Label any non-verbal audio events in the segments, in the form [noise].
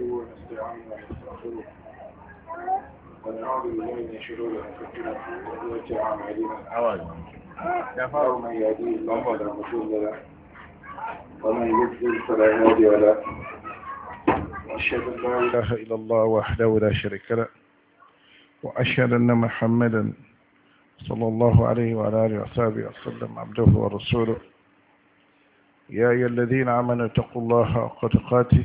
الله ومن فلا ان لا اله الا الله وحده لا شريك له واشهد ان محمدا صلى الله عليه وعلى اله وصحبه وسلم عبده ورسوله يا أيها الذين آمنوا اتقوا الله حق تقاته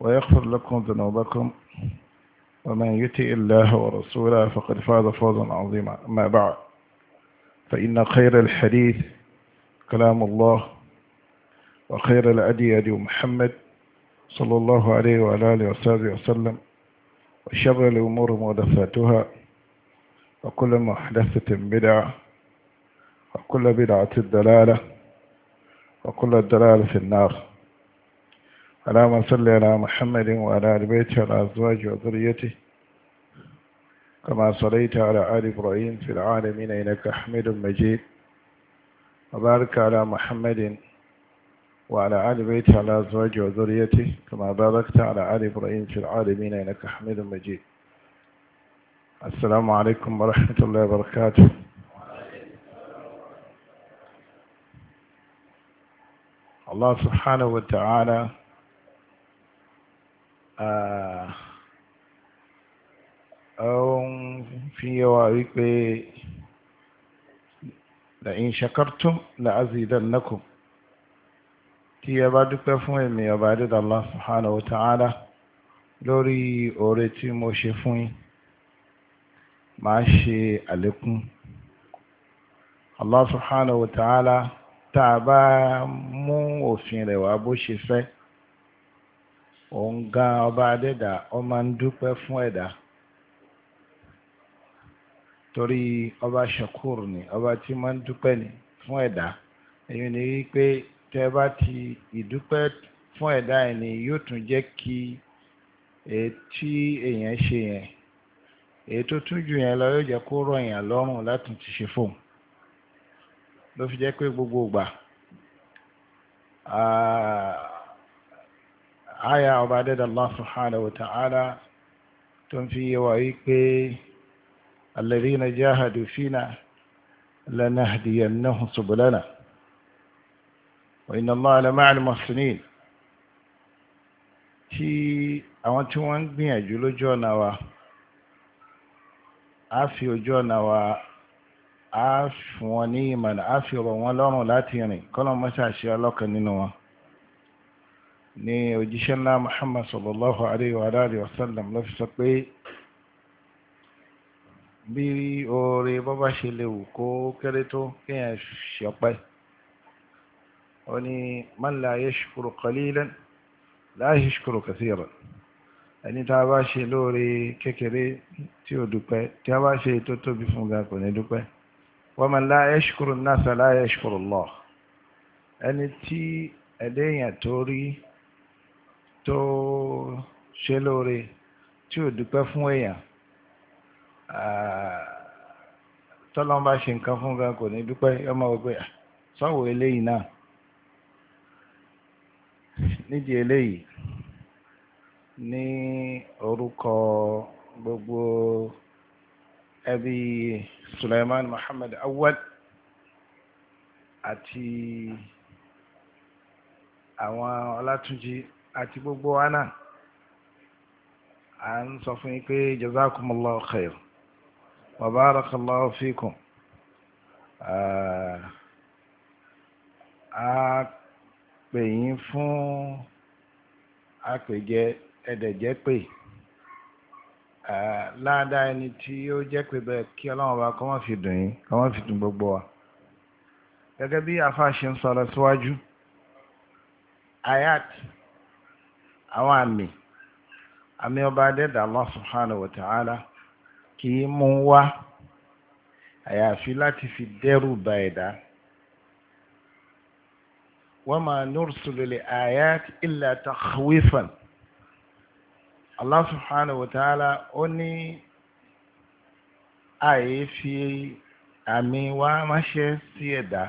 ويغفر لكم ذنوبكم ومن يطع الله ورسوله فقد فاز فوزا عظيما ما بعد فإن خير الحديث كلام الله وخير الأدي أدي محمد صلى الله عليه وعلى آله وصحبه وسلم وشر الأمور محدثاتها وكل محدثة بدعة وكل بدعة الدلالة وكل الدلالة في النار اللهم صل على محمد وعلى آل بيته وعلى أزواجه وذريته كما صليت على آل إبراهيم في العالمين إنك حميد مجيد وبارك على محمد وعلى آل بيته وعلى أزواجه وذريته كما باركت على آل إبراهيم في العالمين إنك حميد مجيد السلام عليكم ورحمة الله وبركاته الله سبحانه وتعالى ó ah, ń fi yẹwà wípé la in shakartum la azidannakum tí ẹ bá dúpẹ́ fún èmi ọba adédàlá subhanahu wa ta'ala lórí oore tí mo ṣe fún yín máa ṣe àlékún Allah subhanahu wa ta'ala tá bá mú òfin rẹ̀ wá bó ṣe fẹ́ òun gan ọba adẹ́dà ó máa ń dúpẹ́ fún ẹ̀dá torí ọba shakur ni ọba tí máa ń dúpẹ́ ni fún ẹ̀dá èyí ni wípé tẹ́ bá ti ìdúpẹ́ fún ẹ̀dá ẹ̀ ni yóò tún jẹ́ kí ètí èèyàn ṣe yẹn èyí tó tún jù yẹn lọ yóò jẹ́ kó rọ̀ èèyàn lọ́rùn láti ti ṣe fóun ló fi jẹ́ pé gbogbo ìgbà àyà ọba dẹ́dà Allah subhanahu wa ta'ala tó ń fi yé wa wípé alladhina jahadu fina lanahdiyannahum subulana wa inna Allaha lama'al muhsinin tí àwọn tí wọ́n ń gbìyànjú lójú ọ̀nà wa a fi ojú ọ̀nà wa a fún wọn ní ìmọ̀nà a fi rọ̀ wọn lọ́rùn láti rìn kọ́nà mọ́ṣáṣí ọlọ́kan nínú wọn ní òjíṣẹ́ ńlá Muhammad sallallahu alayhi wa alayhi wa sallam ló fi sọ pé bí oore bọ́bá ṣe lè wù kó kéré tó kéèyàn ṣọpẹ́ ó ní man la yashkuru qalilan la yashkuru kathiran ẹni tá a bá ṣe lóore kékeré tí ó dúpẹ́ tí a bá ṣe tó tóbi fún ga kò ní dúpẹ́ wa man la yashkuru an-nasa la yashkuru Allah ẹni tí ẹ̀dẹ́yàn tó tó ṣe lóore tí ò dúpẹ́ fún èèyàn tọ́lọ́n bá ṣe nǹkan fún gan kò ní dúpẹ́ ọmọ ògbé sọ́wọ́ eléyìí náà nídìí eléyìí ní orúkọ gbogbo ẹbí Suleiman Muhammad Awad àti àwọn Ọlátúnjí àti gbogbo wa náà à ń sọ fún yín pé jazakumullahu khair wa barakallahu fikum a pè yín fún àpèjẹ ẹ̀dẹ̀jẹ́ pè láàdá ẹni tí ó jẹ́ pé bẹ́ẹ̀ kí ọlọ́run bá kọ́ wọ́n fi dùn yín kọ́ wọ́n fi dùn gbogbo wa gẹ́gẹ́ bí àfáà ṣe ń sọ̀rọ̀ síwájú ayat àwọn àmì àmì ọba adẹ́dà Allah subhanahu wa ta'ala kì í mú wá àyàfi láti fi dẹ́rù ba ẹ̀dá wa ma nursilu li ayati illa takhwifan Allah subhanahu wa ó ní àyè fi àmì wá ránṣẹ́ sí ẹ̀dá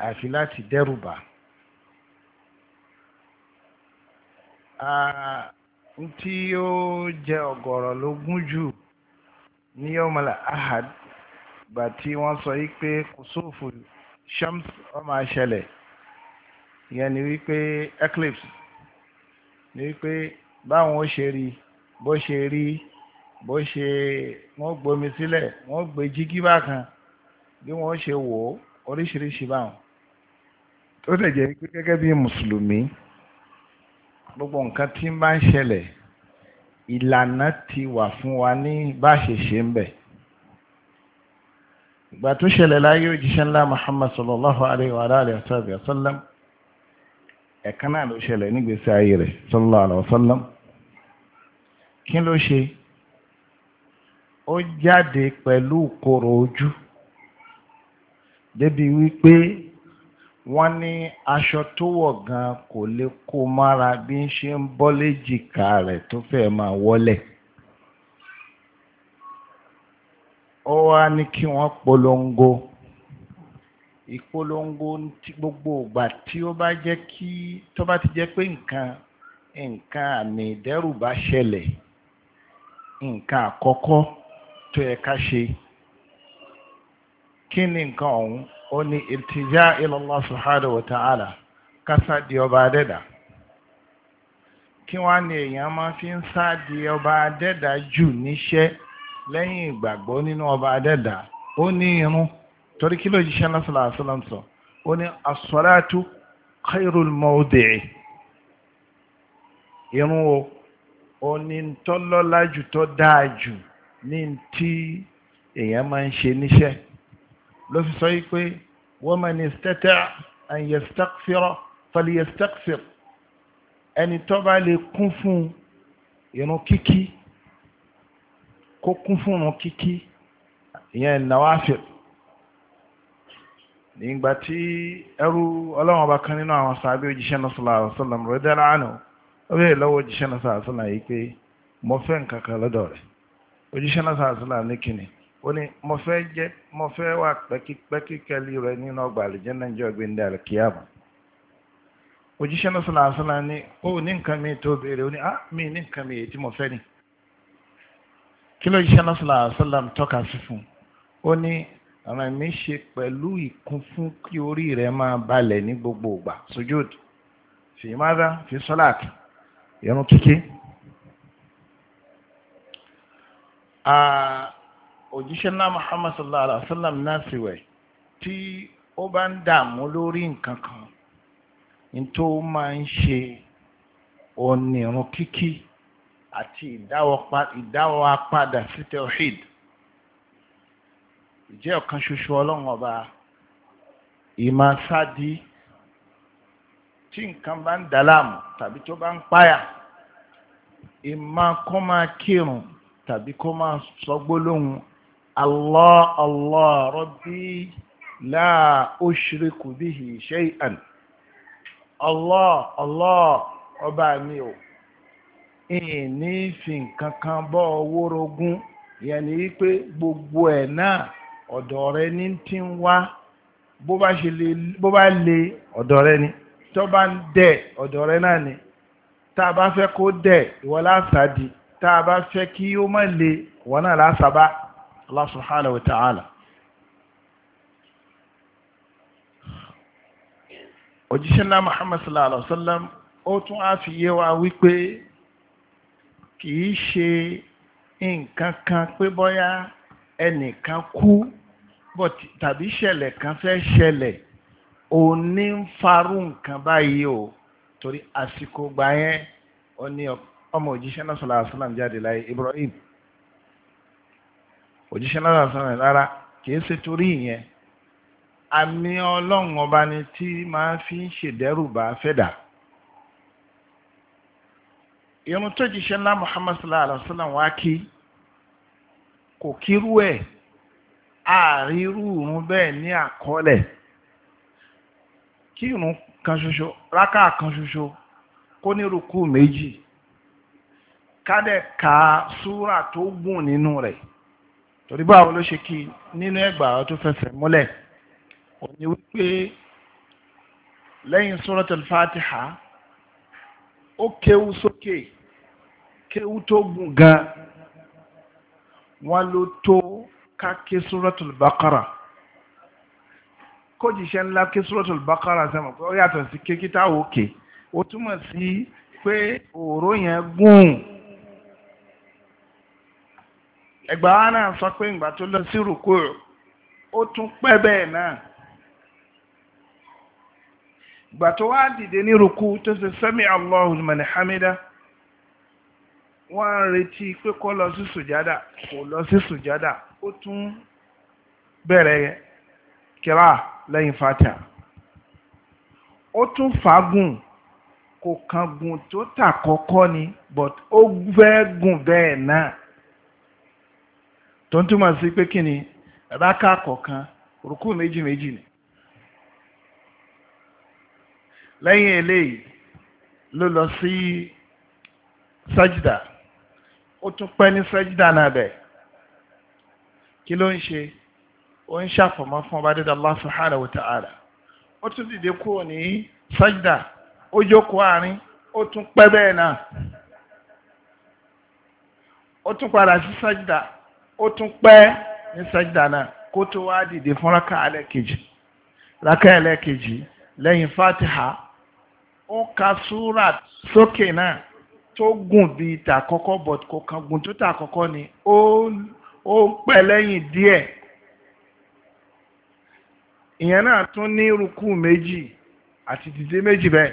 àyàfi láti dẹ́rù bà tí ó jẹ ọ̀gọ̀rọ̀ ló gún jù ní yọmọlá ahad gbà tí wọ́n sọ yí pé kùsùfù shams ó máa ìyẹn ni wípé eclipse ni wípé báwọn ó ṣe rí bó ṣe rí bó ṣe wọ́n gbomi sílẹ̀ wọ́n gbé jígíbà kan bí wọ́n ṣe wò ó oríṣiríṣi báwọn tó dẹ̀ jẹ́ pé gẹ́gẹ́ bí mùsùlùmí gbogbo nǹkan tí ń bá ń ṣẹlẹ̀ ìlànà ti wà fún wa ní bá ṣe ṣe ń bẹ̀ ìgbà tó ṣẹlẹ̀ láyé òjíṣẹ́ ńlá Muhammad sallallahu alayhi wa alayhi wa sallam ẹ̀kan náà ló ṣẹlẹ̀ nígbèsí ayé rẹ̀ sallallahu alayhi wa sallam kí ló ṣe ó jáde pẹ̀lú kòrò ojú débi wípé wọ́n ní aṣọ tó wọ̀ gan kò lè kó mára bí ń ṣe ń bọ́ léjìká rẹ̀ tó fẹ́ máa wọ́lẹ̀ ó wá ní kí wọ́n polongo ìpolongo gbogbo ìgbà tí ó bá jẹ́ kí tó bá ti jẹ́ pé nǹkan nǹkan àmì ìdẹ́rù bá ṣẹlẹ̀ nǹkan àkọ́kọ́ tó yẹ ká ṣe kí ni nǹkan ọ̀hún ó ní ìtìjá ila Allah subhanahu wa ta'ala kásá di ọba adẹ́dà kí wọ́n á ní èèyàn máa fi ń sá di ọba adẹ́dà jù níṣẹ́ lẹ́yìn ìgbàgbọ́ nínú ọba adẹ́dà ó ní irun torí kí ló jíṣẹ́ náà sọ̀rọ̀ àṣọlọ́m sọ ó ní as-salatu khairul irun o ó ní tọ́lọ́lá tó dáa jù ní ti èèyàn máa ń ṣe níṣẹ́ ló fi sọ pé wa man istata'a an yastaghfira falyastaghfir ẹni tó bá lè kún fún irun kíkí kó kún fún irun kíkí ìyẹn nawafil nígbà tí ẹrú ọlọ́run ọba kan nínú àwọn sàbí òjíṣẹ́ náà sallallahu alaihi wasallam radiyallahu anhu ó bẹ̀rẹ̀ lọ́wọ́ òjíṣẹ́ náà sallallahu alaihi yìí pé mo nǹkan kan lọ́dọ̀ rẹ̀ òjíṣẹ́ náà sallallahu alaihi ní kíni ó ní mo fẹ́ jẹ́ mo fẹ́ wà pẹ́kípẹ́kíkẹ́lì rẹ nínú ọgbà àlùjẹ́ nàìjíríà gbẹ̀ndẹ̀ àlùkìyàmù òjíṣẹ́ náà sọ̀rọ̀ àṣọ náà ní ó ní nǹkan mi tó béèrè ó ní á ah, mi ní nǹkan mi èyí tí mo fẹ́ ni kí ló jíṣẹ́ náà sọ̀rọ̀ àṣọ náà tọ́ka sí fún ó ní ọ̀rọ̀ mi ṣe pẹ̀lú ìkún fún kí orí rẹ̀ máa balẹ̀ ní gbogbo ìgbà sujud fi mada fi salat ìrun kíkí. Ah, òjíṣẹ́ náà Muhammad sallallahu alaihi wa sallam náà sì wẹ̀ tí ó bá ń dààmú lórí nǹkan kan ní tó máa ń ṣe onírun kíkí àti ìdáwọ́ apádà sí tawhid ìjẹ́ ọ̀kan ṣoṣo ọlọ́run ọba ìmọ̀ tí nǹkan bá ń dàlámù tàbí tó bá ń páyà ìmọ̀ kó máa kírun tàbí kó máa sọ gbólóhùn Allah Allah Rabbi la ushriku bihi shay'an Allah Allah ọba mi o ìní fi kankan kan worogun owó rogún gbogbo ẹ̀ náà ọ̀dọ̀ rẹ ní ti ń wá bó bá ṣe lè bó bá lè ọ̀dọ̀ rẹ ni tó bá ń dẹ̀ ọ̀dọ̀ rẹ náà ni tá a bá fẹ́ kó dẹ̀ ìwọ lásàdì tá a bá fẹ́ kí ó le ìwọ náà lásàbá. Allah subhanahu wa ta'ala òjíṣẹ́ ńlá Muhammad sallallahu alaihi wasallam ó tún á fi yé wa wípé kì í ṣe nǹkan kan pé bọ́yá ẹnìkan kú tàbí ìṣẹ̀lẹ̀ kan fẹ́ ṣẹlẹ̀ òun ní ń farú nǹkan báyìí o torí àsìkò gbà yẹn ní ọmọ òjíṣẹ́ náà sallallahu alaihi jáde láyé Ibrahim òjíṣẹ́ náà sọ̀rọ̀ rárá kìí ṣe torí ìyẹn àmì ọlọ́run ọba ni tí máa fi ń ṣèdẹ́rùbà fẹ́dà irun tó jíṣẹ́ ńlá Muhammad sallallahu alaihi wa sallam wá kí kò kírú ẹ̀ àrírú òun bẹ́ẹ̀ ní àkọọ́lẹ̀ kí irun kan ṣoṣo rákà kan ṣoṣo kó ní rúkú méjì kádẹ̀ ka súrà tó gùn nínú rẹ̀ torí báwo ló ṣe kí nínú ẹgbàá tó fẹsẹ̀ múlẹ̀ ó wípé lẹ́yìn suratul fatiha ó kéwú sókè kéwú tó gùn gan wọn ló tó ká ké suratul baqara kó jìṣẹ́ ńlá ké suratul baqara sẹ́mọ̀ pé ó yàtọ̀ sí ké kíta òkè ó túmọ̀ sí pé òòró yẹn gùn. ẹgbà wa náà sọ pé ìgbà tó lọ sí rúkú ó tún pẹ́ bẹ́ẹ̀ náà ìgbà tó wá dìde ní rúkú tó ṣe sami Allahu liman hamida wọ́n ń retí pé kó lọ sí sùjádà kò lọ sí sùjádà ó tún bẹ̀rẹ̀ kíra lẹ́yìn fatiha ó tún fagùn kò kan gùn tó kọ́kọ́ ni but ó fẹ́ gùn bẹ́ẹ̀ náà. tó ń túmọ̀ sí pé kí ni rákà kọ̀ọ̀kan rúkú méjì méjì ni lẹ́yìn eléyìí ló lọ sí sájídà ó tún pẹ́ ní sájídà náà bẹ̀ kí ló ń ṣe ó ń ṣàfọ̀mọ́ fún ọba dídá wa ta'ala ó tún dìde kúrò ní sájídà ó jókòó àárín ó tún pẹ́ bẹ́ẹ̀ náà ó ó tún pẹ́ ní sẹ́jìdà náà kó tó wá dìde fún rákà ẹlẹ́kejì rákà ẹlẹ́kejì lẹ́yìn fatiha ó ka súrà sókè náà tó gùn bí ìta àkọ́kọ́ but kò kan gùn tó ta àkọ́kọ́ ni ó ń pẹ́ lẹ́yìn díẹ̀ ìyẹn náà tún ní rukú méjì àti dìde méjì bẹ́ẹ̀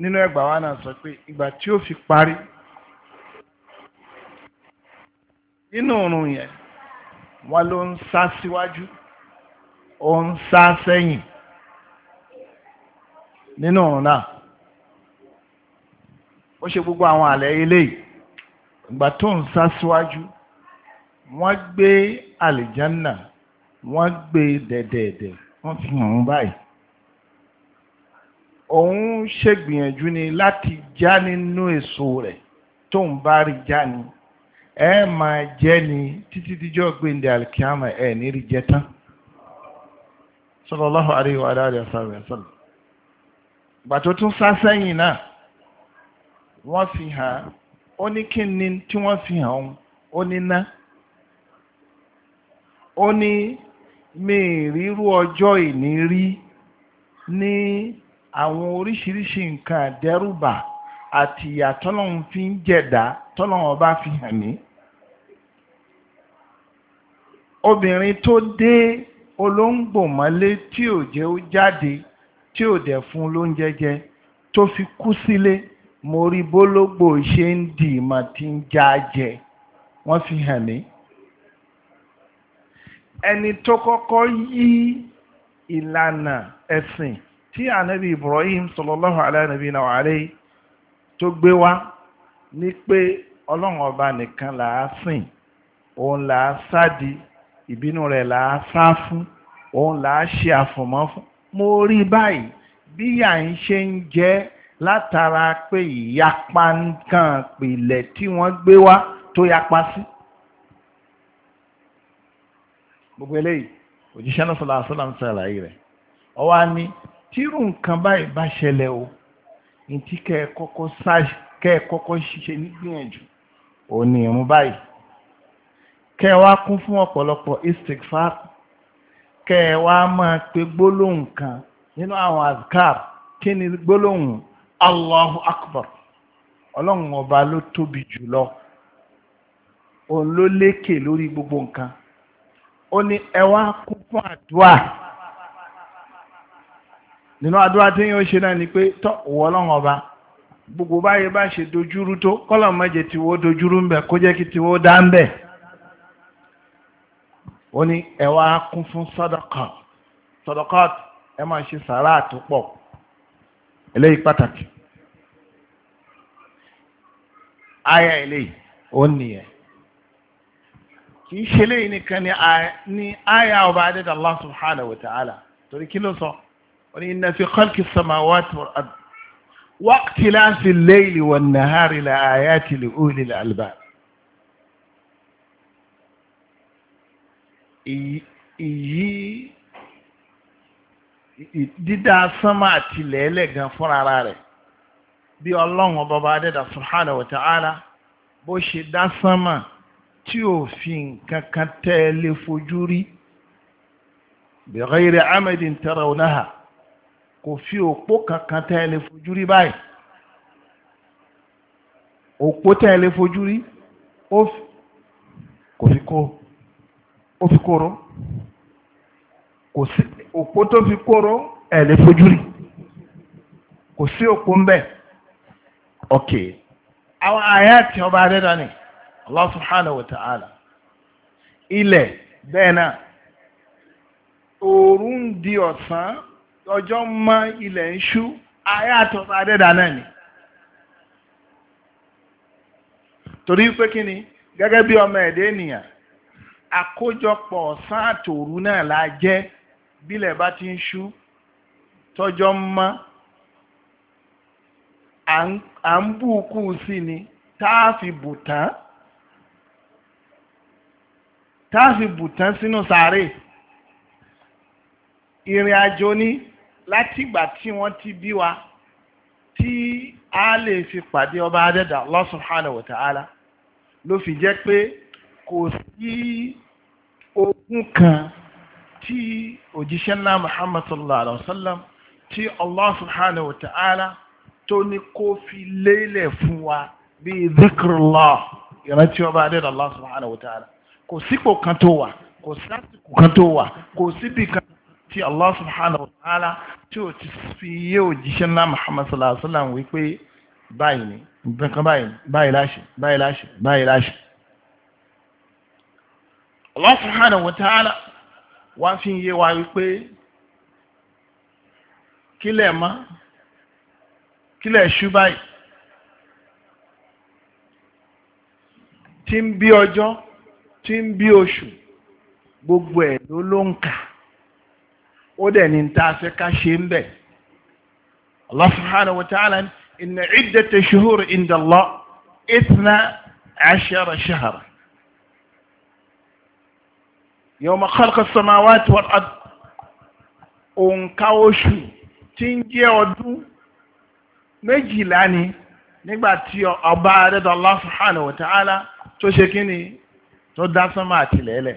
nínú ẹgbàá wa náà sọ pé ìgbà tí ó fi parí nínú òrùn yẹn wọn ló ń sá síwájú ó ń sá sẹ́yìn nínú òrùn náà ó ṣe gbogbo àwọn àlẹ́ eléyìí ìgbà tó ń sá síwájú wọ́n gbé àlìjánà wọ́n gbé dẹ̀dẹ̀dẹ̀ wọ́n fi hàn án báyìí òun ṣègbìyànjú ni láti já nínú èso rẹ̀ tó ń bá rí já ni ẹ máa je ni títí díjọ́ gbéǹde alikiyama ẹ̀ nírí jẹ́ tán sallallahu alaihi wa alihi wasallam gbà tó tún sá sẹ́yìn náà wọ́n fi hàn ó ní kí ni tí wọ́n fi hàn òun ó ní ná ó ní mi ríru ìní rí ní àwọn àti ìyà tọ́lọ́run fi ń jẹ̀dá tọ́lọ́run ọba fi hàn mí obìnrin tó dé olóńgbò mọ́lé tí ò jẹ́ ó jáde tí ò dẹ̀ fún lóúnjẹ jẹ tó fi kú sílé mo rí bólógbò ṣe ń dì mà tí ń já jẹ wọ́n fi hàn mí ẹni tó kọ́kọ́ yí ìlànà ẹ̀sìn tí ànábì Ibrahim sallallahu alaihi wa alihi tó gbé wá ní pé ọlọ́run ọba nìkan là á sìn òun là á sádi ìbínú rẹ̀ là á sá fún òun là á ṣe àfọ̀mọ́ fún mo rí báyìí bí yà ń ṣe ń jẹ́ látara pé ìyapa nǹkan pìlẹ̀ tí wọ́n gbé wá tó yapa sí. gbogbo eléyìí òjíṣẹ́ náà sọ̀rọ̀ àṣọ làǹṣàlàyé rẹ̀ ó wá ní tírú nǹkan báyìí bá ṣẹlẹ̀ o ntí kẹ́ ẹ kọ́kọ́ ṣáàṣì kẹ́ ẹ kọ́kọ́ ṣiṣẹ́ nígbìyànjú òun ni ìrún báyìí kẹ́ ẹ wá kún fún ọ̀pọ̀lọpọ̀ istikfar kẹ́ ẹ wá máa pe gbólóhùn kan nínú àwọn azkar kí ni gbólóhùn allahu akbar ọlọ́run ọba ló tóbi jùlọ òun ló lékè lórí gbogbo nǹkan ó ní ẹ wá kún fún àdúrà nínú àdúrà tí yóò ṣe náà ni pé tọ́ wọ́ ọlọ́run ọba gbogbo báyìí bá ṣe dojúrú tó kọ́lọ̀ mẹ́jẹ tí wọ́n dojúrú ń bẹ̀ kó jẹ́ kí tí wọ́n dá ń bẹ̀ ó ní ẹ wá kún fún sàdákà sàdákà ẹ máa ṣe sàárà tó pọ̀ eléyìí pàtàkì ayé eléyìí ó nìyẹn kì í ṣe eléyìí nìkan ni ayé ọba adédàlá subhanahu wa ta'ala torí kí ló sọ. So? wọ́n ní inna fi khalqi samawati wal ard wa ikhtilafi al-layli wan nahari la ayati li uli al-albab. ìyí dídá sánmà àti lẹ́lẹ̀ gan fúnra ara rẹ̀ ọlọ́run ọba bá dẹ́dà subhanahu wa bó ṣe dá sánmà tí ò fi tẹ́ lè fojú rí bi ghayri amadin tarawnaha kò fi òpó kankan tẹ́ ẹ lè fojú rí báyìí òpó tẹ́ ẹ lè fojú rí kò fi kóró ó fi kóró kò sí òpó tó fi kóró ẹ lè fojú rí kò sí òpó ń ok àwọn àyàtì ọba adẹ́dá ni Allah subhanahu wa ta'ala ilẹ̀ bẹ́ẹ̀ náà òòrùn di ọ̀sán ọjọ́ mọ́ ilẹ̀ ń ṣú ayé àtọ́fà adẹ́dà náà ni torí pé kí ni gẹ́gẹ́ bí ọmọ ẹ̀dẹ́ ènìyàn àkójọpọ̀ ọ̀sán àtòru náà la jẹ́ bílẹ̀ bá ti ń ṣú tọ́jọ́ mọ́ à ń bùkù sí ni táàfì bùtán táàfì bùtán sínú sàárè ìrìn àjò ni látìgbà tí wọ́n ti bí wa tí a lè fi pàdé ọba adẹ́dà Allah subhanahu wa ta'ala ló fi jẹ́ pé kò sí ogún kan tí òjíṣẹ́ ńlá Muhammad sallallahu alaihi wa sallam tí Allah subhanahu wa ta'ala tó ní kó fi lélẹ̀ fún wa bíi zikrullah ìrántí ọba adẹ́dà Allah subhanahu wa ta'ala kò sípò kan tó wà kò sásìkò kan tó wà kò síbì kan tí Allah subhanahu wa ta'ala tí ó ti fi yé òjíṣẹ́ ńlá Muhammad sallallahu alaihi wa sallam wípé báyìí ni nǹkan báyìí báyìí láṣẹ báyìí láṣẹ báyìí láṣẹ. Allah subhanahu wa ta'ala wá fi yé wa wípé kílẹ̀ mọ́ kílẹ̀ ṣú báyìí tí ń bí ọjọ́ tí ń bí oṣù gbogbo ẹ̀ ló ló ń kà ó dẹ̀ ní ta fẹ́ ká ṣe ń bẹ̀. Allah subhanahu wa ta'ala inna iddata shuhur inda Allah itna ashara shahara. Yawma khalaqa as-samawati wal ard òǹkà oṣù tí ń jẹ́ ọdún méjìlá ni nígbà tí ọba adẹ́dọ̀ Allah subhanahu wa ta'ala tó ṣe kí ni tó dá sánmà àtìlẹ́lẹ̀.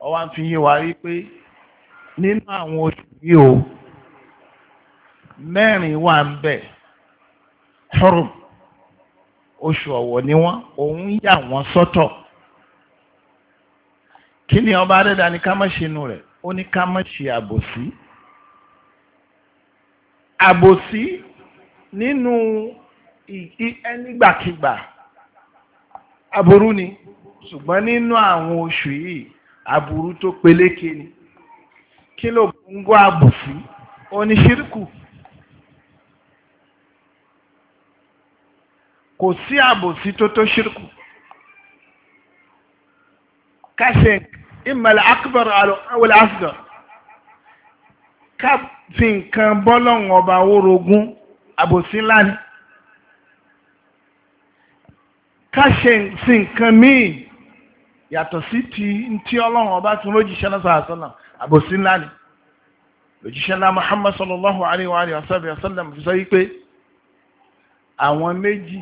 Ó wá ń fi yé wa wípé nínú àwọn oṣù yìí o mẹ́rin wà ń bẹ̀ hurum oṣù ọ̀wọ̀ ni wọ́n òun yà wọ́n sọ́tọ̀ kí ni ọba adẹ́dà ní ká má ṣe inú rẹ̀ ó ní ká má ṣe àbòsí àbòsí nínú ẹnigbàkigbà aburú ni ṣùgbọ́n nínú àwọn oṣù yìí aburú tó peléke ni. kí ló ń gbọ́ àbùsí oníṣírìkù kò sí to tó tó ṣírìkù kásẹ̀ ìmọ̀lẹ̀ akbar àwọlẹ̀ asgar ká fi nǹkan bọ́lọ́hún ọba orogún àbòsí ńlá ni ká ṣe sí nǹkan míì yàtọ̀ sí ti ntí ọlọ́run ọba tí wọ́n jíṣẹ́ náà sọ̀rọ̀ àbòsí ńlá ni lòjíṣẹ́ ńlá Muhammad sallallahu alayhi wa alayhi wa sallam sallam fi sọ wípé àwọn méjì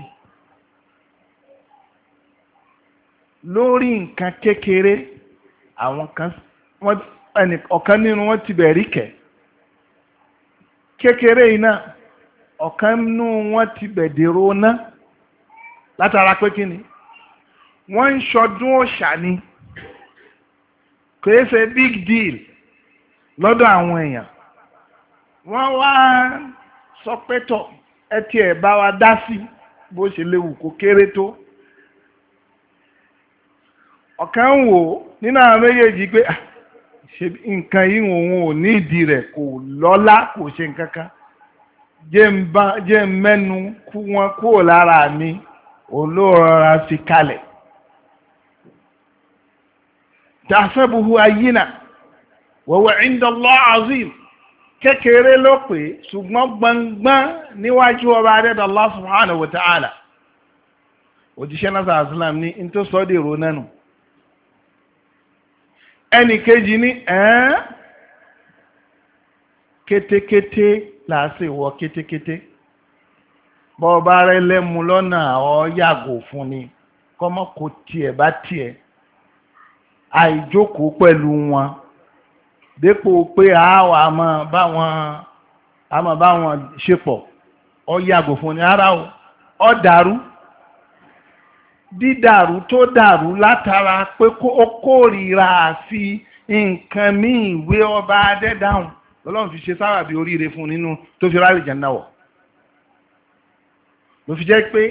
lórí nǹkan kékeré àwọn kan ọ̀kan nínú wọn ti bẹ̀rí kẹ̀ kékeré iná ọ̀kan nínú wọn ti bẹ̀dẹ̀rọ ná látara pé kí ni wọ́n ń ṣọdún òṣà ni kò é ṣe big deal lọ́dọ̀ àwọn èèyàn wọ́n wá sọ pé tọ̀ ẹ tiẹ̀ bá wa dá sí bó ṣe léwu kó kéré tó ọ̀kan ń wò nínú àwọn méjèèjì pé ah, nǹkan yìí òun ò ní ìdí rẹ̀ kò lọ́lá kò ṣe nǹkan kan jẹ́ ń mẹ́nu kú wọn kúrò lára mi òun ló fi kalẹ̀ tàṣẹ́buhu ayínà. wọ́wọ́ ìndọ̀lọ́ azim kékeré ló pè ṣùgbọ́n gbọ̀ngbọ́n níwájú ọba adẹ́dà Allah subhanahu wa ta'ala òjíṣẹ́ náà sàásìlám ní in tó sọ́dẹ̀ èrò nánu ẹnì kejì ní ẹ́n kétékété wọ kétékété bọbara rẹ lẹ́mu lọ́nà ọ yàgò fún kọ́mọ́ kò tiẹ̀ bá tiẹ̀ àìjókòó pẹ̀lú dépò pé àáwà àmọ́ báwọn àmọ́ báwọn ṣe pọ̀ ọ yàgò fún ni rárá o ọ dàrú dídàrú tó dàrú látara pé ó kórìíra àfi nǹkan míì ìwé ọba adẹ́dáhùn lọ́lọ́run fi ṣe sábàbí oríire fún nínú tó fi ráàlì jẹ́ náwọ̀ ló fi jẹ́ pé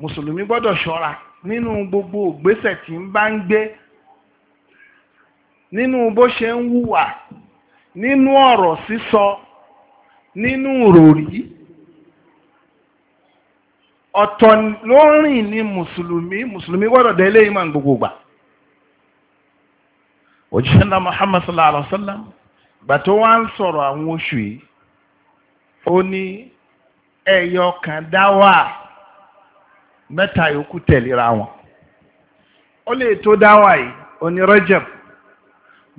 mùsùlùmí gbọ́dọ̀ ṣọ́ra nínú gbogbo ìgbésẹ̀ tí ń bá ń gbé nínú bó ṣe ń wúwà nínú ọ̀rọ̀ sísọ nínú ròrí ọ̀tọ̀ ló rìn ní mùsùlùmí mùsùlùmí gbọ́dọ̀ gbogbo gbà òjíṣẹ́ ńlá Muhammad sallallahu alaihi wa sallam gbà tó wá ń sọ̀rọ̀ àwọn oṣù yìí ó ní ẹyọ kan dá wà mẹ́ta yòókù wọn ó lè tó dá wà yìí ó ní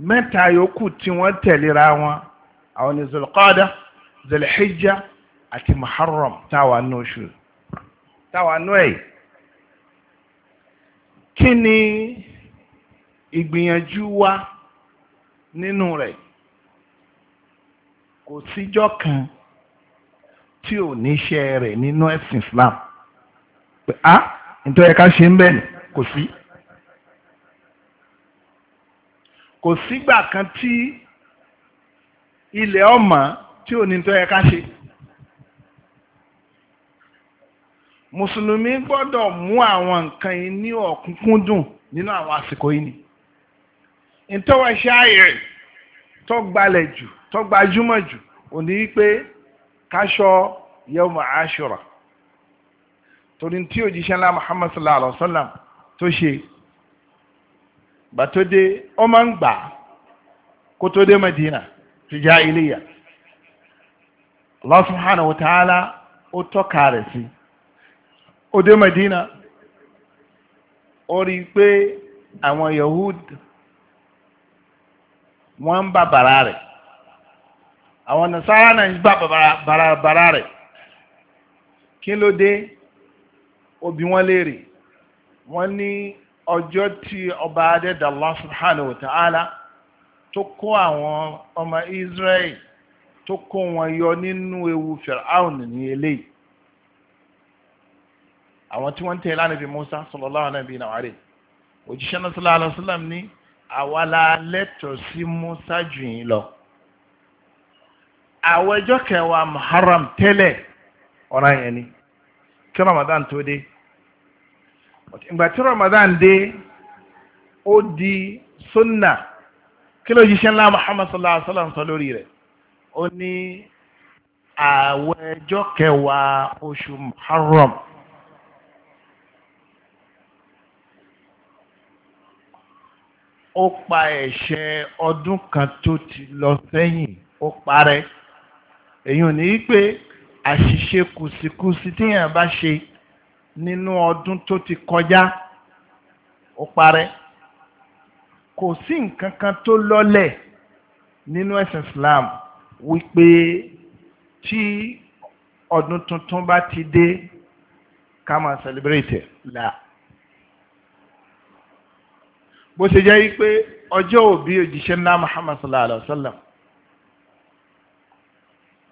mẹ́ta yòókù tí wọ́n tẹ̀lera wọn àwọn ni zulqada zulhijja àti muharram táwa nù oṣù táwa nù ẹ̀ kí ni ìgbìyànjú wa nínú rẹ̀ kò síjọ́ kan tí ò ní ṣe rẹ̀ nínú ẹ̀sìn Islam pé a ah, nítorí ẹ̀ka ṣe ń bẹ̀ kò sí. kò sígbà kan tí ilẹ̀ ọmọ tí ò ní tó yẹ ká ṣe mùsùlùmí gbọ́dọ̀ mú àwọn nǹkan yìí ní ọ̀kúnkúndùn nínú àwọn àsìkò yìí ni ìtọ́wọ́ iṣẹ́ ààyè tó gbalẹ̀ jù tó gbajúmọ̀ jù ò ní wípé káṣọ yawma Ashura torí tí òjíṣẹ́ ńlá Muhammad sallallahu alaihi wa sallam tó ṣe ba tó dé ọ máa ń gbà kó tó dé Madina tó já ilé yà Allah subhanahu wa ta'ala ó tọ́ka rẹ̀ sí ó dé Madina ó rí i pé àwọn Yahud wọ́n ń bá bàrà rẹ̀ àwọn nasara náà ń gbà bàrà rẹ̀ kí ló dé léèrè ní ọjọ́ tí ọba adẹ́dà Allah subhanahu wa ta'ala tó kó àwọn ọmọ Israel tó kó wọn yọ nínú ewu Fir'aun ní eléyìí àwọn tí wọ́n ń tẹ̀lé lánàbí Musa sallallahu alaihi wa sallam òjíṣẹ́ náà sallallahu alaihi wa sallam ní àwa la sí Musa jù yín lọ àwọn ẹjọ́ kẹwàá Muharram tẹ́lẹ̀ ọ̀ràn yẹn ni kí Ramadan tó dé ìgbà tí Ramadan dé ó di sunna kí ló yíṣẹ́ ńlá Muhammad sallallahu alaihi wa sallam sọ lórí rẹ̀ ó ní àwẹ̀ ọjọ́ kẹwàá oṣù Muharram. ó pa ẹ̀ṣẹ̀ ọdún kan tó ti lọ sẹ́yìn ó parẹ́ èyí ò ní í pé àṣìṣe kùsìkùsì téèyàn bá ṣe nínú ọdún tó ti kọjá ó parẹ́ kò sí nǹkan kan tó lọ́lẹ̀ nínú ẹ̀sìn Islam wípé tí ọdún tuntun bá ti dé ká máa celebrate la bó ṣe jẹ́ wípé ọjọ́ òbí òjíṣẹ́ ńlá Muhammad sallallahu alaihi wa sallam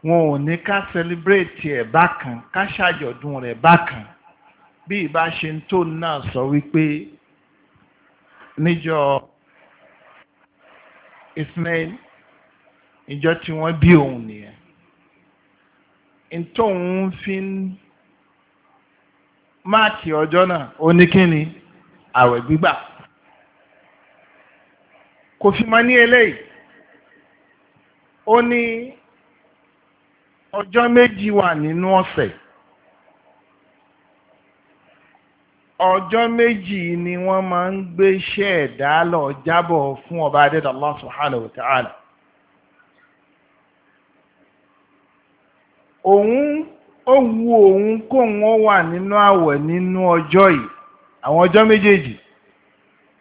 wọn ò ní ká celebrate ẹ̀ bákan ká ṣàjọ̀dún rẹ̀ bákan bí ìbá ṣe ń tó náà sọ wípé níjọ́ Ismail ìjọ tí wọ́n bí òun nìyẹn ntòun fi ń máàkì ọjọ́ náà oníkíni àwẹ̀ gbígbà kò fi máa ní eléyìí ó ní ọjọ́ méjì wà nínú ọ̀sẹ̀. ọjọ́ méjì ni wọ́n máa ń gbé ṣẹ̀dá lọ jábọ̀ fún ọba adẹ́dàá Allah subhanahu wa ta'ala òun ó wu òun kó wọn wà nínú àwẹ̀ nínú ọjọ́ yìí àwọn ọjọ́ méjèèjì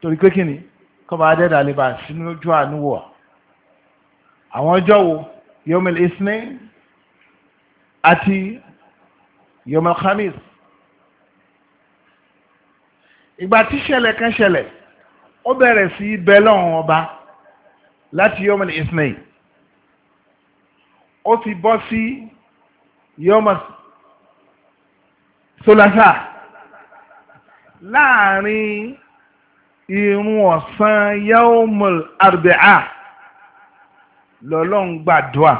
torí pé kíni kọba adẹ́dàá lè bá sínú ojú àánú wọ̀ àwọn ọjọ́ wo yomil isne àti yomil khamis ìgbà tí ṣẹlẹ̀ kan ṣẹlẹ̀ ó bẹ̀rẹ̀ sí bẹ́lọ́hún ọba láti yọmọlẹ ismail ó fi bọ́ sí yọmọ solasa láàrin irun ọ̀sán yọmọl arbaa lọ́lọ́run gbàdúrà.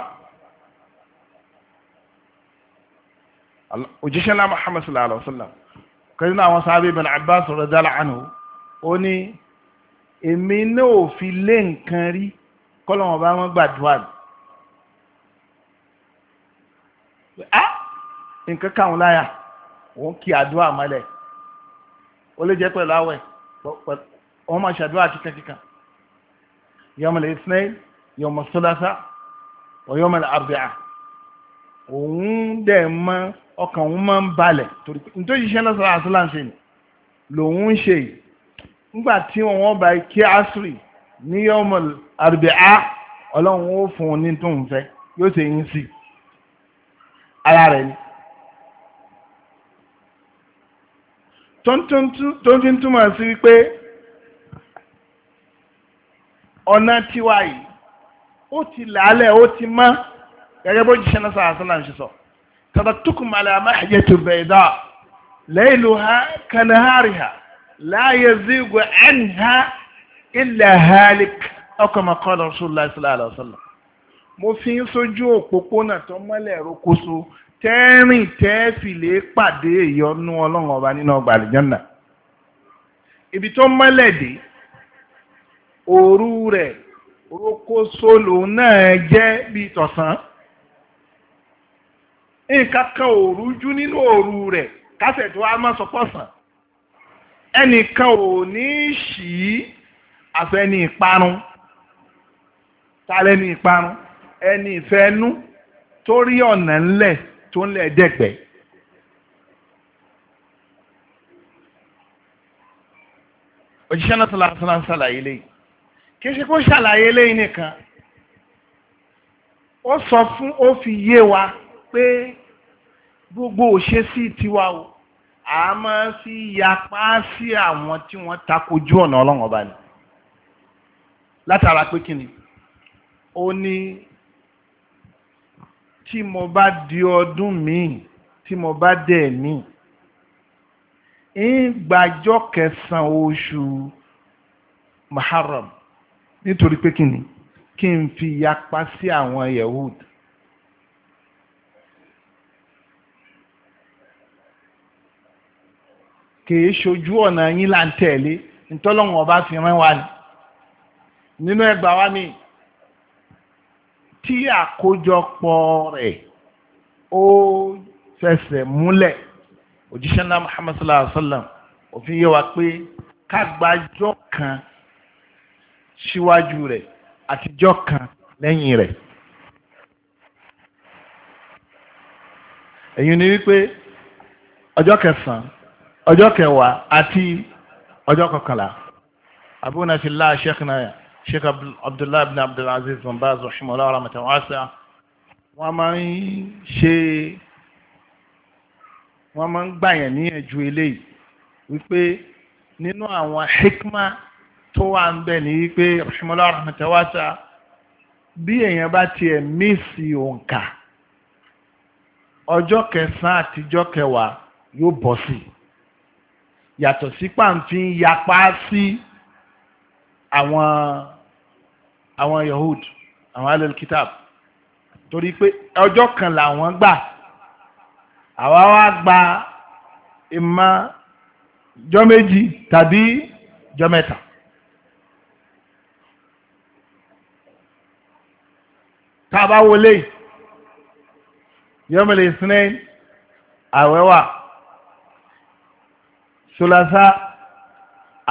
òjíṣẹ́ ńlá muhammad sallallahu alaihi wa sallam kan nínú àwọn sábẹ́ ibn Abbas radiyallahu anhu ó ní èmi náà ò fi lé nǹkan rí kọ́lọ́wọ́n bá wọ́n gbàdúrà á nǹkan káwọn láyà wọ́n kí àdúrà mọ́lẹ̀ ó lè jẹ́ pẹ̀lú àwẹ̀ wọ́n máa ṣàdúrà kíkankíkan yọmọlẹ̀ ismail yọmọ sọlásá ọ̀yọmọlẹ̀ àbíà òun dẹ̀ mọ́ ọkàn òun máa ń balẹ̀ torí pé nítorí iṣẹ́ náà sọ́ra àti láǹṣẹ́ ni lòun ń ṣe yìí nígbà tí wọ́n bá kí asiri ní yọmọ àrùbẹ̀á ọlọ́run ó fún un ní tóun fẹ́ yóò ṣe yín sí ara rẹ̀ ni. tó ń fi túmọ̀ sí wípé ọ̀nà tiwa yìí ó ti làálẹ̀ ó ti mọ́ gẹ́gẹ́ bó jíṣẹ́ náà sàásà náà ṣe sọ taraktukum ala mahjati bayda layluha kanahariha la yazigu anha illa halik aw kama qala rasulullah sallallahu alaihi wasallam mo fi ń sójú òpópónà tó mọ́lẹ̀ rokoṣo tẹ́rìn tẹ́fìlé pàdé ìyọnú ọlọ́run ọba nínú ọgbà àlìjọ́nà ibi tó mọ́lẹ̀ dé òru rẹ̀ rokoṣo lòun náà jẹ́ bíi tọ̀sán nǹkan kan ò rújú nínú òru rẹ̀ kásẹ̀ tó a máa sọ pọ̀sán ẹnìkan ò ní ṣì í àfẹni ìparun tálẹ́ni ìparun ẹni ìfẹ́nú tó rí ọ̀nà ńlẹ̀ tó ń lẹ̀ dẹ́gbẹ́. òjíṣẹ́ náà tó lásán láti ṣàlàyé lẹ́yìn kì í ṣe kó ṣàlàyé lẹ́yìn nìkan ó sọ fún ó fi yé wa pé gbogbo òṣèṣì tiwa o a máa fi yapa sí àwọn tí wọ́n takojú ọ̀nà ọlọ́run ọba ni látara pé kí ni ó ní tí mo bá di ọdún míì tí mo bá dẹ̀ míì ń gbàjọ́ kẹsàn oṣù Muharram nítorí pé kí kí n fi yapa sí àwọn Yahud kìí ṣojú ọ̀nà yín là ń tẹ̀lé ntọ́lọ́wọ̀n ọba fi rán wa ni nínú ẹgbà wa mi tí àkójọpọ̀ rẹ̀ ó fẹsẹ̀ múlẹ̀ òjíṣẹ́ ńlá Muhammad sallallahu alaihi wa sallam òfin yé wa pé kágbájọ́ kan síwájú rẹ̀ àtijọ́ kan lẹ́yìn rẹ̀. èyí ni wípé ọjọ́ kẹsàn-án ọjọ́ kẹwàá àti ọjọ́ kọkànlá abúna fi láà ṣẹ́kìnà sheikh abdullahi ibn abdulaziz bin baz rahimahullah rahmatan wasi'a wọ́n máa ń ṣe wọ́n máa ń gbàyàn níyànjú eléyìí wípé nínú àwọn hikma tó wà ń bẹ ní wípé rahimahullah rahmatan wasi'a bí èèyàn bá tiẹ̀ mísì òǹkà ọjọ́ kẹsàn-án àtijọ́ kẹwàá yóò bọ̀ sí i yàtọ̀ sí pàǹfin yapa sí àwọn àwọn Yahud àwọn alẹ́ kitab torí pé ọjọ́ kan làwọn gbà àwa wá gba ìmọ̀ jọ méjì tàbí jọ mẹ́ta. tá a bá wọlé yọmọlẹ sinẹ àwẹ ṣùlásá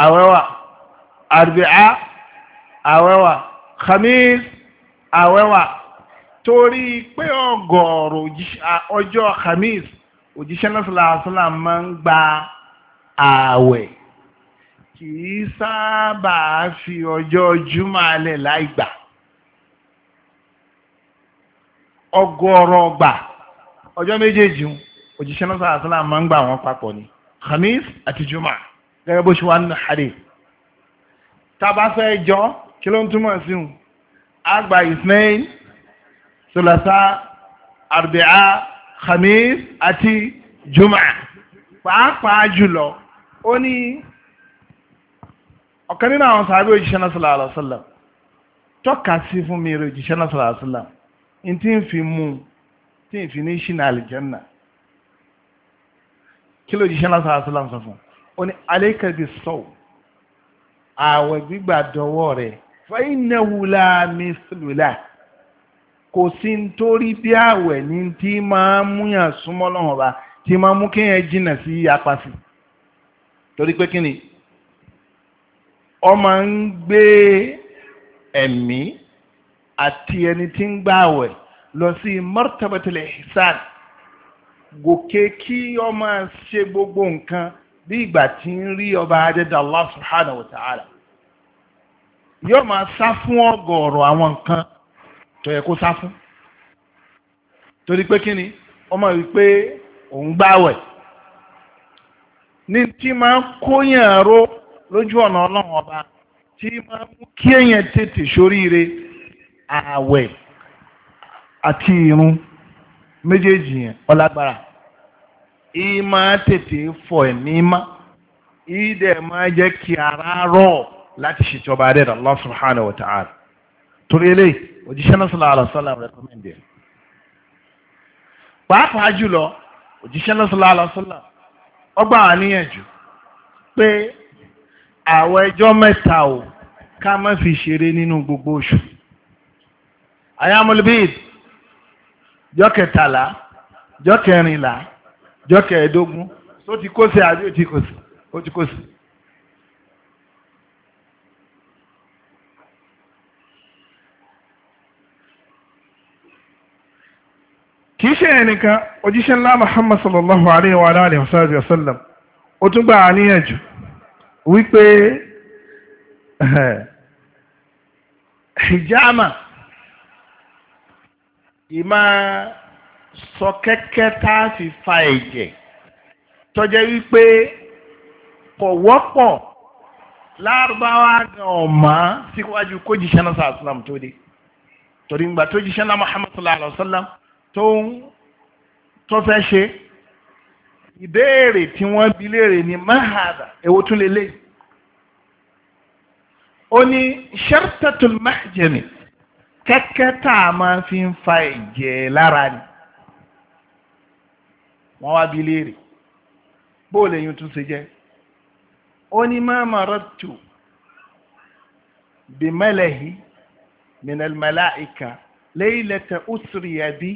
àwẹ́wà àrùbíà àwẹ́wà khamis àwẹ́wà torí pé ọgọ́rọ̀ ọjọ́ khamis òjíṣẹ́ lọ́sọ̀làṣọ́là máa ń gba ààwẹ̀ kì í sábà fi ọjọ́ jùmọ̀ alẹ̀ láì gbà ọgọ́rọ̀ ọgbà ọjọ́ méjèèjì òjíṣẹ́ lọ́sọ̀làṣọ́là máa ń gbà wọ́n papọ̀ ni khamis àti juma gẹ́gẹ́ bó ṣe wà nínú hadith tá a bá fẹ́ jọ kí ló ń túmọ̀ sí un àgbà ismail sulasa arbi'a khamis àti juma pàápàá jùlọ ó ní ọ̀kan nínú àwọn sàábé òjíṣẹ́ náà sallallahu alaihi wasallam tọ́ka sí fún mi rẹ̀ òjíṣẹ́ náà sallallahu alaihi wasallam n tí ń fi mú un tí ń fi ní ṣìnà àlìjẹ́nà kí ló jíṣẹ́ lásán àṣìlám sọ fún ó ní alékèdè sọ àwẹ̀ gbígbà dọwọ́ rẹ̀ fẹ́ẹ́nẹ́wùlá mísìlùlá kò sí nítorí bí àwẹ̀ ní tí máa mú yàn súnmọ́ lọ́wọ́n bá tí máa mú kéèyàn jìnnà sí apàṣì torí pé kí ni ọmọ ń gbé ẹ̀mí àti ẹni tí ń gbà àwẹ̀ lọ sí martabatul ihsan gòkè kí ó máa ṣe gbogbo nǹkan bí ìgbà tí ń rí ọba adẹ́dà Allah subhanahu wa ta'ala yóò máa sá fún ọ̀gọ̀ọ̀rọ̀ àwọn nǹkan tó yẹ kó sá fún torí pé kí ni ọmọ wípé òun gbáwẹ̀ ní tí máa kóyàn ró lójú ọ̀nà ọlọ́run ọba tí máa mú kí èèyàn tètè sóríire ààwẹ̀ àti ìrun méjèèjì yẹn ọlágbára ìyí máa tètè fọ ẹ̀mí má ìyí dẹ̀ máa jẹ́ kí ara rọ̀ láti ṣèjọba adẹ́dà Allah subhanahu wa ta'ala torí eléyìí òjíṣẹ́ náà sallallahu alaihi wasallam rẹ̀kọ́mẹ́ndì ẹ̀ pàápàá jùlọ òjíṣẹ́ náà sallallahu alaihi wasallam ọgbà àníyànjú pé àwọn ẹjọ́ mẹ́ta o ká má fi ṣeré nínú gbogbo oṣù ayámúlùbíyìí jọ́ kẹtàlá jọ́ kẹrìnlá jọ́ kẹẹ̀ẹ́dógún tó ti kó sí àbí ó ti kó sí ó ti kó sí. kì í ṣe ẹnìkan òjíṣẹ́ ńlá Muhammad sallallahu alayhi wa alayhi wa sallam ó tún gbà àníyànjú wípé [laughs] hijama ìmá sọ kẹ́kẹ́ tá a fi fa ẹ̀jẹ̀ tó jẹ́ wípé kò wọ́pọ̀ lárúbáwá gan ọ̀mà síwájú kó jíṣẹ́ náà sàásùlám tó dé torí ngbà tó jíṣẹ́ náà Muhammad sallallahu alayhi wa sallam tó ń tó fẹ́ ṣe ìbéèrè tí wọ́n bi léèrè ní mahada èwo tún lélẹ́yìí ó ní shartatul mahjani kẹ́kẹ́ tá a máa fi ń fa ẹ̀jẹ̀ lára ni wọ́n wá bi léèrè bóòlù ẹ̀yin tún ṣe jẹ́ ó ní ma marattu bi malahi min al malaika laylata usriya bi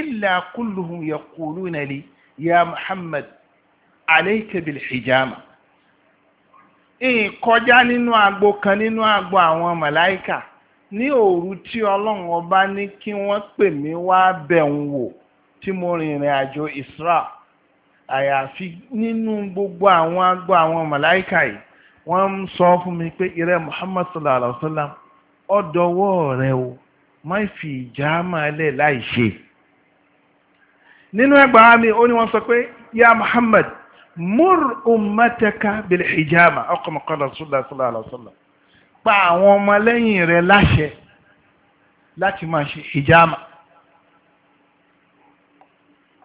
illa kulluhum yaquluna li ya Muhammad alayka hijama ìkọjá nínú agbo kan nínú agbo àwọn màláìka ní òru tí ọlọ́run ọba ní kí wọ́n pè mí wá bẹ̀ ń wò tí mo rìnrìn àjò isra àyàfi nínú gbogbo àwọn agbó àwọn màláìkà yìí wọ́n ń sọ fún mi pé ìrẹ́ muhammad sallallahu má fi ìjà máa lẹ̀ láì ṣe nínú ẹgbàá mi ó ní wọ́n sọ pé ya muhammad mur ummataka bil hijama ọkọ̀ mọ̀kànlá sallallahu pa àwọn ọmọ lẹ́yìn rẹ̀ láṣẹ láti máa ṣe ìjàmà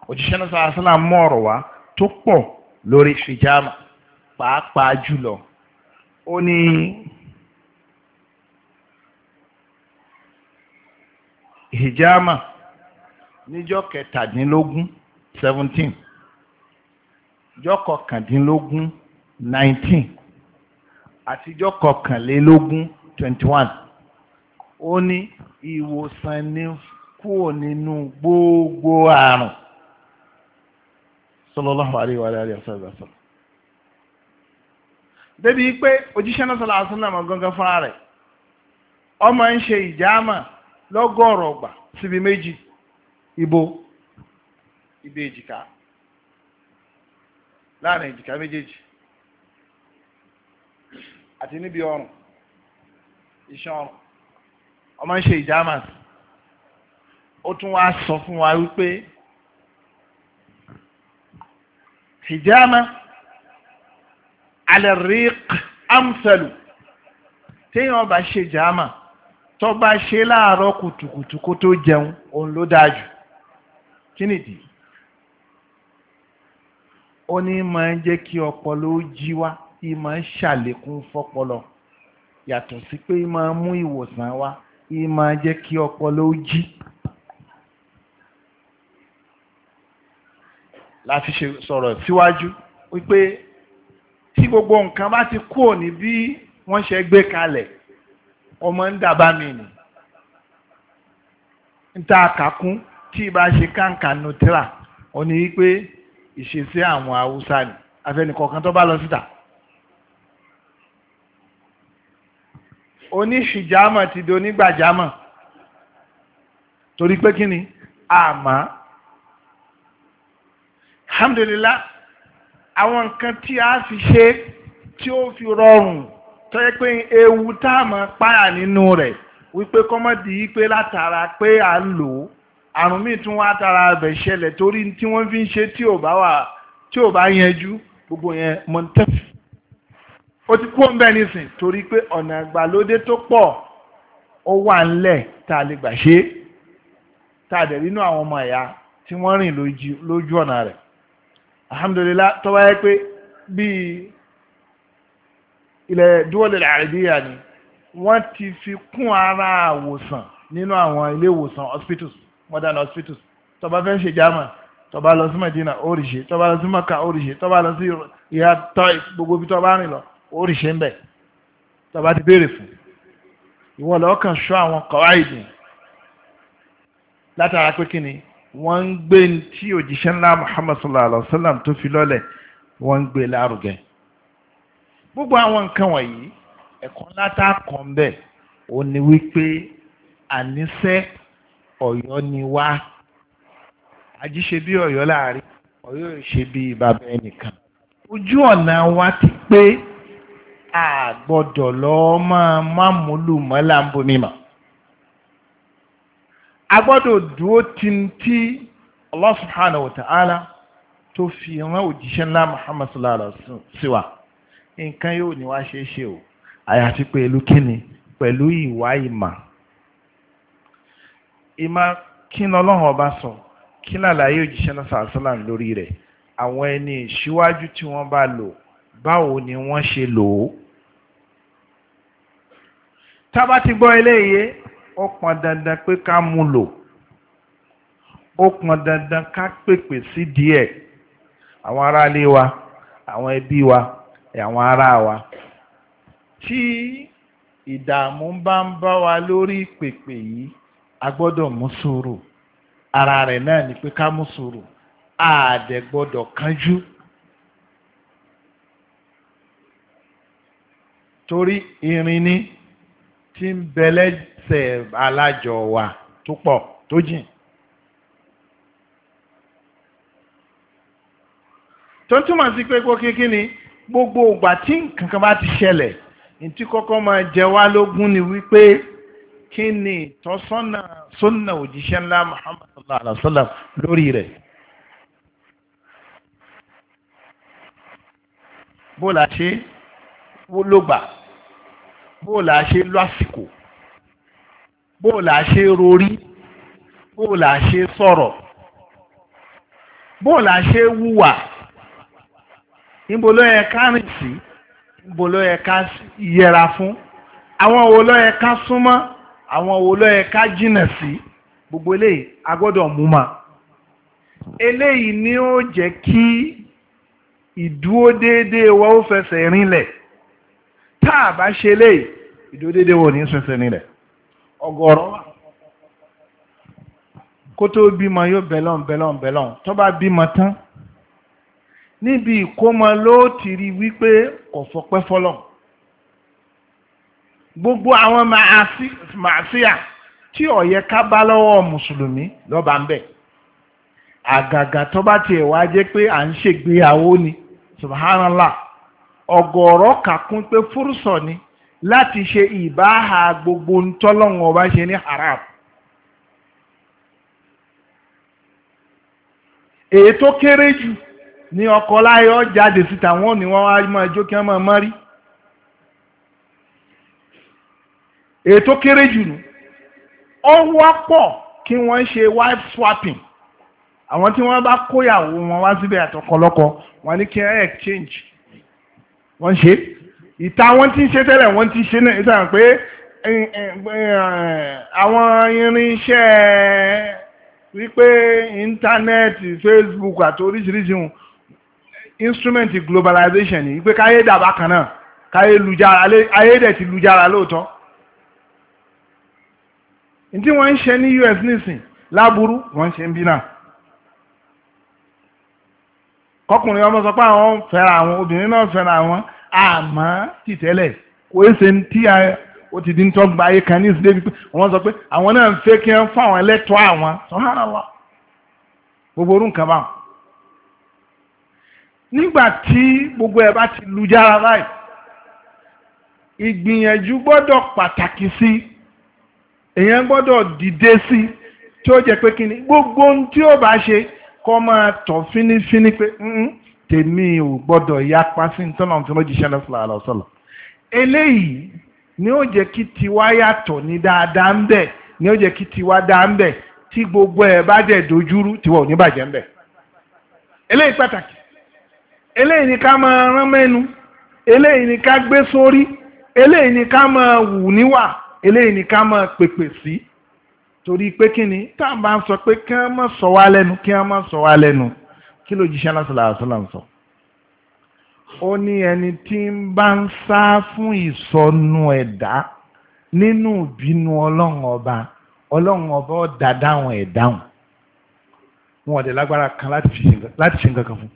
òjíṣẹ́ náà sàásánà mú ọ̀rọ̀ wá tó pọ̀ lórí ìjàmà pàápàá jùlọ ó ní ìjàmà níjọ́ kẹtàdínlógún 17” jọ́ kọkàndínlógún nineteen àtijọ́ kọkànlélógún twenty one ó ní ìwòsàn ní kúrò nínú gbogbo àrùn sallallahu alaihi wa alihi wasallam débi pé òjíṣẹ́ náà sọ̀rọ̀ àṣọ náà gangan fúnra rẹ̀ ọmọ ń ṣe ìjàmà lọ́gọ́rọ̀ ọgbà síbi méjì ibo ibi èjìká láàrin èjìká àti níbi ọrùn iṣan ọrùn ọmọ ń ṣe ìjámàs ó tún wá sọ fún wa wípé hijama alẹ́ rík amsalu téèyàn bá ṣe jàmà tó bá ṣe láàárọ̀ kùtùkùtù kó tó jẹun òun ló dáa jù kí nìdí ó ní máa ń jẹ́ kí ọpọlọ jí wá ìmọ̀ ń ṣàlékún fọ́pọlọ yàtọ̀ sí pé ìmọ̀ mú ìwòsàn wá ìmọ̀ jẹ́ kí ọpọlọ ó jí. láti ṣe sọ̀rọ̀ síwájú wípé tí gbogbo nǹkan bá ti kú òní bí wọ́n ṣe gbé kalẹ̀ ọmọ ń dàbá mi nì ń àkàkún tí ìbá ṣe kàǹkà nùtírà ó wípé ìṣesí àwọn haúsá ni afẹnìkọ̀ọ̀kan tó bá lọ síta. Si oníṣìjámọ̀ ti do onígbàjámọ̀ torí pé kí ni àmọ́ Hamdulillah. àwọn nǹkan tí a fi ṣe tí ó fi rọrùn tó yẹ pé ewu tá a mọ̀ páyà nínú rẹ̀ wípé kọ́mọ́dì yìí pé látara pé à ń lò ó àrùn míì tún wá tara abẹ̀ ṣẹlẹ̀ torí tí wọ́n fi ń ṣe tí ò bá wà tí gbogbo yẹn mọ̀ntẹ́fì ó ti kú ọ̀nbẹ nísìn torí pé ọ̀nà àgbàlódé tó pọ̀ ó wà ńlẹ̀ tá a lè gbà ṣe é tá a dẹ̀ nínú àwọn ọmọ ẹ̀yà tí wọ́n rìn lójú ọ̀nà rẹ̀ alhamdulilah tó bá yẹ pé bíi ilẹ̀ dúwọ́lẹ̀ àrídíyà ni wọ́n ti fi kún ara àwòsàn nínú àwọn ilé ìwòsàn hospitals modern hospitals tó bá fẹ́ ṣe german tó bá lọ sí medina oríṣi tó bá lọ sí maka oríṣi tó bá lọ sí ìhà tọ́ gbogbo ibi tó bá rìn lọ oríṣi ń bẹ̀ tọba ti béèrè fún ìwọ lọ́kàn ṣọ́ àwọn kọ́wáìdì látara pé kíni wọ́n ń gbé tí òjíṣẹ́ ńlá Muhammad sallallahu alaihi wa sallam tó fi lọ́lẹ̀ wọ́n ń gbé lárugẹ gbogbo àwọn nǹkan wọ̀nyí ẹ̀kọ́ ńlá tá a kàn bẹ̀ ó ní wípé àníṣe ọ̀yọ́ ni wá ají bí ọ̀yọ́ láàrin ọ̀yọ́ ṣe bí bàbá ẹnìkan ojú ọ̀nà wa ti pé àgbọ́dọ̀ lọ́ọ́ máa mámúlù mọ́lá ń bomi mọ́ agbọ́dọ̀ dúró tìǹtì Allah subhanahu wa ta'ala tó fi rán òjíṣẹ́ ńlá Muhammad sallallahu alaihi wa sallam sí wa nǹkan yóò ní wá ṣe ṣe o àyàfi pẹ̀lú kíni pẹ̀lú ìwà ìmà ìmà kí ni ọlọ́run ọba sọ kí làlàyé òjíṣẹ́ náà sàásọ́là lórí rẹ̀ àwọn ẹni ìṣíwájú tí wọ́n bá lò báwo ni wọ́n ṣe lò ó tába ti gbọ́ eléyìí ó pọn dandan pé ká mú lò ó pọn dandan ká pèpè sí díẹ̀ àwọn aráalé wa àwọn ẹbí wa àwọn ará wa tí ìdààmú bá ń bá wa lórí pèpè yìí a gbọ́dọ̀ mú sùúrù ara rẹ̀ náà ni pé ká mú sùúrù a dẹ̀ gbọ́dọ̀ kánjú. torí irin ni tí ń bẹlẹ́sẹ̀ alájọ wa tó pọ̀ tó jìn. tó ń túmọ̀ sí pé kó kíkí ni gbogbo ìgbà tí nǹkan kan bá ti ṣẹlẹ̀ ntí kọ́kọ́ máa jẹ wá lógún ni wípé kí ni ìtọ́sọ́nà sọ́nà òjíṣẹ́ ńlá Muhammad sallallahu alaihi wa sallam lórí rẹ̀. bó la ṣe ló gbà bó la ṣe lásìkò bó la ṣe rorí bó la ṣe sọ̀rọ̀ bó la ṣe wúwà níbo ló yẹ ká rìn sí níbo ló yẹ ká yẹra fún àwọn wo ló yẹ ká súnmọ́ àwọn wo ló yẹ ká jìnà sí gbogbo eléyìí a gbọ́dọ̀ mú ma eléyìí ni ó jẹ́ kí ìdúró déédéé wa ó fẹsẹ̀ rinlẹ̀ tá a bá ṣe lé ìdódédé wo ní sẹsẹ nílẹ̀ ọgọ́rọ̀ wà kó tó bímọ yóò bẹlọn bẹlọn bẹlọn tó bá bímọ tán níbi ìkómọ ló ti rí wípé kò fọpẹ́ fọlọ gbogbo àwọn màásíà tí ó yẹ ká bá lọ́wọ́ mùsùlùmí lọ́ba ń bẹ̀ àgàgà tó bá tiẹ̀ wá jẹ́ pé à ń ṣègbéyàwó ni subhanallah ọ̀gọ̀ọ̀rọ̀ kàkún pé fúrúsọ̀ ni láti ṣe ìbáhà gbogbo ntọ́lọ́hún ọba ṣe ní haram. èyí tó kéré jù ní ọkọ̀ láyọ̀ jáde síta wọn ni wọ́n wá máa jó kí wọ́n máa mọ́rí. èyí tó kéré jù nù ọ wọ́pọ̀ kí wọ́n ṣe wife swapping àwọn tí wọ́n bá kóyàwó wọn wá síbẹ̀ àtọkọlọ́kọ wọn ni kí wọ́n exchange wọ́n ṣe ìta wọ́n ti ṣe tẹ́lẹ̀ wọ́n ti ṣe náà ìta pé àwọn irinṣẹ́ wípé íńtánẹ́ẹ̀tì Facebook àti oríṣiríṣi instrument globalization ni wípé káyé dàbá kan náà káyé lujára ayé dẹ̀ ti lujára lóòótọ́ ní tí wọ́n ń ṣe ní US nísìn láburú wọ́n ṣe ń bí náà kọkùnrin ọmọ sọ pé àwọn fẹ́ra àwọn obìnrin náà fẹ́ra àwọn àmọ́ tìtẹ́lẹ̀ kò é ṣe ní tí ó ti di ń tọ́gba ayé kan ní ìsìlẹ̀ wípé wọ́n sọ pé àwọn náà ń fẹ́ kí wọ́n fún àwọn ẹlẹ́tọ́ àwọn sọ́hánàlá gbogbo orú nǹkan báwọn. nígbà tí gbogbo ẹ̀ bá ti lu jára láì ìgbìyànjú gbọ́dọ̀ pàtàkì sí èèyàn gbọ́dọ̀ dìde sí tí ó jẹ́ pé kí ni gbogbo ohun tí ó bá ṣe kọ́ máa tọ̀ fínífíní pé tèmi ò gbọ́dọ̀ yapa sí ní tọ́nà tí wọ́n jíṣẹ́ lọ́sọ̀lá àlọ́sọ̀lá eléyìí ni ó jẹ́ kí tiwa yàtọ̀ ní dáadáa ń ni ó jẹ́ kí tiwa dáa ń bẹ̀ gbogbo ẹ̀ bá tiwa ò ní bàjẹ́ ń bẹ̀ eléyìí pàtàkì eléyìí ni ká máa rán mẹ́nu eléyìí ni ká gbé sórí eléyìí ni ká máa wù níwà eléyìí ni ká máa pèpè Si torí pé kí ni tá à ń bá ń sọ pé kí wọ́n má sọ wá lẹ́nu kí wọ́n má sọ wá lẹ́nu kí ló jíṣẹ́ lásìlá àṣọlá ń sọ. ó ní ẹni tí ń bá ń sá fún ìsọnù ẹ̀dá nínú ìbínú ọlọ́run ọba ọlọ́run ọba ọ̀dà ẹ̀dáhùn wọn ò dé lágbára kan láti ṣe nǹkan kan fún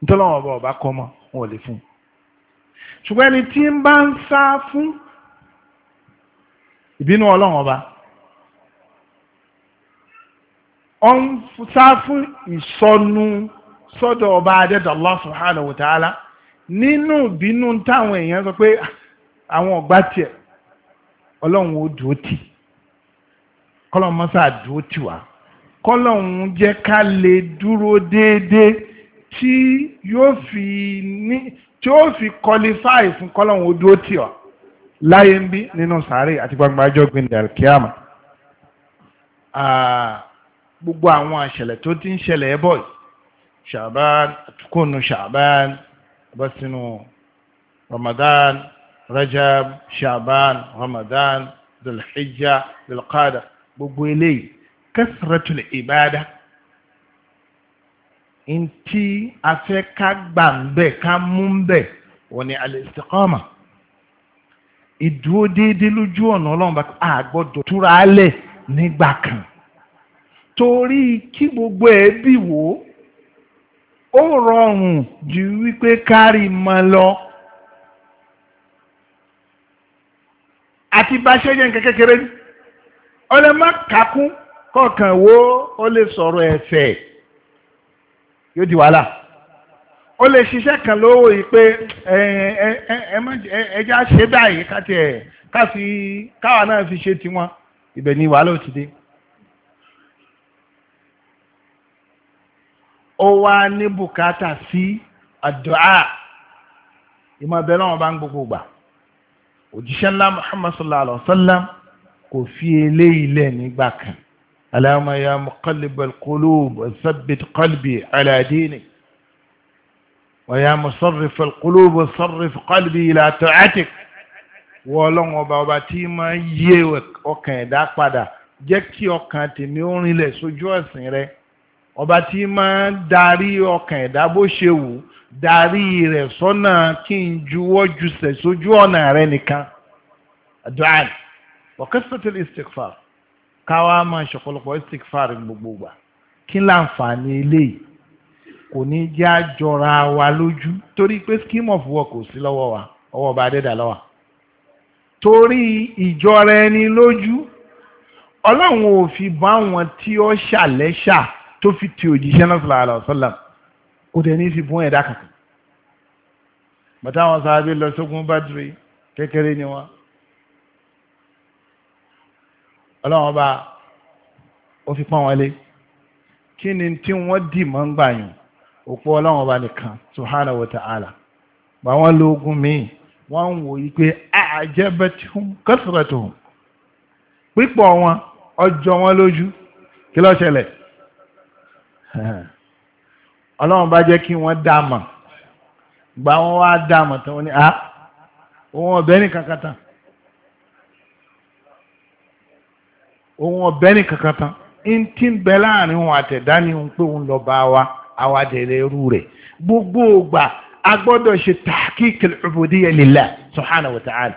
nítorí ọba ọba kọ́ mọ́ wọn ò lè fún un. ṣùgbọ́n ẹni tí ń bá ń sá fún ìbínú ọlọ́run ọba ọ ń sá fún ìsọnu sọ́dọ̀ ọba adẹ́dọ̀ Allah subhanahu wa ta'ala nínú ìbínú táwọn èèyàn sọ pé ah, àwọn ọ̀gbá tiẹ̀ ọlọ́run ó dúró tì kọ́lọ́n mọ́sá dúró tì wá kọ́lọ́n jẹ́ ká lè dúró déédéé tí yóò fi ní tí ó fi kọlifáì fún kọ́lọ́n ó dúró tì ọ́ láyé ń bí nínú sàárè àti gbangba ọjọ́ gbẹ̀ndẹ̀ alkiyama. Uh, gbogbo àwọn àṣẹlẹ̀ tó ti ń ṣẹlẹ̀ ẹ́ bọ̀ ṣàbán àtúkòónú ṣàbán bọ́ sínú ramadan rajab ṣàbán ramadan dulhijja dulqada gbogbo eléyìí kẹsìrẹ́tùlẹ̀ ìbáadá ntí a fẹ́ ká gbà ń bẹ̀ ká mú ń bẹ̀ wọ́n ní al-istiqama ìdúró déédéé lójú ọ̀nà ọlọ́run bá a túra lẹ̀ nígbà kan torí kí gbogbo ẹ̀ bì wò ó rọrùn ju wípé kárí mọ lọ. àti bá ṣe jẹ́ nǹkan kékeré ní ọlẹ́ má kakún kọ̀ọ̀kan wo ó lè sọ̀rọ̀ ẹ̀fẹ̀ yóò di wàhálà ó lè ṣiṣẹ́ kan lówó yìí pé ẹja ṣe báyìí káti ẹ̀ káwa náà fi ṣe tiwọn ibẹ̀ ni wàhálà ó ti dé. ó wá ní bùkátà sí àdúà ìmọ̀ bẹ́ẹ̀ náà bá ń gbogbo gbà òjíṣẹ́ ńlá muhammad sallallahu alayhi wa sallam kò fi eléyìí lẹ̀ nígbà kan allahumma ya muqallibal qulub thabbit qalbi ala dinik wa ya musarrifal qulub sarrif qalbi ila ta'atik wọ́n ọlọ́run ọba ọba tí máa yé ọkàn ẹ̀dá padà jẹ́ kí ọkàn tèmi ó rinlẹ̀ sójú ọ̀sìn rẹ̀ ọba tí máa ń darí ọkàn ẹ̀dá bó ṣe wù darí rẹ̀ sọ́nà kí n juwọ́ jùsẹ̀ sójú ọ̀nà rẹ̀ nìkan adu'an wakasatil istikfar káwa máa ṣọ̀pọ̀lọpọ̀ istikfar gbogbo gbà kí láǹfààní eléyìí kò ní jẹ́ àjọra wa lójú torí pé scheme of work kò sí lọ́wọ́ wa ọwọ́ ọba adẹ́dà ló wà torí ìjọra ẹni lójú ọlọ́run ò fi bá wọn tí ó ṣàlẹ́ṣà tó fi ti òjíṣẹ́ náà sallallahu alaihi wasallam kò tẹ̀ ní í sí fún ẹ̀dá kankan bàtà àwọn sàábé lọ sógun bàdìrì kékeré ni wọn ọlọ́wọ́n bá ó fi pọ́n wọn lé kí ni tí wọ́n dì mọ́ ń gbàyàn òpó ọlọ́wọ́n bá nìkan subhanahu wa ta'ala bá wọ́n lo ogun míì wọ́n ń wò yí pé a'jabatuhum kasratuhum pípọ̀ wọn ọjọ́ wọn lójú kí ló ṣẹlẹ̀ [laughs] ọlọ́run bá jẹ́ kí wọ́n dáàmà gbà wọ́n wá dáàmà tán wọ́n ní à ah, ohun ọ̀bẹ́ ní kankan tán ohun ọ̀bẹ́ ní kankan tán ń tí ń bẹ láàrin wọn àtẹ̀dá ni òun pé òun lọ́ba wa àwa dẹ̀rẹ̀ rẹ̀ gbogbo ògbà a gbọ́dọ̀ ṣe tahqiq al-ubudiyya lillah subhanahu wa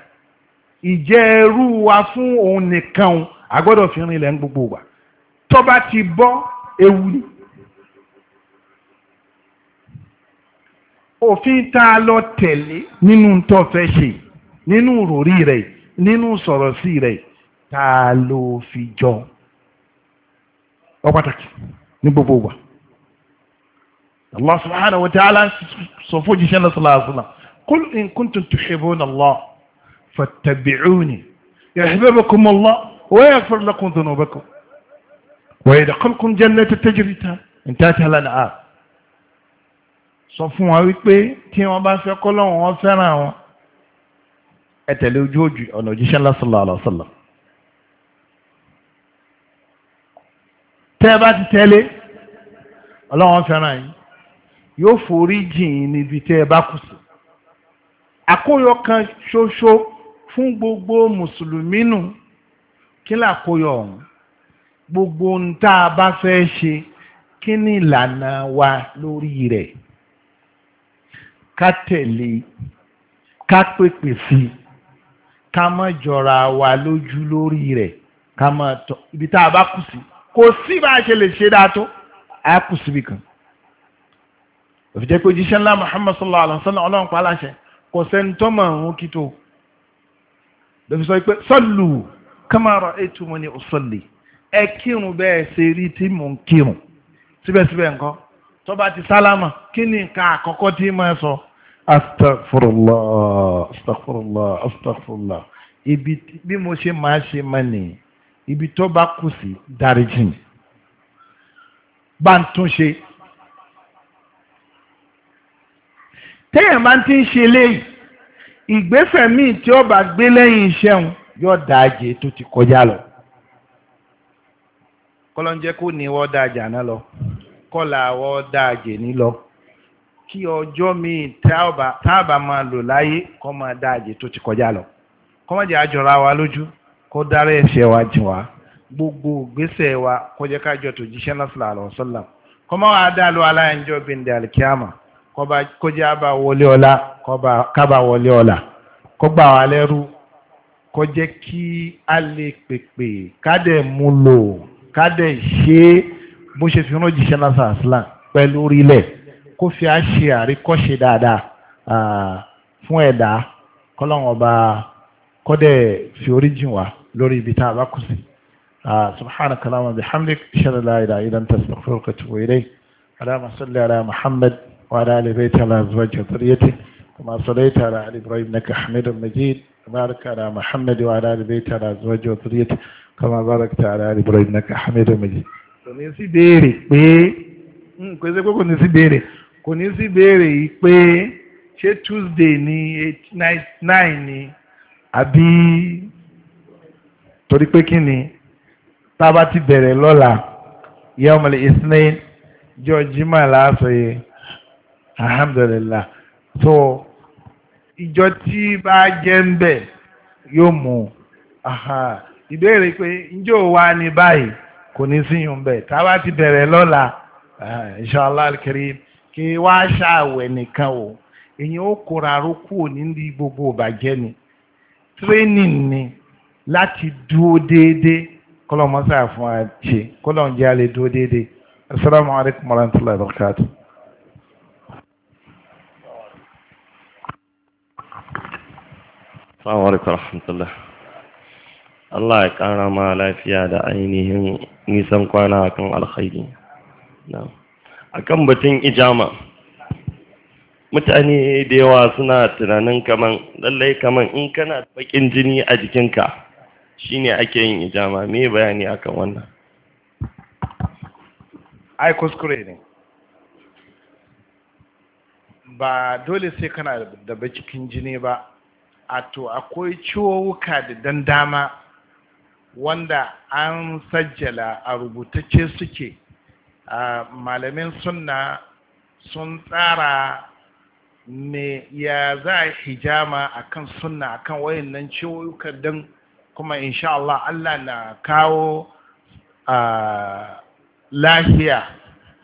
ìjẹ́ ẹrú wa fún òun nìkan a gbọ́dọ̀ fi rinlẹ̀ ń gbogbo ògbà tó ti bọ́ ewu ni. òfin tá a lọ tẹ̀lé nínú tó fẹ́ ṣe nínú ròrí rẹ̀ nínú sọ̀rọ̀ sí rẹ̀ tá a lọ fi jọ ọ pàtàkì ní gbogbo wa Allah subhanahu wa ta'ala sọ fún jíṣẹ́ náà sallallahu alaihi wasallam qul in kuntum tuhibbuna Allah fattabi'uni yuhibbukum Allah wa yaghfir lakum dhunubakum wa yadkhulukum jannatan tajri min tahtiha al-anhar sọ fún wọn wípé tí wọ́n bá fẹ́ kọ́lọ́hún wọn fẹ́ràn wọn ẹ tẹ̀lé ojú ojú ọ̀nà òjíṣẹ́ ńlá sallallahu alaihi wasallam. tẹ́ ẹ bá ti tẹ̀lé ọlọ́wọ́n fẹ́ràn yín yóò forí jìn níbi tẹ́ ẹ bá kù sí. àkóyọ kan ṣoṣo fún gbogbo mùsùlùmí nù kí làkóyọ ọ̀hún gbogbo ń tá a bá fẹ́ ṣe kí ni ìlànà wa lórí rẹ̀ ká tẹ̀lé ká pèpè sí ká má jọra wa lójú lórí rẹ̀ ká má tọ́ ibi tá a bá kù sí kò sí bá a ṣe lè ṣe dáa tó a kù síbi kan òfìjẹ́ pé jíṣẹ́ ńlá Muhammad sallallahu alaihi wa ọlọ́run pa kò sẹ́ni tó mọ̀ ọ̀hún kí tó lọ́fi sọ pé sọ́lù kama ra'aytumuni usalli ẹ kírun bẹ́ẹ̀ ṣe rí tí mò ń kírun síbẹ̀síbẹ̀ nǹkan tó bá ti sálámà kí ni nǹkan àkọ́kọ́ tí máa sọ. astagfirullah ibi bí mo ṣe máa ṣe máa nìyí ibi tó bá kù sí dáríjì mi bá ń tún ṣe. téèyàn bá ti ń ṣe léyìí ìgbésẹ̀ míì tí ó bá gbé lẹ́yìn iṣẹ́ òun yóò dáàjé tó ti kọjá lọ kọ́lọ́njẹ́ kó ní wọ́n dáàjà náà lọ kọ́là àwọ̀ dáa jè ní lọ kí ọjọ́ míì táàbà máa lò láyé kọ́ máa dáa jè tó ti kọjá lọ kọ́mọ̀jẹ́ àjọra wa lójú kó dára ẹ̀ṣẹ̀ wa jìn wá gbogbo ìgbésẹ̀ wa kó jẹ́ ká jọ tó jíṣẹ́ náà sílá àlọ́ sọ́là kọ́mọ̀ wa dá lọ aláìjọ́ bíndẹ̀ alikiyama kó jẹ́ àbá wọlé ọlá kábà wọlé ọlá kó gbà wá lẹ́rú kó jẹ́ kí a lè pèpè ká dẹ̀ mú lò ká dẹ̀ ṣe é bó ṣe fi rán jíṣẹ́ lásán àsìlán pẹ̀lú orílẹ̀ kó fi á ṣe àríkọ́ṣe dáadáa fún ẹ̀dá kọ́lọ́wọ́n ọba kọ́dẹ̀ fi oríjìn wá lórí ibi tá a bá kù sí. سبحانك اللهم وبحمدك اشهد ان لا اله الا انت استغفرك واتوب اليك اللهم صل على محمد وعلى ال بيته وعلى ازواجه وذريته كما صليت على ال ابراهيم انك حميد مجيد وبارك على محمد وعلى ال بيته وعلى ازواجه وذريته كما باركت على ال ابراهيم انك حميد مجيد kò ní sí béèrè pé hmm, kò ní pé kò ní sí béèrè kò ní sí béèrè yìí pé ṣé Tuesday ní eight nine ni àbí torí pé kí ni tá a bá ti bẹ̀rẹ̀ lọ́la ìyá ọmọlẹ̀ isnail jọ jimá láàṣọ yẹ alhamdulillah tó ìjọ tí bá jẹ́ ń bẹ̀ yóò mú ìbéèrè pé ǹjẹ́ ò wá ní báyìí. kò ní bẹ́ẹ̀ tá a bá ti bẹ̀rẹ̀ lọ́la eh, inshallah al kí wá ṣàwẹ̀ nìkan o èyí ó kóra ró kúrò gbogbo ìbàjẹ́ ni training ni láti dúó déédéé kọ́lọ́mọ́sá fún wa ṣe kọ́lọ́mọ́jẹ́ a lè dúó déédéé assalamu alaikum Allah ya ma lafiya da ainihin nisan kwana akan alkhairi akan batun ijama mutane da yawa suna tunanin kaman lallai kaman in kana bakin jini a jikinka shine ake yin ijama me bayani akan wannan ai kuskure ne ba dole sai kana da bakin jini ba a to akwai ciwowuka da dandama. dama wanda an sajjala a rubutacce suke malamin sunna sun tsara me ya za a hijama akan sunna akan wayannan ciwoyukan din kuma insha Allah Allah na kawo lahiya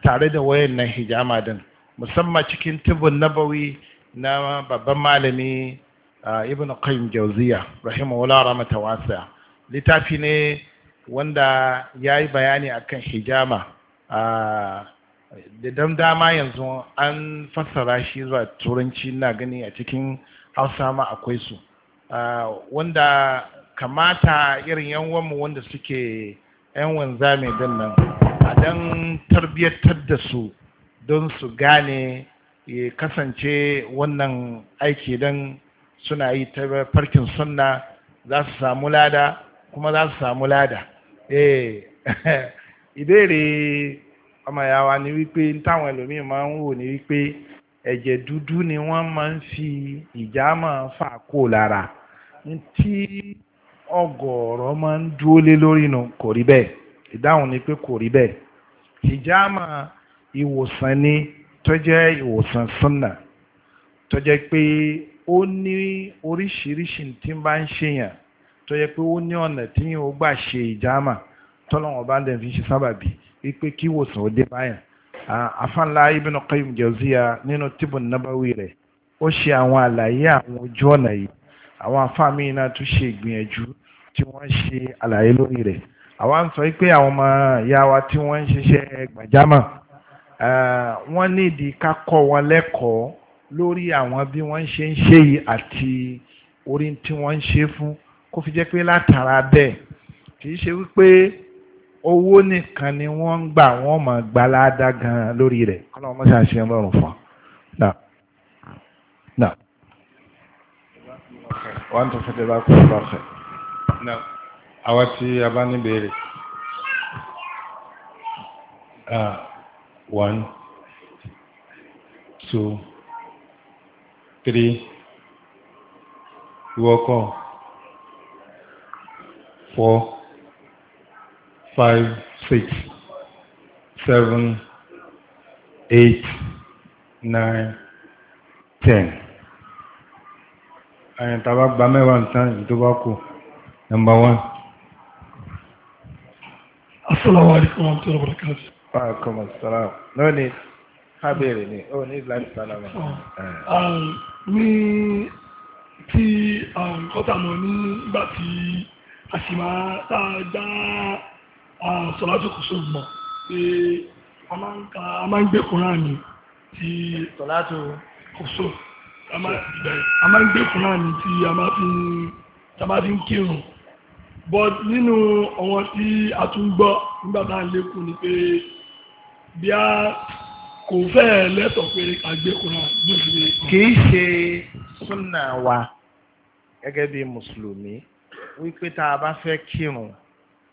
tare da wayannan hijama din musamman cikin tibin nabawi na babban malami ibn qayyim jawziya rahimahullah rahmatahu wasi'a littafi ne wanda ya yi bayani a kan hijama da dam dama yanzu an fassara shi zuwa turanci na gani a cikin hausa ma akwai su wanda kamata irin yanwanmu wanda suke yan wanza mai dan nan a dan tarbiyyatar da su don su gane ya kasance wannan aiki don suna yi ta farkin sunna za su samu lada kuma za su samu eh [laughs] ìbéèrè ọmọ ìyá ni wípé táwọn ẹlòmíín máa ń wò ni wípé ẹ̀jẹ̀ dúdú ni wọ́n máa ń fi ìjà máa fà kó lára tí ọgọ̀ọ̀rọ̀ máa ń dúró lé lórí nu kò rí bẹ́ẹ̀ ìdáhùn ni pé kò rí bẹ́ẹ̀ ìjà máa ìwòsàn ni tó jẹ́ ìwòsàn súnà tó jẹ́ pé ó ní oríṣiríṣi tí ń bá ń ṣèyàn tó yẹ pé ó ní ọ̀nà tí ó gbà ṣe ìjàmà tọ́lọ́wọ́n bá ń dẹ̀ fi ṣe sábàbí wípé kí wòsàn ó dé báyàn afánlá Ibn Qayyim Jawziya nínú Tibbun Nabawi rẹ̀ ó ṣe àwọn àlàyé àwọn ojú ọ̀nà yìí àwọn afáàmì náà tún ṣe ìgbìyànjú tí wọ́n ṣe àlàyé lórí rẹ̀ àwa ń sọ pé àwọn ọmọ ìyá wa tí wọ́n ń ṣiṣẹ́ gbàjámà wọ́n nídìí ká kọ́ wọn lẹ́kọ̀ọ́ lórí àwọn bí wọ́n ṣe ń ṣe yìí àti orí tí wọ́n ń ṣe fún kó fi jẹ́ pé látara bẹ́ẹ̀ kì í ṣe wípé owó nìkan ni wọ́n ń gbà wọ́n mọ̀ gbà ládàá gan lórí rẹ̀ kọ́nà ọmọ ṣàṣẹ ọlọ́run fún un. wọ́n tó fẹ́tẹ̀ bá kú lọ́fẹ̀ẹ́ àwọn tí a bá ní béèrè. one two three ìwọ́kọ̀ four, five, six, seven, eight, nine, ten. àyàn tàbá gba mẹ́wàá nǹkan èyí tó bá kù nọ́mbà one. asalaamu alaykum wa rahmatulahi wa barakatuh. wa alaykum asalaam no need ká béèrè ni ó oh, ní láti sálámà. ní oh. eh. um, tí um, kọ́tà mọ̀ ní ìgbà tí a sì máa dáadá sọ̀látù kùsùn mọ̀ pé a máa ń gbé kùránì tí sọ̀látù kùsùn a máa ń gbé kùránì tí a máa fi ń kírun but nínú àwọn tí a tún gbọ́ nígbàtà lékún ni pé bí a kò fẹ́ lẹ́tọ̀ pé àgbékùnrin àgbékùnrin kìí ṣe súnà wa gẹ́gẹ́ bí mùsùlùmí wípé tá a bá fẹ́ kírun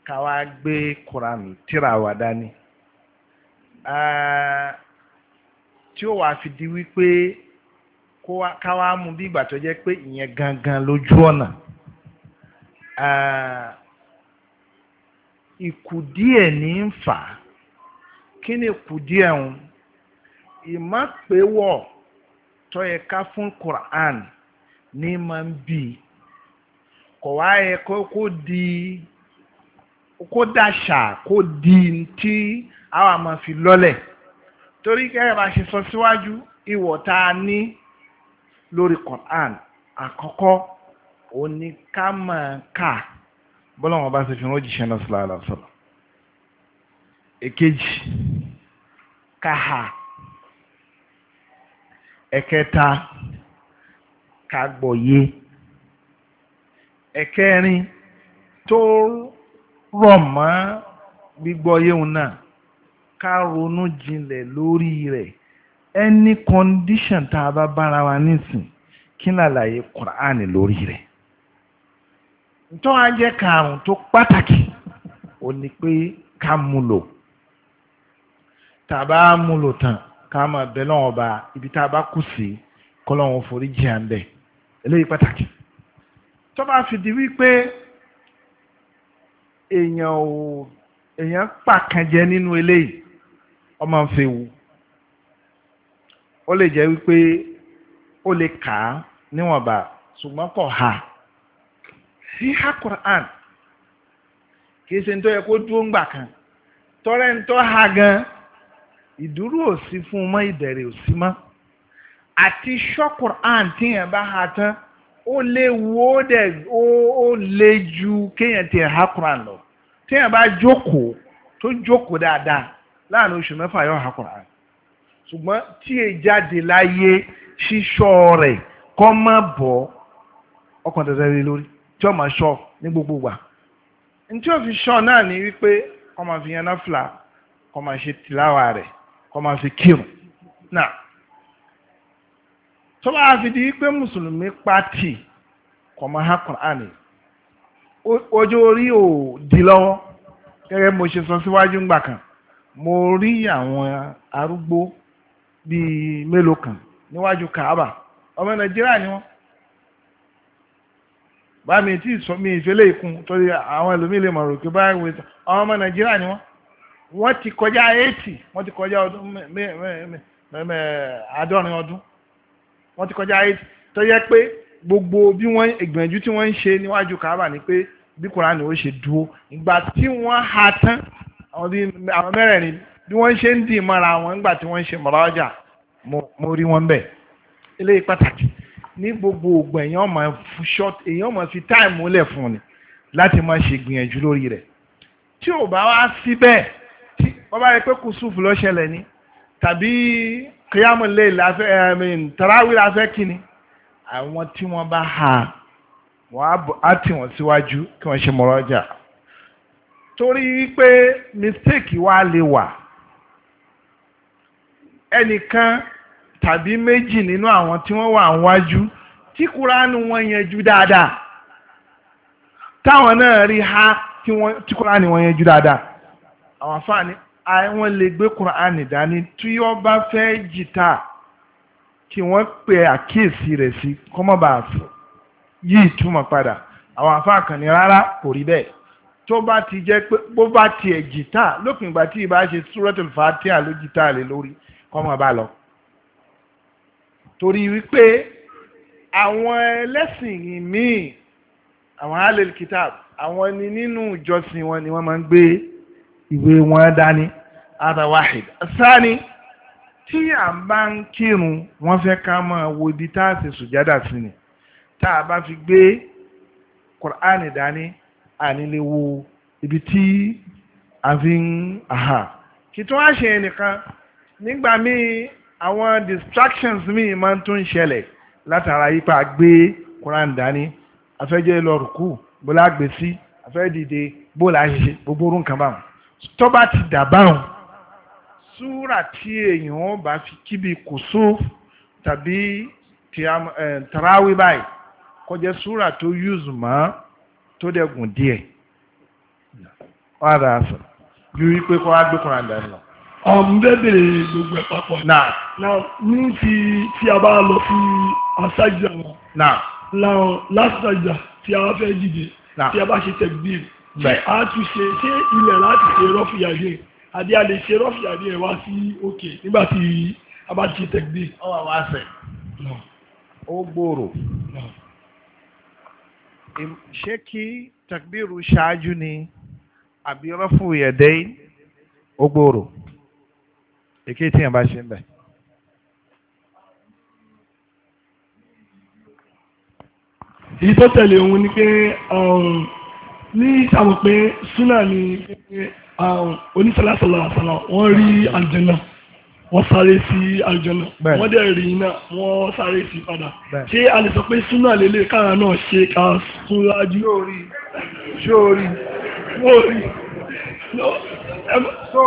ká wá gbé kùránì tíra wà dání tí ó wàá fi di wípé ká wá mú bí ìgbà tó jẹ́ pé ìyẹn gangan lójú ọ̀nà ìkùdíẹ̀ ní ń fà á kí ni ìkùdíẹ̀ ń ìmọ̀péwọ̀ tó yẹ ká fún Quran ní máa ń bíi kò wá yẹ kó di kó dàṣà kó di tí àwa máa fi lọ́lẹ̀ torí gẹ́gẹ́ bá ṣe sọ síwájú ìwọ̀ tá a ní lórí Quran àkọ́kọ́ òní ká bá ṣe fi ránjíṣẹ́ náà sọ́lá àlàsọ́lá èkejì káhà ẹ̀kẹta kagbọ̀yé. ẹ̀kẹrin tó rọ̀ mọ́ gbígbọ́ na náà ká ronú jinlẹ̀ lórí rẹ̀ any condition tá a bá bára wa nísìn kí ni Quran lórí rẹ̀ a karùn-ún tó pàtàkì ó ní pé ká múlò tàbá múlò tán ká máa bẹ̀ lọ́wọ́ ba ibi tá a bá kù sí tó bá fìdí wípé èèyàn ò èèyàn pàkànjẹ nínú eléyìí ọmọ ń fẹ́ ó lè jẹ́ wípé ó lè kà á níwọ̀nba ṣùgbọ́n kò ha sí ha Quran kì í ṣe nítorí kó dúró ńgbà kan tọ́rẹ́ ń tọ́ ha gan ìdúró ò sí fún un mọ́ ìdẹ̀rẹ̀ ò sí mọ́ àti ṣọ́ Quran tíyẹn bá ha tán ó léwu ó dẹ̀ ó le ju kéèyàn ti ha Quran lọ téèyàn bá jókòó tó jókòó dáadáa láàrin oṣù mẹ́fà yóò ha Quran ṣùgbọ́n tí e jáde láyé ṣíṣọ́ rẹ̀ kọ́ má bọ̀ ọkàn tẹ̀sẹ̀ rí lórí tí ọmọ ṣọ́ ní gbogbo wa ntí o fi ṣọ́ náà ni wípé ọmọ fi yan náà fìlà kọ́ máa ṣe tìláwà rẹ̀ kọ́ máa fi kírun náà. tó bá fi di pé mùsùlùmí pàtì kọ̀mọ̀ ha kùránì ojú orí ò di lọ́wọ́ gẹ́gẹ́ mo ṣe sọ síwájú ńgbà kan mo rí àwọn arúgbó bíi mélòó kan níwájú kaaba ọmọ nàìjíríà ni wọn bá mi tí sọ mi ìfẹ́lẹ́ ikun torí àwọn ẹlòmíì lè mọ̀ rò pé báyìí ọmọ nàìjíríà ni wọ́n wọ́n ti kọjá eighty wọ́n ti kọjá ọdún àádọ́rin ọdún wọ́n ti kọjá eighty tó yẹ pé gbogbo bí wọ́n ìgbìyànjú tí wọ́n ń ṣe níwájú kaaba ni pé bí koran ò ṣe dúró ìgbà tí wọ́n ha tán àwọn mẹ́rẹ̀ẹ̀rin bí wọ́n ṣe ń dì mọ́ra wọn nígbà tí wọ́n ń ṣe mọ́rájà mo rí wọn bẹ̀ eléyìí pàtàkì ní gbogbo ògbà èèyàn máa short èèyàn máa fi táìmù lẹ̀ fún ni láti máa ṣe gbìyànjú lórí rẹ̀ tí ò bá wá síbẹ̀ tí wọ́n bá rí pé kùsùfù ló ni tàbí kíyàmù lè láfẹ́ ẹ̀mìn tàràwí láfẹ́ kíni àwọn tí wọ́n bá ha wọ́n á tì wọ́n síwájú kí wọ́n ṣe mọ́rọ́jà torí wípé mistake wa lè wà ẹnìkan tàbí méjì nínú àwọn tí wọ́n wà wájú tí kúránù wọn yanjú dáadáa táwọn náà rí ha tí kúránù wọn yanjú dáadáa àwọn afáàní àwọn lè gbé Quran dání tí wọ́n bá fẹ́ jìtá kí wọ́n pe àkíyèsí rẹ̀ sí kọ́mọ́bà yí ìtumọ̀ padà àwọn àfáà kan ní rárá kò rí bẹ́ẹ̀ tó bá ti jẹ́ pé bó bá tiẹ̀ jìtá lópin ìgbà tí ìbá ṣe Suratul Fatiha ló jìtá lé lórí kọ́mọ lọ. torí wípé àwọn ẹlẹ́sìn míì àwọn alel kitab àwọn ni nínú ìjọsìn wọn ni wọ́n máa ń gbé ìwé wọn dání ada wahid sani tí à ń bá ń kírun wọ́n fẹ́ ká máa wo ibi tá a sùjádà sí ni tá a bá fi gbé kùránì dání àníléwo ibi tí a fi ń aha kì tó wá ṣe nìkan nígbà míì àwọn distractions míì máa ń tún ṣẹlẹ̀ látara yípa gbé kùránì dání afẹ́jẹ́ lọ́rùkù bó lágbèsí afẹ́ dìde bó láṣẹ gbogbo orun báwọn tó bá ti dà báwọn súrà tí èèyàn ó bá fi kíbi kùsù tàbí tàràwí báyìí kọjá súrà tó yúzù mọ́ tó dẹ̀gùn díẹ̀ wọ́n á dáa sọ ju wípé kó wá dókòrò àdáni lọ àmbẹ́bẹ̀rẹ̀ gbogbo ẹ̀ papọ̀. Náà. Náà ní ti tí a bá lọ sí àṣàjà wọn. Náà. Láwọn lásàjà tí a fẹ́ dìde. Náà. Tí a bá ṣe tẹ̀gbìn a ti ṣe ṣé ilẹ̀ láti ṣe rọ́fìyàdé àbí a lè ṣe rọ́fìyàdé ẹ̀ wá sí òkè nígbà tí a bá ti tẹ̀gbé. ọ wà wá sẹ ó gbòòrò ṣé kí takbiru ṣáájú ni àbí rọ́fù yẹ̀dẹ́ ó gbòòrò èké tí yẹn ṣe ń bẹ̀. èyí tó tẹ̀lé òun ni pé um, ní àwọn pé súnà ni onísàlásàlà àsàlà wọ́n rí àlùjànnà wọ́n sáré sí àlùjànnà wọ́n dẹ̀ rí iná wọ́n sáré sí padà ṣé a lè sọ pé súnà lélẹ̀ kára náà ṣe ká sún lájú. sórí sórí so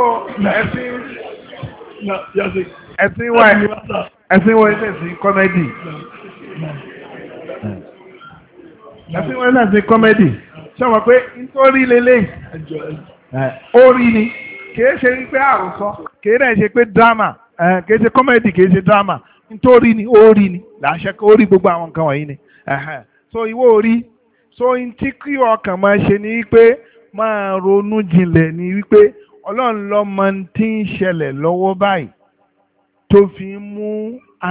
ẹ̀sìn ẹ̀sìn ilé ẹ̀sìn kọ́mẹ́dì ẹ̀sìn wa ilé ẹ̀sìn kọ́mẹ́dì ṣọmọ pé nítorí lélẹ̀ orí ni kìí ṣe wípé àròsọ kìí rẹ̀ ṣe pé drama kìí ṣe kọ́mẹ́dì kìí ṣe drama nítorí ni orí ni làṣẹ orí gbogbo àwọn nǹkan wọ̀nyí ni so ìwọ orí so ntí kí ọkàn máa ṣe ni wípé máa ronú jinlẹ̀ ni wípé ọlọ́run lọ́mọ tí ń ṣẹlẹ̀ lọ́wọ́ báyìí tó fi ń mú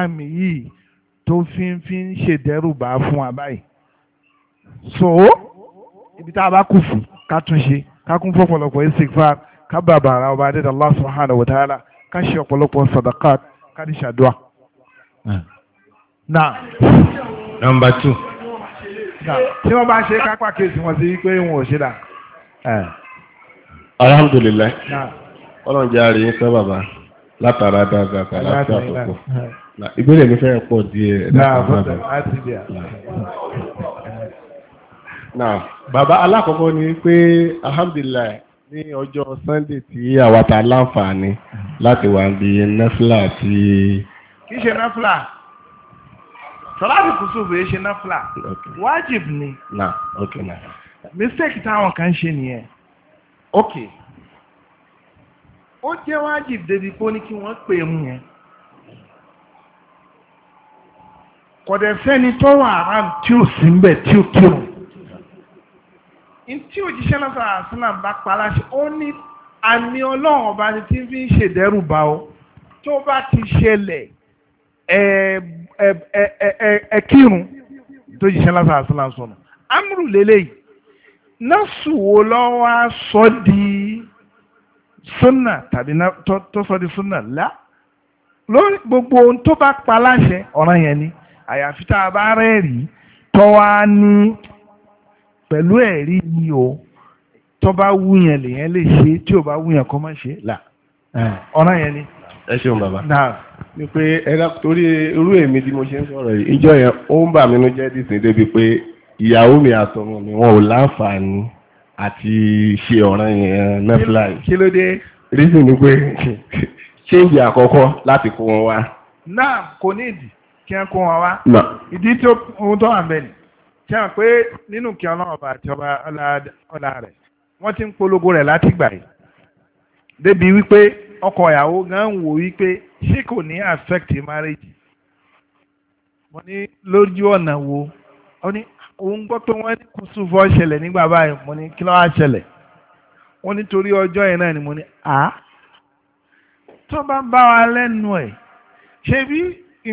àmì yìí tó fi ń fi ń ṣèdẹ́rùbà fún wa báyìí so ibi tá a bá kù sí ká tún ṣe ká kún fọ́pọ̀lọpọ̀ istighfar ká bàbà ara ọba adẹ́dàá Allah subhanahu wa ta'ala ká ṣe ọ̀pọ̀lọpọ̀ sadaqat ká ní ṣàdúà. na nọmba two. tí wọ́n bá ṣe kápá kéésì wọn sí pé wọn ò ṣe dà. Eh. alhamdulilayi ọlọ́run jẹ́ àárín sọ bàbá látara dáadáa tààrà sí àkókò ìgbélé mi fẹ́ràn pọ̀ díẹ̀. Na. bàbá alákọ̀ọ́kọ́ ni pé alhamdulillah ní ọjọ́ sunday tí àwàtà láǹfààní láti wà bí nafla tí. kì í ṣe nafla sọláàtì kùsùfù yìí ṣe nafla wájib ni. na mistake táwọn kan ṣe nìyẹn. ok ó jẹ́ wájib débi pé ó ní kí wọ́n pè é mú yẹn. kọ̀dẹ̀ sẹ́ni tó wà aram tí ó sì ń bẹ̀ tí ó kírun. tí òjíṣẹ́ náà sọ̀rọ̀ àṣìlá bá paláṣẹ ó ní àmì ọlọ́run ọba ni tí fi ń ṣèdẹ́rù bá ọ tó bá ti ṣẹlẹ̀ ẹ kírun tó jíṣẹ́ náà sọ̀rọ̀ àṣìlá sọ̀rọ̀ amúrù lélẹ́yìí nọ́ọ̀sù wo lọ́wọ́ sọ di súnà tàbí tó sọ di súnà lá lórí gbogbo ohun tó bá paláṣẹ ọ̀ràn yẹn ni àyàfi tá a bá rẹ́ẹ̀rí tọ́wá ní pẹ̀lú ẹ̀rí ni o tó bá wù yẹn lèyẹn lè ṣe tí ò bá wù yẹn kọ́ mọ̀ ṣe là ọ̀ràn yẹn ni. ẹ ṣeun bàbá. náà ni pé ẹ̀rọ torí irú èmi tí mo ṣe ń sọ̀rọ̀ yìí ìjọ yẹn ó ń bà mí jẹ́ dìsín débi pé ìyàwó mi àtọmọ mi wọn ò láǹfààní àti ṣe ọ̀ràn yẹn nẹ́fìlà kí ló dé. reason ni pé ṣéǹjì àkọ́kọ́ láti kó wọn wá. náà kò ní ìdí kí wọ́n kó wọn wá. ìdí tó ohun tó wà bẹ́ẹ̀ ni tí a pé nínú kí ọlọ́run bá àti ọba ọlá rẹ̀ wọ́n ti ń polongo rẹ̀ láti gbà yìí débi wípé ọkọ ìyàwó gan wò wípé ṣé kò ní affect marriage mo ní lójú ọ̀nà wo ó ní òun gbọ́ pé wọ́n ní kùsù fọ́ ṣẹlẹ̀ nígbà báyìí mo ní kí ló wá ṣẹlẹ̀ wọ́n nítorí ọjọ́ yẹn náà ni mo ní à tó bá ń bá wa lẹ́nu ẹ̀ ṣé bí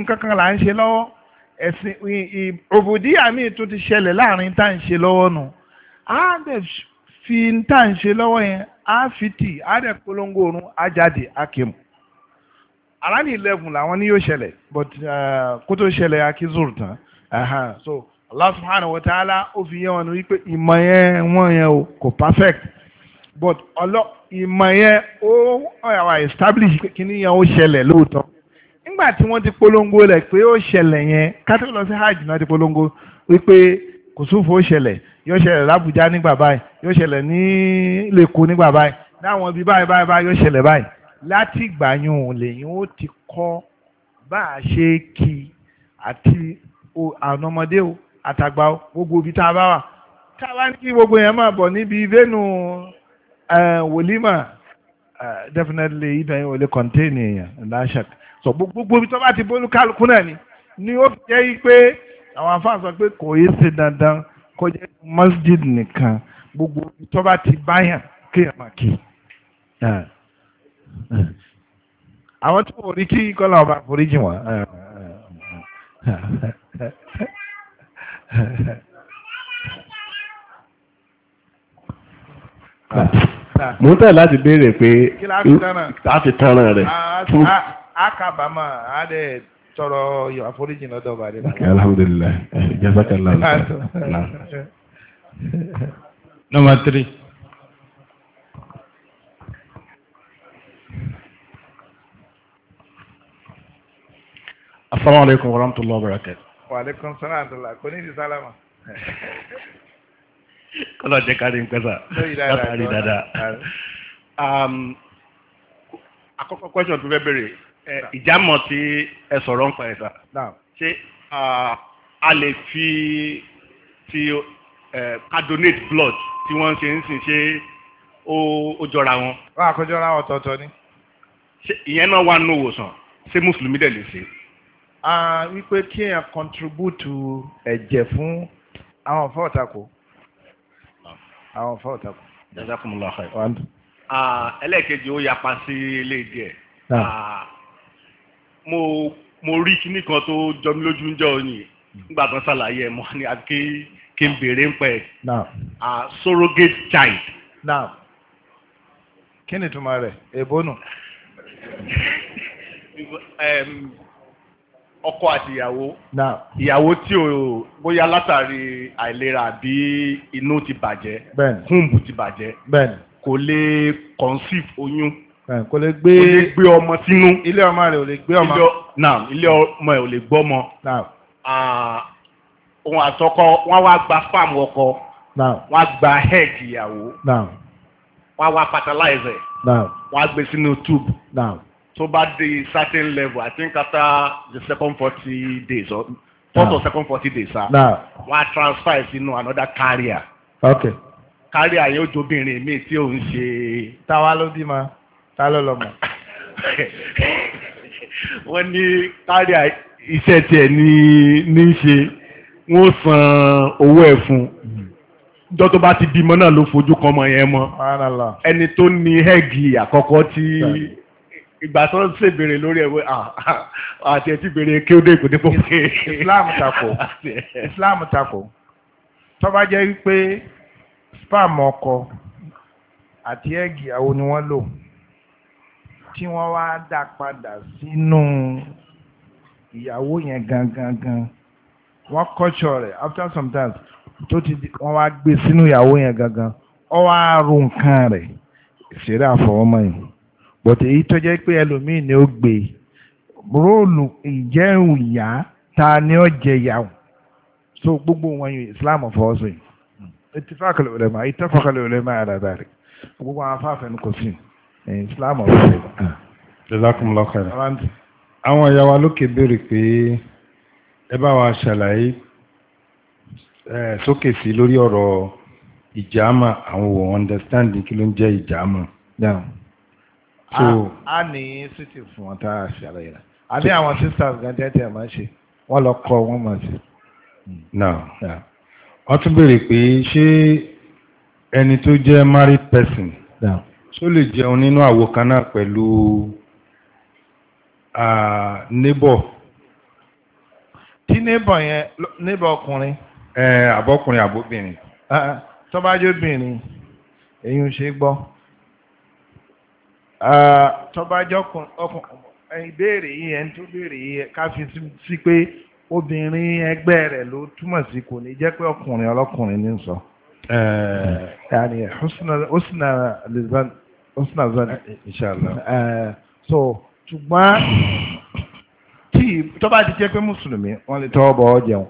nǹkan kan là ń ṣe lọ́wọ́ ẹ̀sìn òbòdíyà míì tún ti ṣẹlẹ̀ láàrin tá à ń ṣe lọ́wọ́ nù á dẹ̀ fi tá à ń ṣe lọ́wọ́ yẹn á fi tì á dẹ̀ polongo òrun á jáde á kémù around eleven làwọn ni yóò ṣẹlẹ̀ but uh, kó tó ṣẹlẹ̀ akizur tán so Allah subhanahu wa ta'ala ó fi yẹ wọn wípé ìmọ̀ yẹn wọ́n yẹn o kò perfect but ọlọ́ ìmọ̀ yẹn ó ọ̀yàwó establish pé kíní yẹn ó ṣẹlẹ̀ lóòótọ́ nígbà tí wọ́n ti polongo rẹ̀ pé ó ṣẹlẹ̀ yẹn kátó lọ sí hajj náà ti polongo wípé kùsùfù ó ṣẹlẹ̀ yóò ṣẹlẹ̀ lábújá nígbà báyìí yóò ṣẹlẹ̀ ní lẹ́kọ̀ọ́ nígbà báyìí láwọn ibi báyìí báyìí báyìí yóò ṣẹlẹ̀ báyìí láti gbàyàn lẹ́yìn ó ti kọ́ bá a ṣe kí àti àwọn ọmọdé o àtàgbà o gbogbo ibi tá a bá wà tá ní kí gbogbo yẹn máa bọ̀ níbi ìvénu eh, wòlímà Uh, definitely ìtàn yìí ò lè contain èèyàn láṣà so gbogbo ibi tó bá ti bólú kálukú náà ni ni ó fi jẹ́ pé àwọn afáà sọ pé kò yé ṣe dandan kó jẹ́ masjid nìkan gbogbo ibi tó bá ti báyàn kéèyàn máa kí uh, uh. àwọn tí kò rí kí kọ́lá ọba foríjì wọn. Thank you mò ń tẹ̀ láti béèrè pé láti tanràn rẹ̀. a kábàámọ̀ a dẹ̀ tọrọ yọ àforíjì lọ́dọ̀ bàdé. alhamdulilayi eh, jazakallah. [laughs] number three. Assalamu alaikum warahmatullahi wabarakatuh. Wa alaikum salam wa rahmatullahi. Kò ní ìdí sálámà. [laughs] kọ́lọ̀ jẹ́ kárí ń pẹ́sà látàrí dáadáa. Um, àkọ́kọ́ question tó fẹ́ béèrè ìjámọ̀ tí ẹ sọ̀rọ̀ ń pa ẹ̀sà ṣé a lè fi ti ká donate blood tí wọ́n ṣe ń sìn ṣe ó jọra wọn. wọ́n àkójọra ọ̀tọ̀ọ̀tọ̀ ni. ìyẹn náà wà nù wòsàn ṣé mùsùlùmí dẹ̀ lè ṣe. wípé kí èèyàn contribute ẹ̀jẹ̀ fún àwọn fọ́ọ̀tà kò àwọn fọ́ ọ̀tàkù. jazakumullah khairan. ẹlẹ́ẹ̀kejì ó yapa sí ilé díẹ̀ mo mo rí kíní kan tó jọ mí lójú ń jẹ́ òní hmm. nígbà tó ṣàlàyé ẹ̀ mọ́ ni àti kí n béèrè ń pẹ́ surrogate child. kí ni ìtumọ̀ rẹ̀ èbó [laughs] ọkọ àti ìyàwó ìyàwó tí o bóyá látàrí àìlera àbí inú ti bàjẹ́ húmbù ti bàjẹ́ kò lè conceive oyún kò lè gbé gbé ọmọ sínú ilé ọmọ rẹ̀ ò lè gbé ọmọ ilé ọmọ rẹ̀ ò lè gbọ́ ọmọ òun àtọkọ wọn wá gba farm ọkọ wọn gba head ìyàwó wọn wá fertilizer wọn gbé sínú tube tó bá dé certain level i think after the second forty days or first nah. or second forty days ah wọ́n á transfer sínú another carrier. okay. carrier yóò jóbìnrin mi tí òun ṣe. táwa ló bí ma ta ló lọ mọ. [laughs] wọ́n ní carrier iṣẹ́ tiẹ̀ ní ní ṣe wọ́n san owó ẹ̀ fún un jọ tó bá ti bímọ náà ló fojú kan ọmọ yẹn mọ́ ẹni tó ní hẹ́ẹ̀gì àkọ́kọ́ tí. Yeah ìgbà tó ń ṣe béèrè lórí ẹ̀wẹ́ ah, ah, àti ẹ̀tí béèrè kí ó dé ìkùdé kò pé. Islam tako [laughs] Islam tako tó bá jẹ́ wípé spam ọkọ àti ẹ́gì àwọn ni wọ́n lò tí wọ́n wá dá padà sínú ìyàwó yẹn gangan wọ́n kọ́ṣọ́ rẹ̀ after some time tó ti wọ́n wá gbé sínú ìyàwó yẹn gangan ọ wá ro nǹkan rẹ̀ ìṣeré àfọwọ́mọ́ yìí. But èyí tó jẹ́ pé ẹlòmíì ni ó gbé róòlù ìjẹun ìyá ta ni ó jẹ ìyàwó so gbogbo wọn yìí Islam fọ́ọ̀sì ìtìfákàlẹ̀ ulama ìtìfákàlẹ̀ ulama ala dhalik gbogbo àwọn afáfẹ́ ni kò sí Islam fọ́ọ̀sì. Ah. jazakumullahu khairan àwọn ìyá wa lókè béèrè pé ẹ bá wa ṣàlàyé sókè sí lórí ọ̀rọ̀ ìjàmà àwọn ò understand kí ló ń jẹ́ ìjàmà a ní sítì fún wọn tá a ṣàlàyé rẹ̀ àbí àwọn sisters gan tẹ́tẹ́ ẹ̀ máa ń ṣe wọ́n lọ kọ́ wọ́n máa ṣe. wọ́n tún béèrè pé ṣé ẹni tó jẹ́ married person ṣó lè jẹun nínú àwo kan náà pẹ̀lú neighbor. tí neighbor yẹn neighbor ọkùnrin. àbọ̀kùnrin àbóbìnrin. tó bá jẹ́ obìnrin èyí ń ṣe gbọ́. Uh, tọ́ba jọkùn ìbéèrè ebeere ẹni tó béèrè yìí ká fi sí pé obìnrin ẹgbẹ́ rẹ̀ ló túmọ̀ sí kò ní jẹ́ pé ọkùnrin ọlọ́kùnrin ní sọ. Uh, uh, so ṣùgbọ́n tí tọ́ba ti jẹ́ pé mùsùlùmí wọ́n lè tọ́ bọ̀ ọ́ jẹun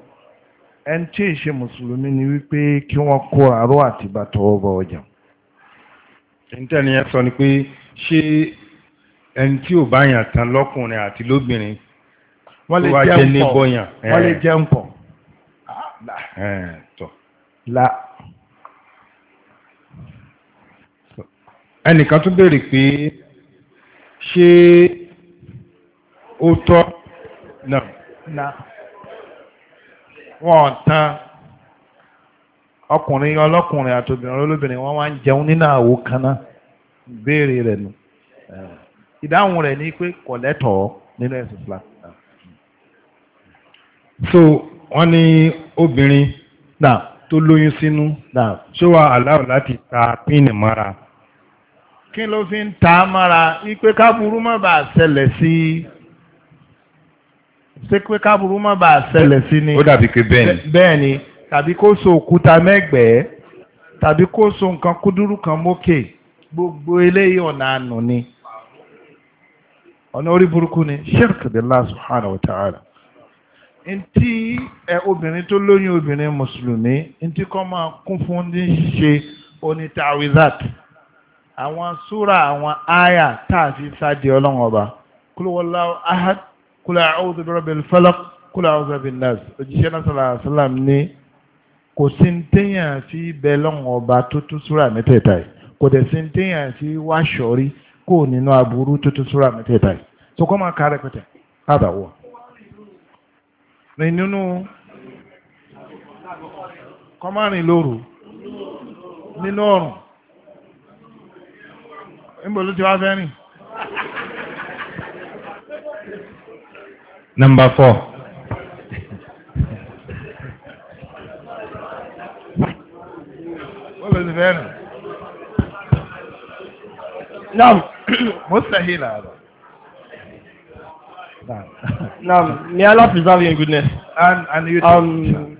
ẹni ni wípé kí wọ́n kó àrò àtibá bọ̀ ọ́ jẹun. ṣé ẹni tí ò bá yàn tán lọ́kùnrin àti lóbìnrin wọ́n lè jẹ́ ń pọ̀ wọ́n lè jẹ́ ń pọ̀ la ẹnìkan tún béèrè pé ṣé ó tọ́ náà wọ́n tán ọkùnrin ọlọ́kùnrin àtòbìnrin olóbìnrin wọ́n wá ń jẹun nínú àwo kan náà. béèrè rẹ nù ah. ìdáhùn rẹ̀ ni pé kò lẹ́tọ̀ọ́ nínú ah. so wọ́n ní obìnrin tó lóyún sínú ṣó wà aláwọ̀ láti ta píìnì mara kí ló fi ta á mọ́ra wípé káburú má bàa ṣẹlẹ̀ sí i ṣé pé káburú má bàa ṣẹlẹ̀ ni. ó dàbí pé bẹ́ẹ̀ tàbí kó so òkúta mẹ́gbẹ̀ẹ́ tàbí so nǹkan kúdúrú kan mókè. Okay gbogbo eléyìí ọ̀nà ànù ni ọ̀nà orí burúkú ni shirk billah subhanahu wa ta'ala ntí ẹ obìnrin tó lóyún obìnrin mùsùlùmí ntí kọ́ máa kún fún ní ṣe onítàwízàt àwọn súra àwọn àyà tá a fi sáde ọlọ́run ọba kul wallahu ahad kul a'udhu bi rabbil falaq kul a'udhu bin nas òjíṣẹ́ náà sallallahu alaihi ní kò sí ní téèyàn fi bẹ́ẹ̀ lọ́run tó tún súra mẹ́tẹ̀ẹ̀ta yìí. kò dẹ̀ sí téèyàn ti wá ṣọ́rí kó nínú aburú tó tó súra mẹ́tẹ̀ẹ̀ta yìí tó kọ́ máa ka rẹpẹtẹ káàdà wọ̀ nínú kọ́márìn lóru nínú ọ̀rùn níbo ló ti wá fẹ́ rìn. Number four. Wọ́n lọ sí fẹ́ rìn. نعم مستحيل هذا Now, may Allah preserve you in goodness. And, and you um,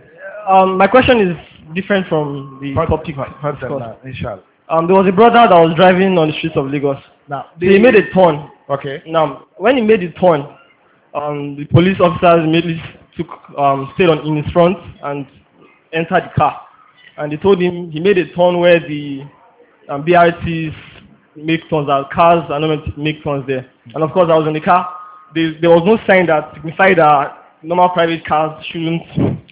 um, my question is different from the Part, topic. Part, uh, inshallah. Um, there was a brother that was driving on the streets of Lagos. Now, so he made a turn. Okay. Now, when he made the turn, um, the police officers immediately took um, stayed on in his front and entered the car. And they told him he made a turn where the um, BRT's make turns there. Cars are not meant to make turns there. And of course, I was in the car. There, there was no sign that signified that normal private cars shouldn't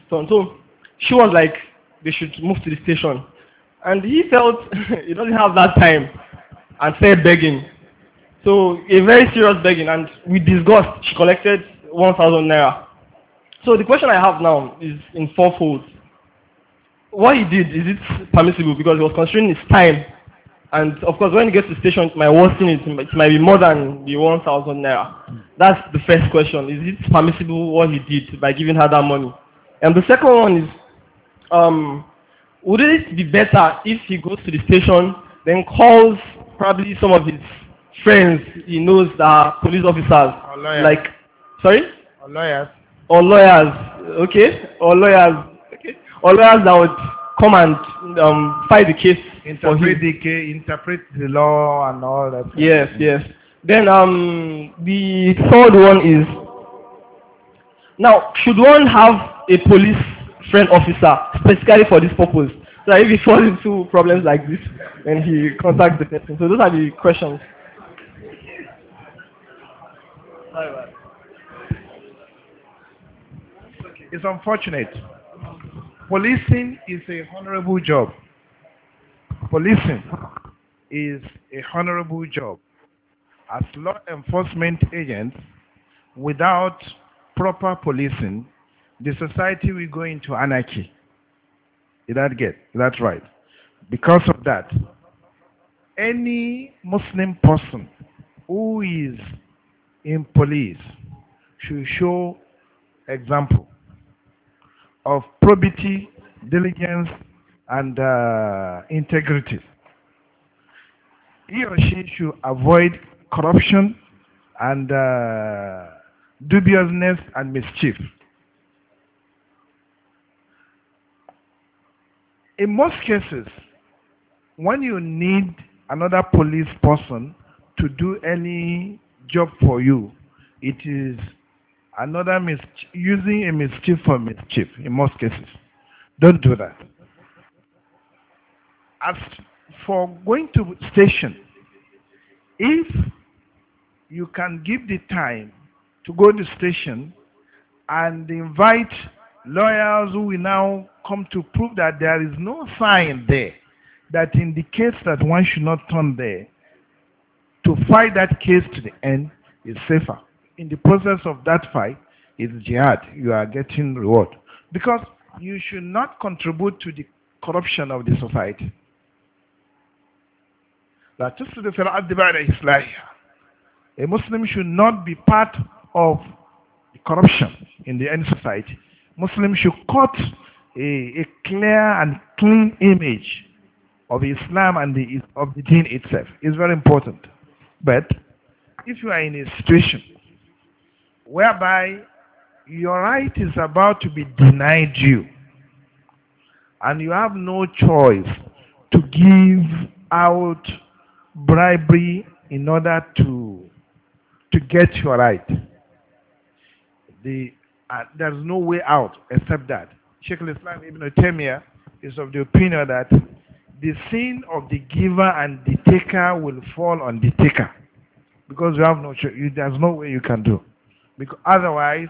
turn. So she was like, they should move to the station. And he felt [laughs] he doesn't have that time and said begging. So a very serious begging. And with disgust, she collected 1,000 naira. So the question I have now is in fourfold. What he did, is it permissible? Because he was considering his time And of course, when you get to the station, my worst thing is it might be more than the one thousand naira. That's the first question. Is it permissible what he did by giving her that money? And the second one is, um, would it be better if he goes to the station, then calls probably some of his friends he knows that are police officers? Or lawyers. Like, sorry? Or lawyers. Or lawyers, okay? Or lawyers, okay? Or lawyers that would come and um, fight the case interpret for him. The case, interpret the law and all that. Yes, yes. Then um, the third one is, now, should one have a police friend officer specifically for this purpose? So if he falls into problems like this, then he contacts the person. So those are the questions. It's unfortunate. Policing is a honorable job. Policing is a honorable job. As law enforcement agents, without proper policing, the society will go into anarchy. Did that get? That's right. Because of that, any Muslim person who is in police should show example of probity, diligence, and uh, integrity. He or she should avoid corruption and uh, dubiousness and mischief. In most cases, when you need another police person to do any job for you, it is another using a mischief for mischief in most cases. Don't do that. As for going to station, if you can give the time to go to station and invite lawyers who will now come to prove that there is no sign there that indicates that one should not turn there, to fight that case to the end is safer in the process of that fight is jihad. You are getting reward. Because you should not contribute to the corruption of the society. A Muslim should not be part of the corruption in the any society. Muslim should cut a, a, clear and clean image of Islam and the, of the deen itself. It's very important. But if you are in a situation whereby your right is about to be denied you and you have no choice to give out bribery in order to to get your right. The, uh, there's no way out except that. Sheikh Islam Ibn Taymiyyah is of the opinion that the sin of the giver and the taker will fall on the taker because you have no choice. there's no way you can do. Because otherwise,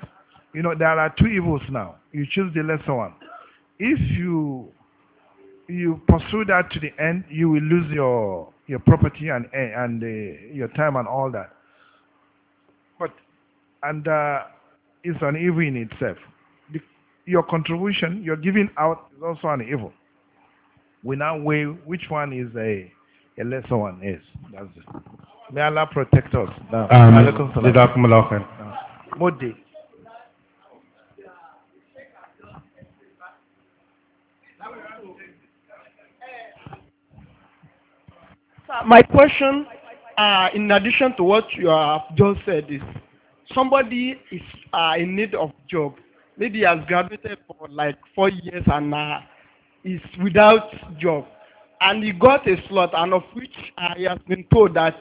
you know, there are two evils now. You choose the lesser one. If you you pursue that to the end, you will lose your your property and and uh, your time and all that. But and uh, it's an evil in itself. The, your contribution, your giving out, is also an evil. We now weigh which one is a a lesser one is. That's it. May Allah protect us. um, mo My question, uh, in addition to what you have just said, is somebody is uh, in need of job. Maybe has graduated for like four years and uh, is without job, and he got a slot, and of which uh, he has been told that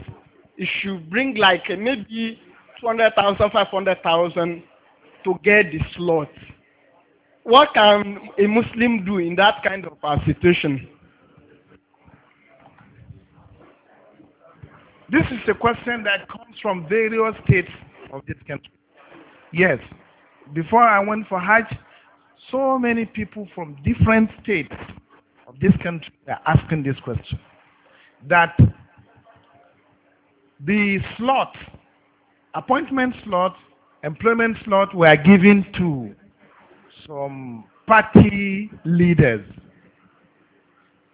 he should bring like uh, maybe 200,000, 500,000 to get the slot. What can a Muslim do in that kind of a situation? This is a question that comes from various states of this country. Yes, before I went for Hajj, so many people from different states of this country are asking this question that the slot appointment slots, employment slots were given to some party leaders.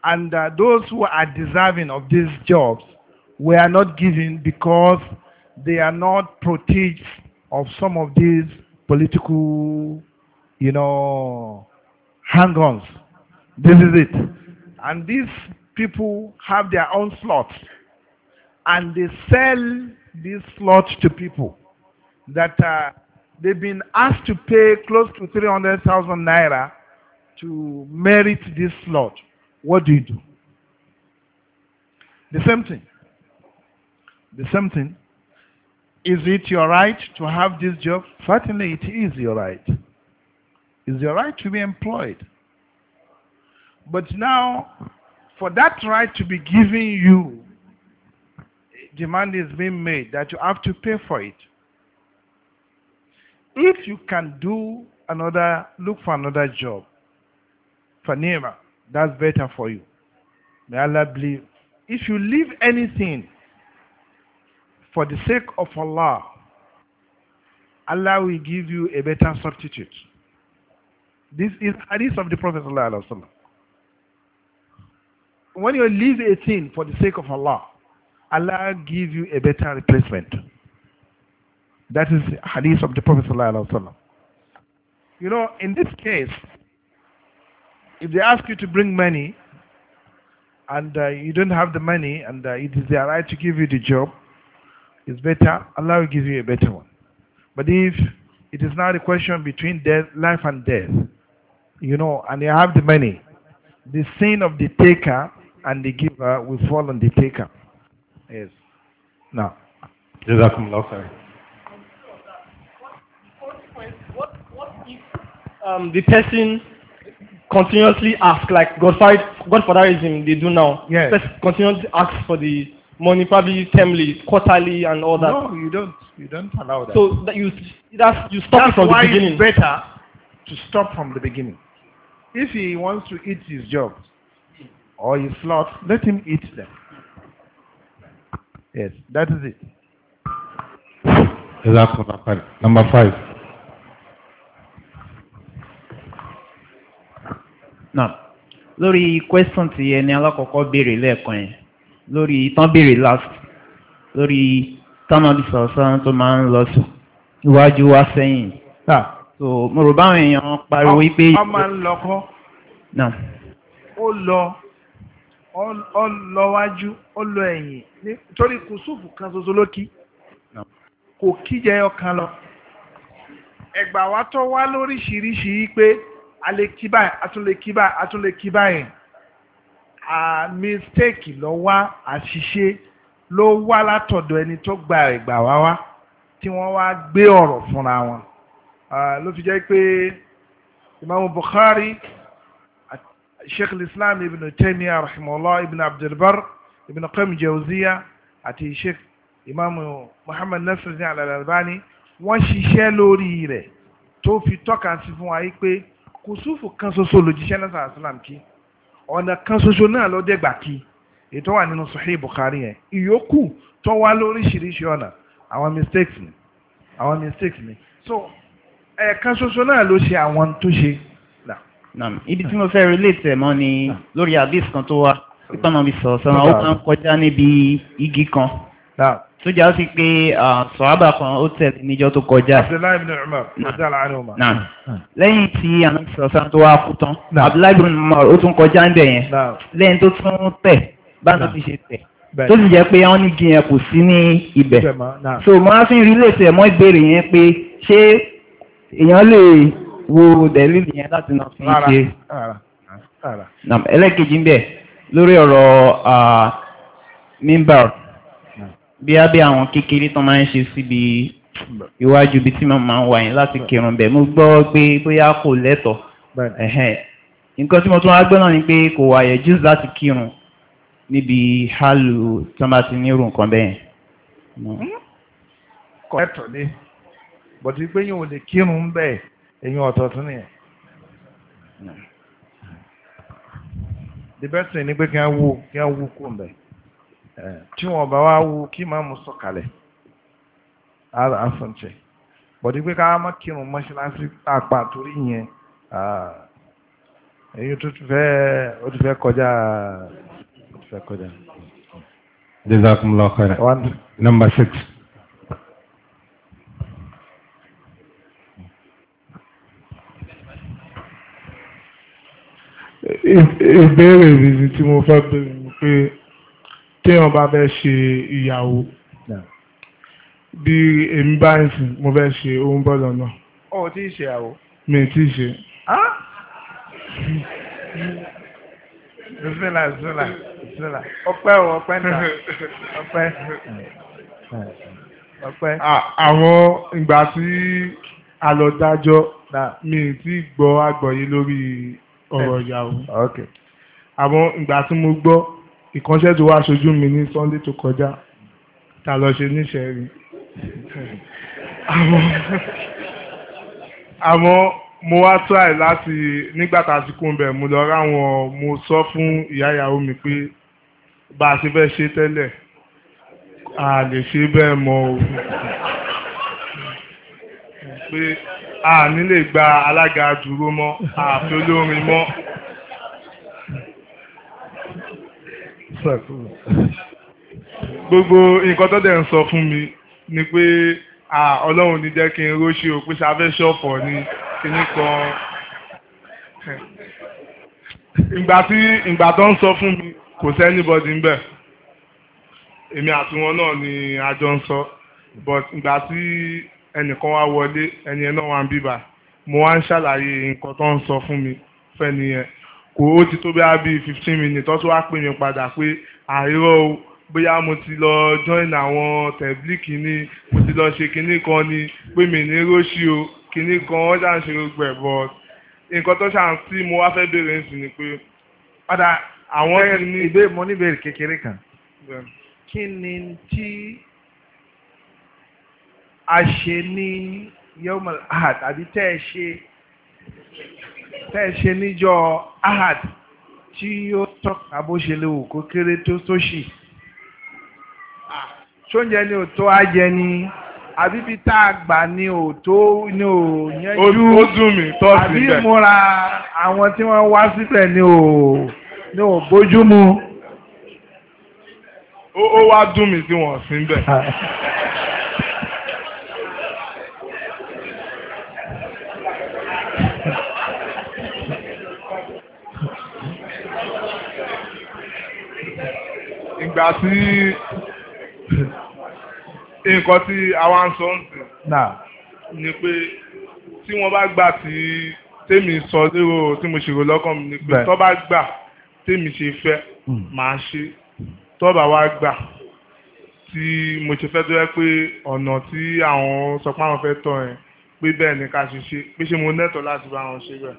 And uh, those who are deserving of these jobs were not given because they are not proteges of some of these political, you know, hang-ons. This is it. And these people have their own slots. And they sell this slot to people that uh, they've been asked to pay close to 300,000 naira to merit this slot. What do you do? The same thing. The same thing. Is it your right to have this job? Certainly it is your right. It's your right to be employed. But now, for that right to be given you demand is being made that you have to pay for it. If you can do another, look for another job, for Nema, that's better for you. May Allah believe. If you leave anything for the sake of Allah, Allah will give you a better substitute. This is hadith of the Prophet Sallallahu Alaihi Wasallam. When you leave a thing for the sake of Allah, Allah give you a better replacement. That is hadith of the Prophet You know, in this case, if they ask you to bring money and uh, you don't have the money and uh, it is their right to give you the job, it's better, Allah will give you a better one. But if it is not a question between death, life and death, you know, and you have the money, the sin of the taker and the giver will fall on the taker. Yes. Now, Jazakumullah khair. What, what if um, the person continuously asks, like Godfather is Godfatherism they do now, yes. person continuously ask for the money probably timely, quarterly, and all that. No, you don't. You don't allow that. So that you that's you stop that's from the beginning. That's why it's better to stop from the beginning. If he wants to eat his jobs or his slots, let him eat them. Yes, that is it. Number five. Now, lórí question ti ẹni alákọ̀ọ́kọ́ béèrè lẹ́ẹ̀kan yẹn lórí tán béèrè last lórí tánàdì sọ̀sán tó máa ń lọ sùn iwájú wá sẹ́yìn. Ah. so mo rò báwọn èèyàn pariwo wípé. ọmọ ń lọkọ. ó lọ ọ lọ wájú ọ lọ ẹ̀yìn nítorí kùsùfù kan ṣoṣo ló kí kò kíjẹ ọkàn lọ ẹgbà wa tó wá lóríṣiríṣi pé a lè kí báyìí a tún lè kí báyìí a tún lè kí báyìí a mistake ló wá àṣìṣe ló wá látọ̀dọ̀ ẹni tó gba ẹgbà wa wá tí wọ́n wá gbé ọ̀rọ̀ fúnra wọn ló fi jẹ́ pé Imam Bukhari sheikh islam ibn taymiyyah rahimahullah ibn abdulbar ibn qayyim jawziya àti sheikh imaamu muhammad nasiruddin al-albani wọ́n ṣiṣẹ́ lórí rẹ̀ tó fi tọ́ka sí fún wa yìí pé kùsùfù kan ṣoṣo lòjíṣẹ́ náà sàrà sàlám kí ọ̀nà kan ṣoṣo náà ló dẹ́gbà kí ètò wà nínú sahih bukhari yẹn ìyókù tó wá lóríṣiríṣi ọ̀nà àwọn mistakes ni àwọn mistakes ni so ẹ̀ẹ̀kan ṣoṣo náà ló ṣe àwọn tó ṣe Nam, ibi tí mo fẹ́ relate ẹ̀ mọ́ ni ah. lórí àdìs kan tó wá pípa náà mi sọ sọ́nà ó máa ń kọjá níbi igi kan. Tó jẹ́ ó sì pé sọ̀hábà kan ó tẹ̀lé níjọ́ tó kọjá. Abdullahi ibn Umar kọjá láàrin Umar. Nam, lẹ́yìn tí àwọn sọ̀rọ̀ sọ́nà tó wá kú tán, Abdullahi ibn Umar ó tún kọjá ń bẹ̀ yẹn. Lẹ́yìn tó tún tẹ̀, báńdọ̀ ti ṣe tẹ̀ tó sì jẹ́ pé wọ́n ní igi yẹn kò sí ní ibẹ̀ so mo á fi relate ẹ̀ mọ́ ìbéèrè yẹn pé ṣé èèyàn lè wo dẹ̀lìlì yẹn láti náà fi ṣe. ẹlẹ́kejì ń bẹ̀ lórí ọ̀rọ̀ mímbà hmm. bí a bí àwọn kékeré tó máa ń ṣe síbi hmm. iwájú ibi tí wọ́n máa ń wà yẹn láti hmm. kírun bẹ̀ mo gbọ́ pé bóyá kò lẹ́tọ̀ọ́ nǹkan tí mo tún wá gbọ́ náà ni pé kò wáyé jùs láti kírun níbi hálù tí wọ́n bá ti nírú nǹkan bẹ́ẹ̀. kọ́ ẹ̀tọ́ ni bọ̀dé pé yóò lè kírun bẹ́ẹ̀ èyí ọ̀tọ̀ tún nìyẹn the best thing ni pé kí wọ́n wú kí wọ́n wú kó mbẹ́ tí wọ́n bá wá wú kí máa mú sọ̀kalẹ̀ ara àfọ̀nṣẹ́ bọ̀dí pé ká má kírun mọ́ṣáláṣí pàápàá torí yẹn èyí tó ti fẹ́ ó ti fẹ́ kọjá ó ti fẹ́ kọjá. jazakumullahu khairan number six. ìbéèrè rèé tí mo fẹ́ béèrè ni pé téèyàn bá fẹ́ ṣe ìyàwó bí èmi bá ń sìn mo fẹ́ ṣe ohun bọ́ọ̀lù náà. ó ti ṣe ìyàwó. mi ti ṣe. zila zila zila ọpẹ́ o ọpẹ́ náà ọpẹ́ ọpẹ́. àwọn ìgbà tí a lọ dájọ́ mi ti gbọ́ àgbọ́yé lórí ọ̀rọ̀ ìyàwó àmọ́ ìgbà tí mo gbọ́ ìkànṣẹ́ tó wá aṣojú mi ní Sunday tó kọjá ta lọ ṣe níṣẹ́ rí àmọ́ mo wá try láti nígbà tásìkò bẹ̀ mo lọ ráwọn mo sọ fún ìyá ìyàwó mi pé bá a ṣe fẹ́ ṣe tẹ́lẹ̀ a lè ṣe bẹ́ẹ̀ mọ́ o àní lè gba alága dúró mọ́ àfi olórin mọ́. gbogbo nǹkan tó dẹ̀ ń sọ fún mi ni pé ọlọ́run ní jẹ́ kí n róṣe o pé sáfẹ́ ṣọ̀fọ̀ ni kíní kan ìgbà tí ìgbà tó ń sọ fún mi kò sẹ́nibọ́dì ń bẹ̀ èmi àti wọn náà ni a jọ ń sọ but ìgbà tí ẹnìkan wá wọlé ẹni ẹ náà wà ń bíbà mo wá ń ṣàlàyé nǹkan tó ń sọ fún mi fẹ́ni yẹn kò ó ti tó bẹ́ẹ̀ bí fifteen minutes tó tún wá pè mí padà pé àìrọ́ o bóyá mo ti lọ join àwọn tẹ̀blíkì ni mo ti lọ ṣe kinní kan ni pé mi ní róṣì o kinní kan wọ́n ṣáà ń ṣe gbogbo ẹ̀ bọ̀ nǹkan tó ṣáà tí mo wá fẹ́ béèrè ń sìn ni pé padà àwọn ti ní. ìbéèrè mo ní ìbéèrè kékeré kan kí ni tí a ṣe ní yomal ahad àbí tẹ́ ẹ ṣe tẹ́ ẹ ṣe níjọ ahad tí ó tọ́ka bó ṣe lè wò kó kéré tó sóṣì ṣóúnjẹ ni ò ajẹ ni àbí bí tá a gbà ni ò tó ni ò yẹjú ó dùn mí tọ́ síbẹ̀ àbí múra àwọn tí wọ́n wá síbẹ̀ ni ò ni ò bójú mu. ó wá dùn mí tí wọ́n sí bẹ́ẹ̀. [laughs] ìgbà tí nǹkan tí àwa ń sọ ń sìn ni pé tí wọ́n bá gbà tí tèmi sọ lérò tí mo ṣèrò lọ́kàn mi ni pé tó bá gbà tèmi ṣe fẹ́ hmm. màá ṣe tó bá wá gbà tí mo ṣe fẹ́ tó yẹ pé ọ̀nà tí àwọn sọ pé àwọn fẹ́ tọ̀ yẹn pé bẹ́ẹ̀ ni ká ṣe ṣe pé ṣe mo nẹ́tọ̀ láti bá wọn ṣe bẹ́ẹ̀.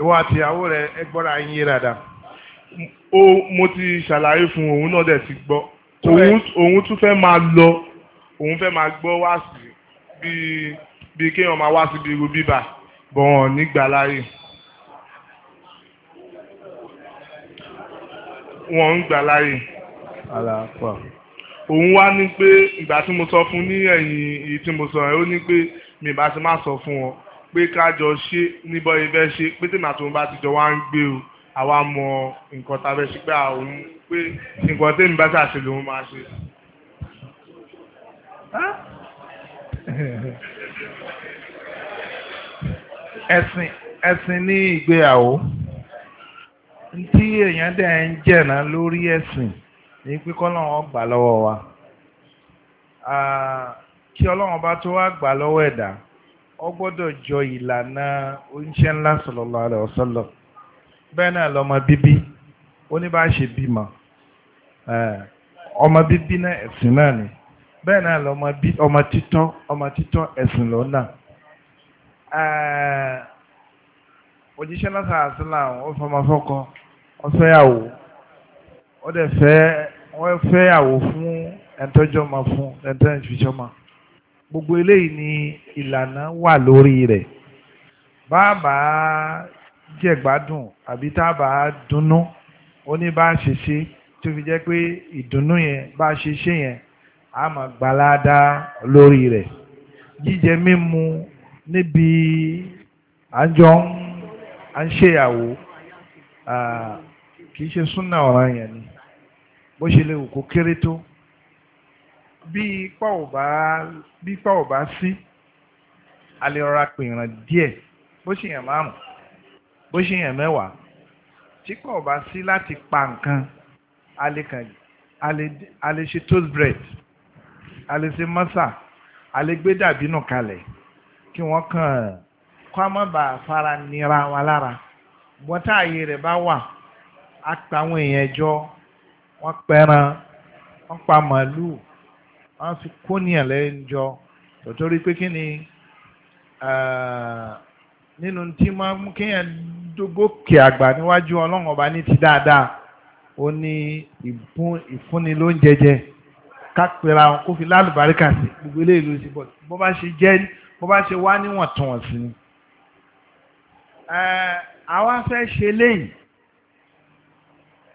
ìwọ àtìyàwó rẹ ẹ gbọ́ra yín yé dáadáa mo ti ṣàlàyé fún òun náà dẹ̀ ti gbọ́ òun tún fẹ́ máa lọ òun fẹ́ máa gbọ́ wá sí bíi bíi kéèyàn máa wá síbi irú bíbà bọ̀wọ̀n nígbà láyè. wọ́n ń gbà láyè. òun wá ní pé ìgbà tí mo sọ fún ní ẹ̀yìn èyí tí mo sọ ẹ̀ ó ní pé mi bá ti má sọ fún wọn pé ká jọ ṣe níbọ̀ ibẹ̀ ṣe pé tèmi àtòun bá ti jọ wá ń gbé o àwa mọ nǹkan tàbí sí pé àwọn pé nǹkan tí ń bá ṣàṣe lòun máa ṣe. ẹ̀sìn ẹ̀sìn ní ìgbéyàwó tí èèyàn dẹ̀ ń jẹ̀nà lórí ẹ̀sìn ní pé kọ́lọ́run gbà lọ́wọ́ wa kí ọlọ́run bá tó wá gbà lọ́wọ́ ẹ̀dá ó gbọ́dọ̀ jọ ìlànà oníṣẹ́ ńlá sallallahu alaihi wasallam bẹ́ẹ̀ náà lọ́mọ bíbí ó ní bá ṣe bímọ ọmọ bíbí náà ẹ̀sìn náà ni bẹ́ẹ̀ náà lọ́mọ bí ọmọ títọ́ ọmọ títọ́ ẹ̀sìn lọ́nà òjíṣẹ́ lọ́sà àṣìlá ó fọmọ fọ́kọ ó fẹ́yàwó ó dẹ̀ fẹ́ wọ́n fẹ́yàwó fún ẹ̀ńtọ́jọ́mọ fún ẹ̀ńtọ́jọ́mọ gbogbo eléyìí ni ìlànà wà lórí rẹ̀ bàbá jẹ̀gbádùn àbí tá a bá dunnú ó ní bá a ṣe ṣe tó fi jẹ́ pé ìdùnnú yẹn bá a ṣe ṣe yẹn a máa gbalada lórí rẹ̀ jíjẹ mímu níbi àjọ à ń ṣèyàwó kì í ṣe súnà ọ̀ràn yẹn ni bó ṣe lè wù kó kéré tó bí ipa ò bá bí ipa ò bá sí a lè rọra pè ìràn díẹ̀ bó ṣe yàn márùn-ún bó ṣe yàn mẹ́wàá tí kò bá sí láti pa nǹkan a lè ṣe toast bread a lè ṣe mọ́sà a lè gbé dàbí nù kalẹ̀ kí wọ́n kàn kọ́ mọ́ bá fara nira wa lára bọ́tá àyè rẹ̀ bá wà á pa àwọn èèyàn jọ wọ́n pẹran wọ́n pa màálùú wọ́n fi kóníyàn lẹ́yìn jọ tòtórí pé kí ni nínú tí máa mú kéèyàn dógókè àgbà níwájú ọlọ́run ọba ní ti dáadáa ó ní ìfúnni ló ń jẹjẹ kápẹ́ra wọn kó fi lálùbáríkà sí gbogbo eléyìí ló ti bọ̀ bó bá ṣe jẹ́ bó bá ṣe wá níwọ̀ntúnwọ̀nsì ni. àwa fẹ́ ṣe léyìí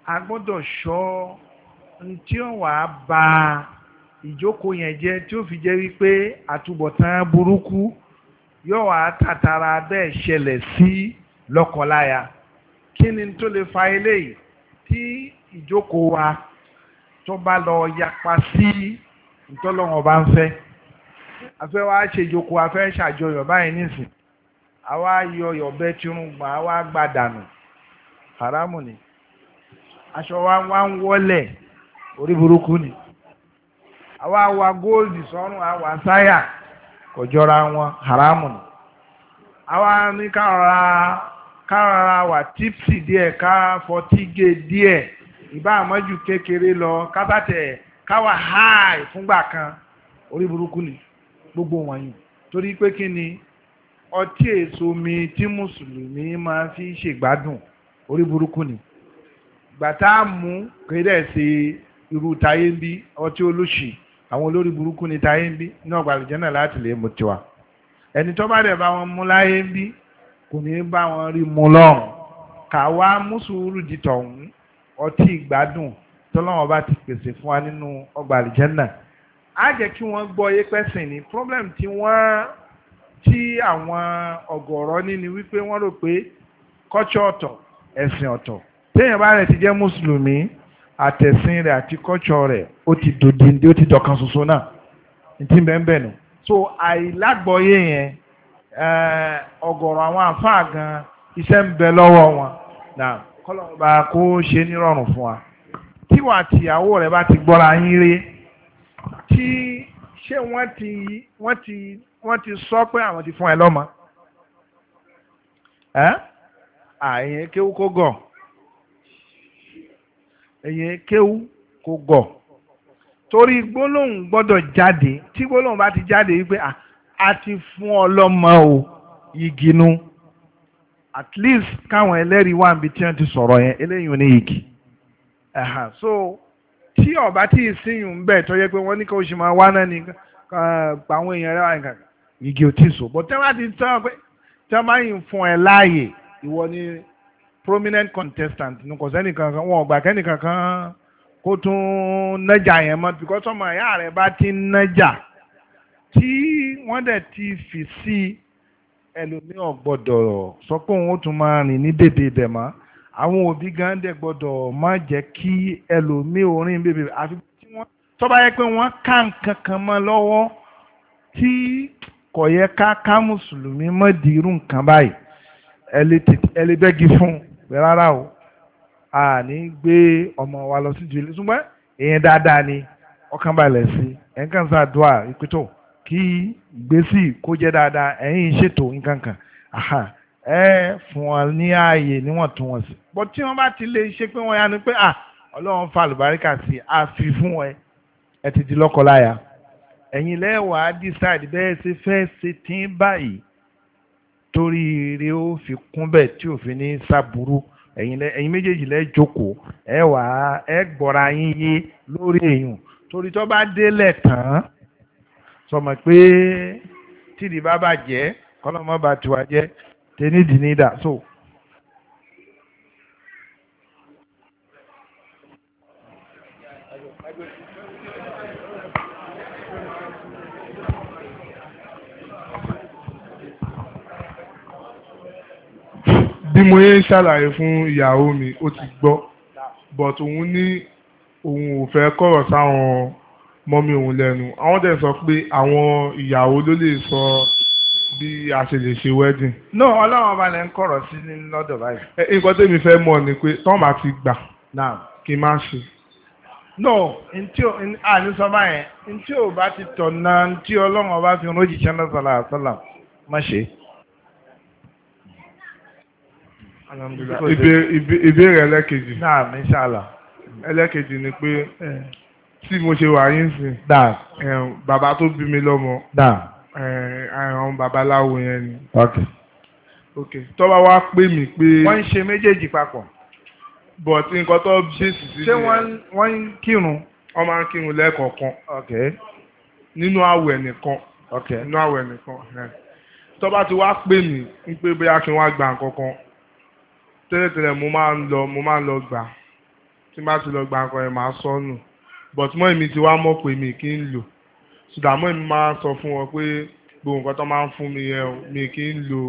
a gbọ́dọ̀ ṣọ́ tí ó wàá ba ìjókòó yẹn jẹ́ tí ó fi jẹ́ wípé àtúbọ̀tán burúkú yóò wàá tàtàrà bẹ́ẹ̀ ṣẹlẹ̀ sí. Si, lọ́kọláya kí ni tó lè fa eléyìí tí ìjókòó wa tó bá lọ yapa sí ntọ́lọ́wọ́n bá ń fẹ́ afẹ́ wa ṣe ìjókòó afẹ́ ṣàjọyọ̀ báyìí nísìn àwa yọ yọ̀bẹ tirun gbà wá gbà dànù haramu ni aṣọ wa wá ń wọlẹ̀ orí burúkú ni àwa wa góòlù sọ́run àwa sáyà kò jọra wọn haramu ni àwa ní ká ra kárara wà típsì díẹ̀ ká fọtí gé díẹ̀ ìbá àmọ́jù kékeré lọ kábàtẹ̀ káwà háì fúngbà kan orí burúkú ni gbogbo wọ̀nyí torí pé kí ni ọtí èso mi tí mùsùlùmí máa fi ṣègbádùn orí burúkú ni gbàtà mú kéde ṣe irú táyé ń bí ọtí olóṣì àwọn olórí burúkú ni táyé ń bí ní ọgbà náà láti lè mú tiwa ẹni tó bá dẹ̀ bá wọn mú láyé ń bí kò ní bá wọn rí mu lọ́rùn kàwa mùsùlùmí dìtọ̀ ọ̀hún ọtí ìgbádùn tọ́lọ́wọ́n bá ti pèsè fún wa nínú ọgbà àlìjẹ́nà á jẹ́ kí wọ́n gbọ́ yé pẹ́sìn ní problem tí wọ́n tí àwọn ọ̀gọ̀rọ̀ ní ni wípé wọ́n rò pé kọ́chọ́ ọ̀tọ̀ ẹ̀sìn ọ̀tọ̀ téèyàn bá rẹ̀ ti jẹ́ mùsùlùmí àtẹ̀sìn rẹ̀ àti kọ́chọ́ rẹ̀ ó ti dòdìndé ó ti dọ̀kan ṣoṣo náà ní tí bẹ́ẹ̀ bẹ́ẹ̀ nù so àìlágbọ́yé yẹn Eh, ọ̀gọ̀rọ̀ àwọn àfáà gan iṣẹ́ ń bẹ lọ́wọ́ wọn náà kọ́lọ́ọ̀bá kó ṣe nírọ̀rùn fún wa tíwà tìyàwó rẹ̀ bá ti gbọ́ra yín rí tí ṣé wọ́n ti wọ́n ti wọ́n ti sọ pé àwọn ti fún ẹ lọ́mọ ẹ́ eh? àyẹn kéwú kó gọ̀ ẹ̀yẹn kéwú kó gọ̀ torí gbólóhùn gbọ́dọ̀ jáde tí gbólóhùn bá ti jáde wípé ah a ti fún ọlọ́mọ o igi at least káwọn ẹlẹ́rìí wà níbi tí wọ́n ti sọ̀rọ̀ yẹn eléyìí ò ní igi so tí ọba tí ìsinyìí ń bẹ̀ tó yẹ pé wọ́n ní kí o ṣe máa wá náà ní àwọn èèyàn rẹ̀ wà nǹkan igi ò tí so bọ̀ tí wọ́n ti sọ pé tí wọ́n máa ń fún ẹ láàyè ìwọ ni prominent contestant ní kò sẹ́ni kankan wọn ò gbà kẹ́ni kankan kó tún nájà yẹn mọ́ because ọmọ ìyá rẹ̀ bá ti nájà tí wọ́n dẹ̀ ti fi sí ẹlòmíràn gbọ́dọ̀ sọ pé òun ó tún máa rìn ní dèdè dẹ̀ mọ́ àwọn òbí gan dẹ̀ gbọ́dọ̀ má jẹ́ kí ẹlòmíràn orin bèbè àfi tí wọ́n tó bá yẹ pé wọ́n ká nǹkan kan mọ́ lọ́wọ́ tí kò yẹ ká ká mùsùlùmí mọ́ di irú nǹkan báyìí ẹ lè bẹ́gi fún un rárá o a ní gbé ọmọ wa lọ sí ju ilé ṣùgbọ́n èèyàn dáadáa ni ọkàn balẹ̀ sí ẹ̀ ń kàn kí gbèsè kó jẹ́ dáadáa ẹ̀yin ṣètò nǹkan kan ẹ fún wọn ní ààyè níwọ̀ntúnwọ̀nsì bó tí wọ́n bá ti lè ṣe pé wọ́n yá ni pé à ọlọ́run fa àlùbáríkà sí i a fi fún ẹ ẹ ti di lọ́kọláya ẹ̀yin lẹ́wàá decide bẹ́ẹ̀ ṣe fẹ́ ṣe tí ń báyìí torí ire ó fi kúnbẹ̀ tí òfin ní sábúrú ẹ̀yin méjèèjì lẹ́ jókòó ẹ wàá ẹ gbọ́ra yín yé lórí èèyàn torí tó bá délẹ̀ tán sọmọ pé tìdí bá bàjẹ́ kọ́lọ́mọ́ bá tiwa jẹ́ tẹ́ni dìní dà so. bí mo yẹ ń ṣàlàyé fún ìyàwó mi ó ti gbọ́ but òun ní òun ò fẹ́ kọ̀rọ̀ sáwọn mọ́mí òun lẹ́nu àwọn dẹ̀ sọ pé àwọn ìyàwó ló lè sọ bí a ṣe lè ṣe wedding. náà ọlọ́run ọba lẹ ń kọ̀rọ̀ sí ní lọ́dọ̀ báyìí. nǹkan mi fẹ́ mọ̀ ni pé tọ́ọ̀mù àti gbà kí n má ṣe no ntí o àní sọba yẹn ntí o bá ti tọ̀ na ntí ọlọ́run ọba fi rojì sẹ́nà sọ̀rọ̀ àṣọlá má ṣe. ìbéèrè ẹlẹ́kejì. náà inṣàlá. ẹlẹ́kejì ni pé eh tí mo ṣe wà yín sìn. dà. bàbá tó bí mi lọ́mọ. dà. àwọn babaláwo yẹn ni. ok. ok tó bá wá pè mí pé. wọ́n ń ṣe méjèèjì papọ̀. but nǹkan tó ṣe sì sí. ṣé wọ́n ń kírun. wọ́n máa ń kírun lẹ́ẹ̀kọ̀ọ̀kan. ok. nínú àwẹ̀ nìkan. ok. nínú àwẹ̀ nìkan. tó bá ti wá pè mí ń pé bóyá kí n wá gba nǹkan kan. tẹ́lẹ̀tẹ́lẹ̀ mo máa ń lọ mo máa ń lọ gbà tí n bá ti lọ gba nǹkan yẹn màá sọnù but mọ́ èmi ti wá mọ̀ pé mi kì í lò sùdàmọ́ èmi máa sọ fún wọn pé gbogbo nǹkan tó máa ń fún mi yẹn mi kì í lò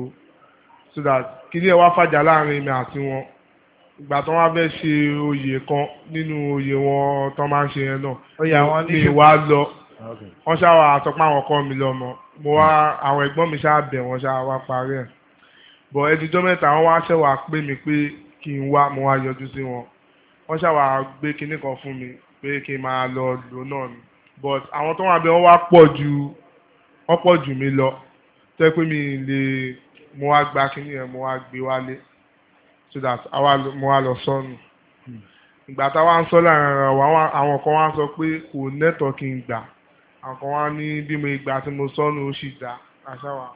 so that kí ni ẹ wá fàjà láàrin mi àti wọn ìgbà tó wá fẹ́ ṣe oyè kan nínú oyè wọn tó máa ń ṣe yẹn náà oyè àwọn ní ìwà lọ wọ́n ṣáà àtọ́pá àwọn ọkọ mi lọ́mọ mo wá àwọn ẹ̀gbọ́n mi ṣáà bẹ̀ wọ́n ṣáà wá parí ẹ̀ bọ̀ ẹdíjọ́ mẹ́ta wọ́n wá ṣẹ̀wá pé mi pé kí n wá mo wá yọjú sí wọn wọ́n ṣáà gbé kinní kan fún mi pé kí n máa lọ lò náà ni but àwọn tó wà bẹ́ẹ̀ wọ́n wá pọ̀ ju wọ́n pọ̀ jù mí lọ tó yẹ pé mi lè mo wá gba kíní yẹn mo wá gbé wálé so that mo wá lọ sọnù ìgbà táwa ń sọ láàrin ara wa àwọn kan wá sọ pé kò nẹ́tọ̀ kí n gbà àwọn kan wá ní bí mo ìgbà tí mo sọnù ó sì dá àṣàwà.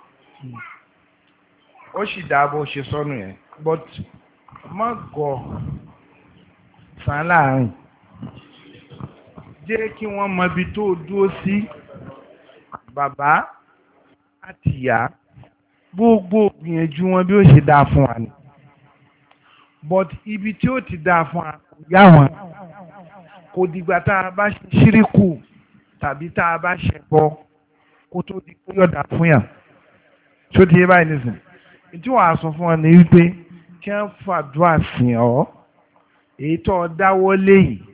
ó sì dá bó ṣe sọnù yẹn but má gọ̀ sàn láàrin jẹ́ kí wọ́n mọbi tó dúró sí bàbá àti ìyá gbogbo gbìyànjú wọn bí ó ṣe dáa fún wa ni but ibi tí ó ti dáa fún wa kò yá wọn kò dìgbà tá a bá ṣe ṣíríkù tàbí tá a bá ṣe bọ kó tó di pé yọ̀dà fún yàn tí ó ti yé báyìí nìsín tí wàá sọ fún ọ ní wípé kí wọ́n fàdúrà sìn ọ́ èyí tó ọ dáwọ́ léyìí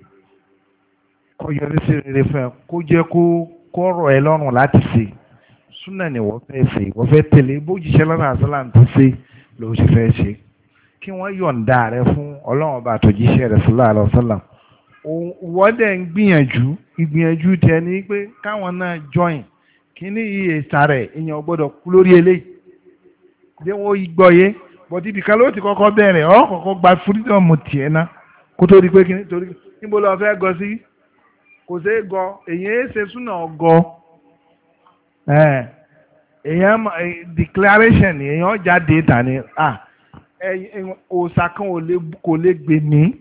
kó yọrí sí rere fún ẹ kó jẹ́ kó kọ́rọ̀ ẹ lọ́rùn láti ṣe súnà ni wọ́n fẹ́ ṣe wọ́n fẹ́ tẹ̀lé bójúṣe lọ́nà àṣálà tó ṣe ló ṣe fẹ́ ṣe kí wọ́n yọ̀ǹda rẹ fún ọlọ́run ọba àtòjíṣẹ́ rẹ sallallahu alaihi wọ́n dẹ̀ ń gbìyànjú ìgbìyànjú tẹ ní pé káwọn náà join kíní iye sàrẹ̀ èèyàn gbọ́dọ̀ kú lórí eléyìí bí wọ́n gbọ́ yé bọ̀dí ibìkan ló ti kọ́kọ́ bẹ̀rẹ̀ ọ́ kọ́kọ́ gba freedom tiẹ̀ ná kó tó kò ṣe é gọ èyàn é ṣe súnà ọgọ èyàn declaration èyàn jáde ìta ni òòsà kan kò lè gbè mí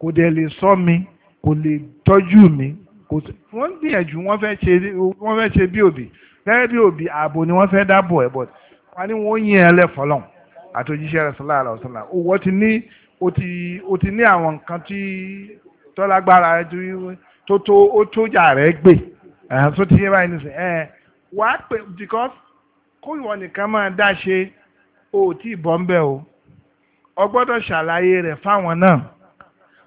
kò dẹ̀ lè sọ mi kò lè tọ́jú mi wọ́n ń gbìyànjú wọ́n fẹ́ ṣe bí òbí gẹ́gẹ́ bí òbí ààbò ni wọ́n fẹ́ dáàbò ẹ̀ bọ̀ wọ́n ní wọ́n yín ẹ lẹ́fọ̀ọ́lọ́n àtòjíṣẹ́ rẹ̀ sọ́lá àlọ́ sọ́lá owó ti ní o ti ní àwọn nǹkan tí tọ́lágbára ẹ̀ tó yí wọ́n tó tó ó tójà rẹ̀ gbè tó ti yé báyìí nísìn ẹ wà á pè because kó ìwọ nìkan máa dá ṣe o ò tí ì bọ́ ń bẹ̀ o ọ gbọ́dọ̀ ṣàlàyé rẹ̀ fáwọn náà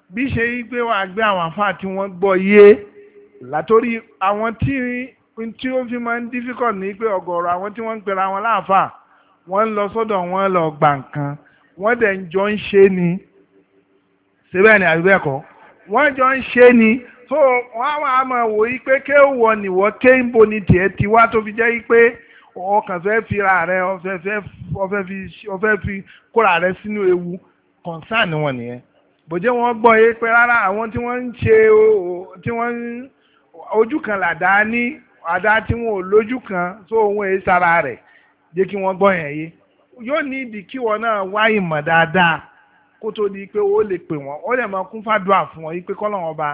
bí ṣe yí pé wàá gbé àwọn afá tí wọ́n gbọ́ yé látòrí àwọn tí tí ó fi máa ń difficult ní pé ọ̀gọ̀ọ̀rọ̀ àwọn tí wọ́n ń pera wọn láàfà wọ́n ń lọ sọ́dọ̀ wọn lọ gbà nǹkan wọ́n dẹ̀ ń jọ ń ṣe ni síbẹ̀ ni àbí bẹ́ẹ̀ kọ́ wọ́n jọ ń ṣe ni so wọ́n á wàá máa wò yí pé ké wọ nìwọ ké ń bo ni tiẹ̀ ti wá tó fi jẹ́ yí pé ọkàn fẹ́ fi ra rẹ ọfẹ́ fi kóra rẹ sínú ewu concern wọn nìyẹn bòjẹ́ wọ́n gbọ́ yé pé rárá àwọn tí wọ́n ń ṣe tí wọ́n ń ojú kan làdá ní àdá tí wọn ò lójú kan tó òun èé sára rẹ̀ jẹ́ kí wọ́n gbọ́ yẹn yé yóò ní ìdí kí wọn náà wá ìmọ̀ dáadáa kó tó di pé ó lè pè wọ́n ó lè máa kún fàdúrà fún wọn yí pé kọ́lọ́wọ́n ọba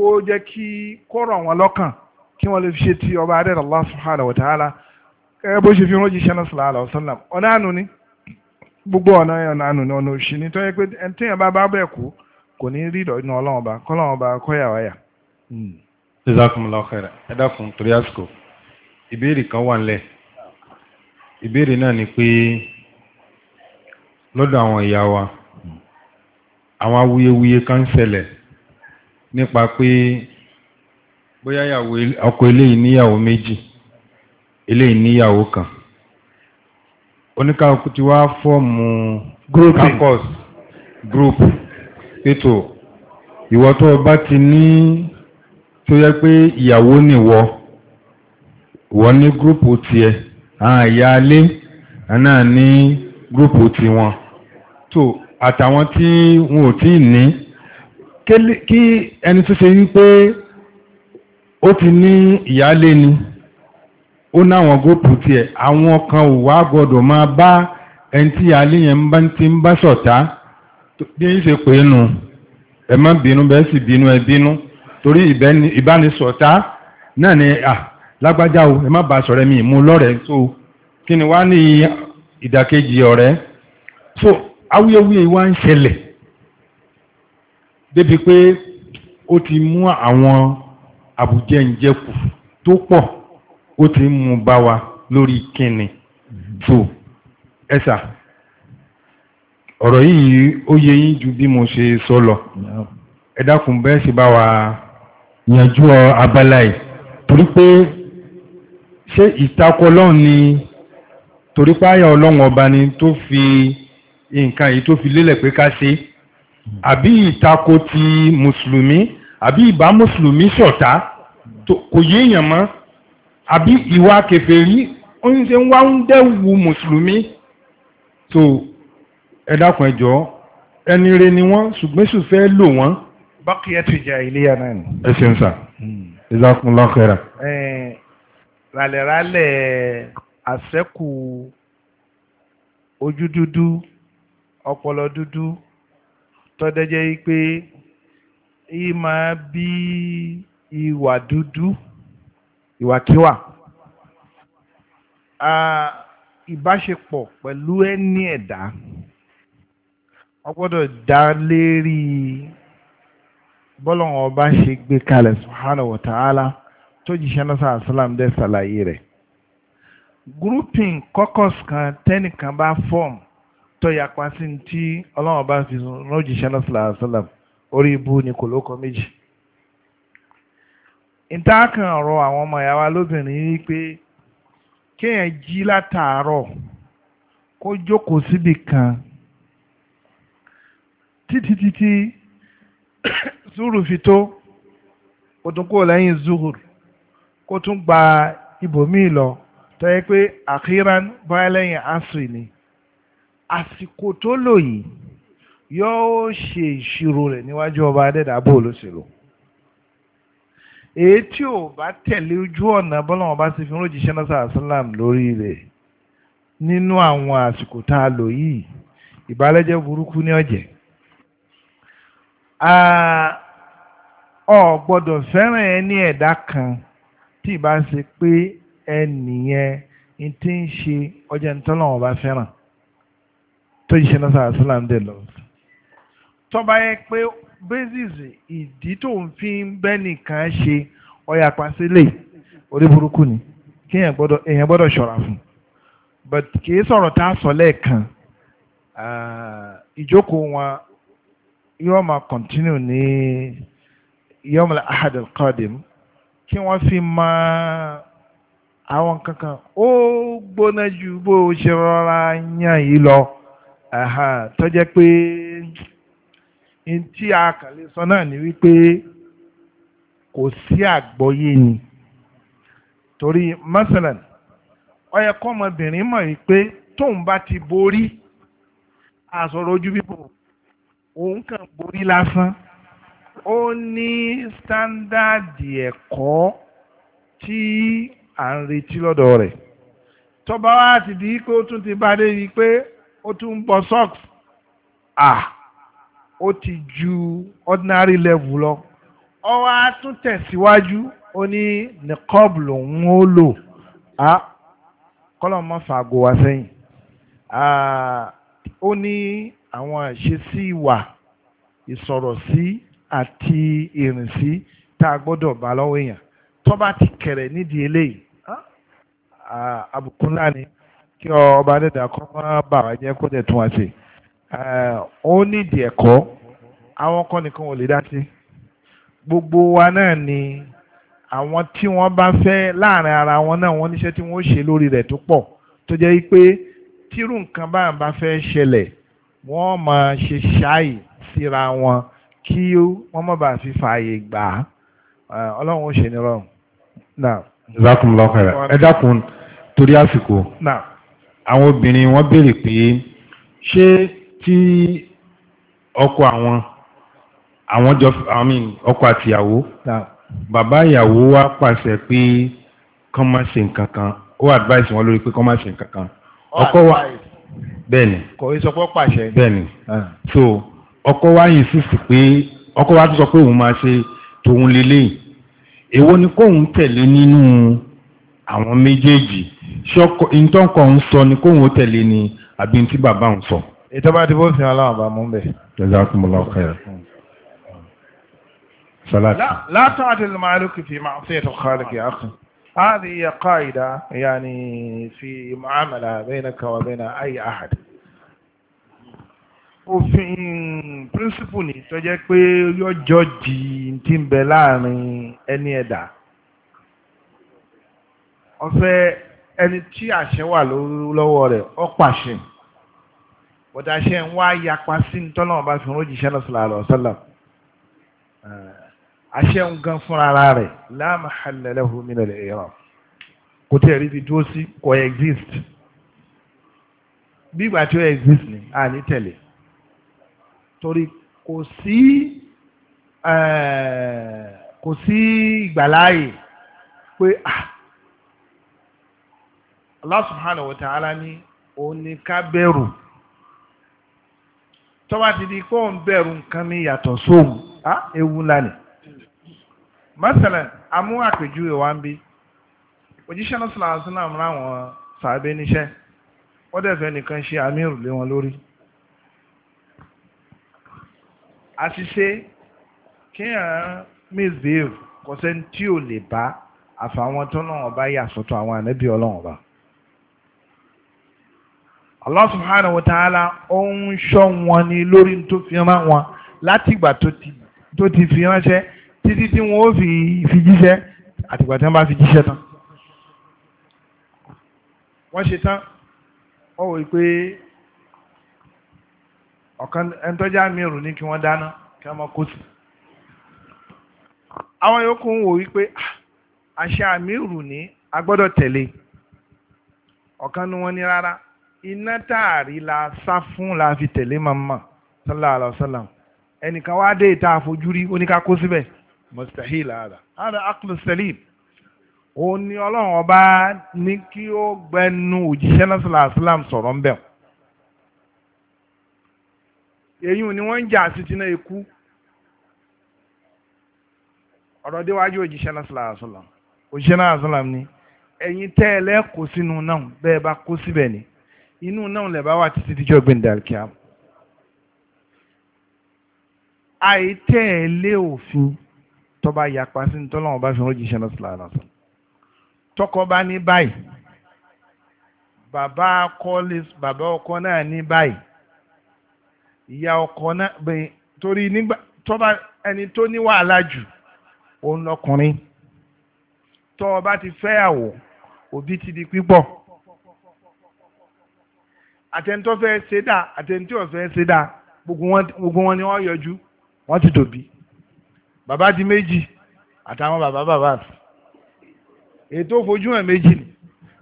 kó jẹ́ kí kó rọ̀ wọ́n lọ́kàn kí wọ́n lè fi ṣe ti ọba adẹ́rẹ́ Allah subhanahu wa ta'ala kẹ́kẹ́ bó ṣe fi rán jíṣẹ́ náà sallallahu alaihi wasallam ọ̀nà àánú ni gbogbo ọ̀nà ọ̀nà àánú ni ọ̀nà òṣì ni tó yẹ pé ẹni tí yẹn bá bá bẹ̀ kú kò ní rí ìdọ̀ inú ọlọ́run ọba kọ́lọ́run ọba kọ́yà wáyà. Hmm. jazakumullahu khairan ẹ dákun torí àsìkò ìbéèrè kan wà nílẹ̀ ìbéèrè náà ni pé lọ́dọ̀ àwọn ìyá wa àwọn awuyewuye kan ń ṣẹlẹ̀ nípa pé bóyá yàwó ọkọ eléyìí níyàwó méjì eléyìí níyàwó kan oníkàwọ́ ti wá fọ́ọ̀mù caucus group ètò ìwọ tó bá ti ní tó yẹ pé ìyàwó nìwọ wọ́n ní gúrùpù tiẹ̀ àwọn ìyáálé náà ní gúrùpù tiwọn tó àtàwọn tí wọn ò tí ní kí ẹni tó ṣe wípé ó ti ní ìyálé ni ó náwọn góòpù tiẹ̀ àwọn kan ò wá gbọ́dọ̀ máa bá ẹni tí ìyálé yẹn bá ti ń bá ṣọ̀tá bí ń ṣe pé nù ẹ má bínú bẹ́ẹ̀ sì bínú ẹ bínú torí ìbánisọ̀tá náà ni à lágbájá o ẹ má bá sọ̀rẹ́ mi ìmú lọ́rẹ̀ẹ́ so kí ni wá ní ìdàkejì ọ̀rẹ́ so awuyewuye wá ń ṣẹlẹ̀ débi pé ó ti mú àwọn àbújẹ́njẹ́kù tó pọ̀ ó ti mú bá wa lórí kíni tó ẹ̀sà ọ̀rọ̀ yìí ó yẹ yín ju bí mo ṣe sọ lọ ẹ bẹ́ẹ̀ sì bá wa yanjú abala yìí torí pé ṣé ìtakò ọlọ́run ni torí pé àyà ọlọ́run ọba ni tó fi nǹkan yìí tó fi lélẹ̀ pé ká ṣe é àbí ìtako ti mùsùlùmí àbí ìbá mùsùlùmí ṣọ̀tá kò yéèyàn mọ́ àbí ìwà kèfèrí ó ń ṣe wá ń dẹ́wu mùsùlùmí tó ẹ dákun ẹ jọ̀ọ́ ẹni re ni wọ́n ṣùgbọ́n ṣù fẹ́ lò wọ́n. bákìyàtù jàhílíyà náà ni. ẹ ṣeun sà hmm. jazakumullahu khaira. ràlẹ̀ràlẹ̀ àṣẹ́kù ojú dúdú ọpọlọ dúdú tọ́dẹ́jẹ́ pé í máa bí ìwà dúdú ìwàkíwà ìbáṣepọ̀ pẹ̀lú ẹni ẹ̀dá wọ́n gbọ́dọ̀ dá lérí bọ́lọ̀wọ̀n gbe ṣe gbé kalẹ̀ subhanahu wa ta'ala tó jíṣẹ́ náà sáà sálàm kọkọs sàlàyé rẹ̀ grouping caucus kan tẹ́nìkan bá fọ́ọ̀mù tọ́yà pàṣẹ tí ọlọ́run bá fi rọ́jìṣẹ́ lọ́sọ̀lá àṣọlá orí ibú ni kò lóko méjì. ìtaàkàn ọ̀rọ̀ àwọn ọmọ ìyá wa lóbìnrin ni pé kéèyàn jí látàárọ̀ kó jókòó síbì kan títí títí zúrù fi tó kó tún kó lẹ́yìn zuhur kó tún gba ibòmíì lọ tọ́ pé àkíran báyà lẹ́yìn asri ni àsìkò tó lò yìí yóò ṣe ìṣirò rẹ̀ níwájú ọba adẹ́dàbò olóṣèlú èyí tí ò bá tẹ̀lé ojú ọ̀nà bọ́lọ́wọ́n bá ti fi ń ròjìṣẹ́ náà sàásìlám lórí rẹ̀ nínú àwọn àsìkò tá a lò yìí ìbálẹ́jẹ́ burúkú ní ọ̀jẹ̀ ọ gbọ́dọ̀ fẹ́ràn ẹni ẹ̀dá kan tí ìbá ṣe pé ẹnìyẹn ti ń ṣe ọjà ń tọ́lọ́wọ́n bá fẹ́ràn tó yìí ṣe náà sàrà sílà ń dè lọ. tọ́ba yẹ pé basis ìdí tó ń fi bẹ́ nìkan ṣe ọyà pàṣẹlẹ̀ orí burúkú ni kí èèyàn gbọ́dọ̀ ṣọ́ra fún but kì í sọ̀rọ̀ tá a sọ lẹ́ẹ̀kan ìjókòó wọn yóò máa continue ní yom al-ahad al-qadim kí wọ́n fi máa àwọn kankan ó gbóná ju bó ṣe rọra yàn yìí lọ. tó jẹ́ pé tí a kàn sọ náà ni wípé kò sí àgbọ́yé ni torí masalan ó yẹ kọ́mọbìnrin mọ̀ wípé tóun bá ti borí àsọ̀rọ̀ ojú bíbò òun kàn borí lásán ó ní sítándàdì ẹ̀kọ́ tí à ń retí lọ́dọ̀ rẹ̀ tọ́ba wa ti di pé ó tún ti bá dé pé ó tún bọ socks ah ó ti ju ordinary level lọ ọ wá tún tẹ̀síwájú ó ní niqab lòun ó lò ah kọ́lọ̀ mọ́ fàgò wá sẹ́yìn ah ó ní àwọn àṣesí ìwà ìsọ̀rọ̀sí àti ìrìnsí tá a gbọ́dọ̀ bá lọ́wọ́ èèyàn tó ti kẹ̀rẹ̀ nídìí eléyìí ah, àbùkù ńlá ni kí ọba dẹ́dà kọ́ máa bà wá jẹ́ kó dẹ̀ tún wá sí ó nídìí ẹ̀kọ́ àwọn kan nìkan ò lè dá sí gbogbo wa náà ni àwọn tí wọ́n bá fẹ́ láàrin ara wọn náà wọ́n níṣẹ́ tí wọ́n ṣe lórí rẹ̀ tó pọ̀ tó jẹ́ pé tírú nǹkan bá ń bá fẹ́ ṣẹlẹ̀ wọ́n máa ṣe ṣáì síra wọn kí wọ́n má bàa fi fààyè gbà á ọlọ́run ó ṣe ní rọrùn. ẹ dákun torí àsìkò. náà àwọn obìnrin wọ́n béèrè pé ṣé tí ọkọ àwọn àwọn jọ i mean ọkọ àtìyàwó bàbá ìyàwó wá pàṣẹ pé kán má ṣe nǹkan kan ó advice wọn lórí pé kán má ṣe nǹkan kan ọkọ wa bẹ́ẹ̀ni kò í sọ pé pàṣẹ bẹ́ẹ̀ni so ọkọ wa insist pé ọkọ wa tún sọ pé òun máa ṣe tòun lélẹ́yìn èwo ni kóun tẹ̀lé nínú àwọn méjèèjì ṣọ́kọ̀ ìtọ́kọ̀ ń sọ ni kóhun ó tẹ̀lé ni àbí tí bàbá ń sọ. ìtọ́ba ti bó fi hàn láwọn àbámú bẹ̀. jazakumullahu khairan. salati. látọ̀ àti màálùkì fi máa ṣe ètò kálíkì àkùn. هذه هي قاعدة يعني في معاملة بينك وبين أي أحد òfin principle ni tó jẹ́ pé yọjọ́ di ti ń bẹ láàrin ẹni ẹ̀dá ọ̀fẹ́ ẹni tí àṣẹ wà lọ́wọ́ rẹ̀ ó pàṣẹ bọ̀dá àṣẹ ń wá yapa sí tọ́lọ́wọ́n bá fi ń rójìṣẹ́ náà sọ̀rọ̀ àlọ́ sọ́lá àṣẹ ń gan fúnra ara rẹ̀ la mahalla lahu min al kò tẹ̀ rí ibi dúró sí kò exist bí ìgbà tí ó exist ni a ní tẹ̀lé torí kò sí kò sí ìgbàláàyè pé ah Allah subhanahu wa ta'ala ní òní ká bẹ̀rù tọ́ba ti di kó ń bẹ̀rù nǹkan mi yàtọ̀ sóhun á ewu ńlá masalan amú àpèjúwe wa ń bí òjíṣẹ́ náà sọ̀rọ̀ àti náà múra wọn sàbẹ̀ níṣẹ́ wọ́n dẹ̀ fẹ́ nìkan ṣe amírù lé wọn lórí. àṣìṣe kéèyàn misbehave kò sẹ́ni tí ò lè bá àfàwọn tó náà ọba yà sọ́tọ̀ àwọn ànábì ọlọ́run ọba. Allah subhanahu wa ta'ala ó ń ṣọ́ wọn ni lórí tó fi rán wọn láti ìgbà tó ti fi ránṣẹ́ títí tí wọ́n ó fi fi jíṣẹ́ àtìgbà tí wọ́n bá fi jíṣẹ́ tán. wọ́n ṣe tán wọ́n wò pé ọ̀kan ẹni tó já mi rò ní kí wọ́n dáná kí wọ́n kó sí. àwọn yòókù ń wò wípé ah, àṣà mi rù ní a tẹ̀lé ọ̀kan ni wọ́n ní rárá iná táàrí la sá fún la fi tẹ̀lé màmá sallallahu alayhi wa sallam ẹnìkan wá dé ìta àfojúrí oníká síbẹ̀ mustahil ara ara aklu salim ó ní ọlọ́run ọba ní kí ó gbẹnu òjíṣẹ́ náà sallallahu alayhi wa sallam sọ̀rọ̀ ń bẹ̀ èyí ni wọ́n ń jà sí tiná ikú ọ̀rọ̀ déwájú òjíṣẹ́ náà sallallahu alayhi wa sallam òjíṣẹ́ náà sallallahu alayhi wa sallam ni ẹ̀yin tẹ́ ẹ lẹ́kọ̀ọ́ sínú náà bẹ́ẹ̀ bá kó síbẹ̀ ni inú náà lè bá wà títí díjọ́ gbẹ̀ndàkíá àìtẹ́ẹ̀lé òfin tọba yapa sí tọ́lọ́wọ́ bá fi rọ́jìṣẹ́ náà sílára sọ tọkọ bá ní báyìí bàbá ọkọ náà ní báyìí ìyá ọkọ náà bẹ́ẹ̀ torí nígbà tọba ẹni tó ní wàhálà jù òun lọkùnrin tọ́ ọ bá ti òbí ti di pípọ̀ àtẹ̀ntọ́ fẹ́ ṣe dà àtẹ̀ntí ọ̀fẹ́ ṣe dà gbogbo wọn ni wọ́n yọjú wọ́n ti tòbí bàbá di méjì àtàwọn bàbá bàbá ètò fojú hàn méjì ni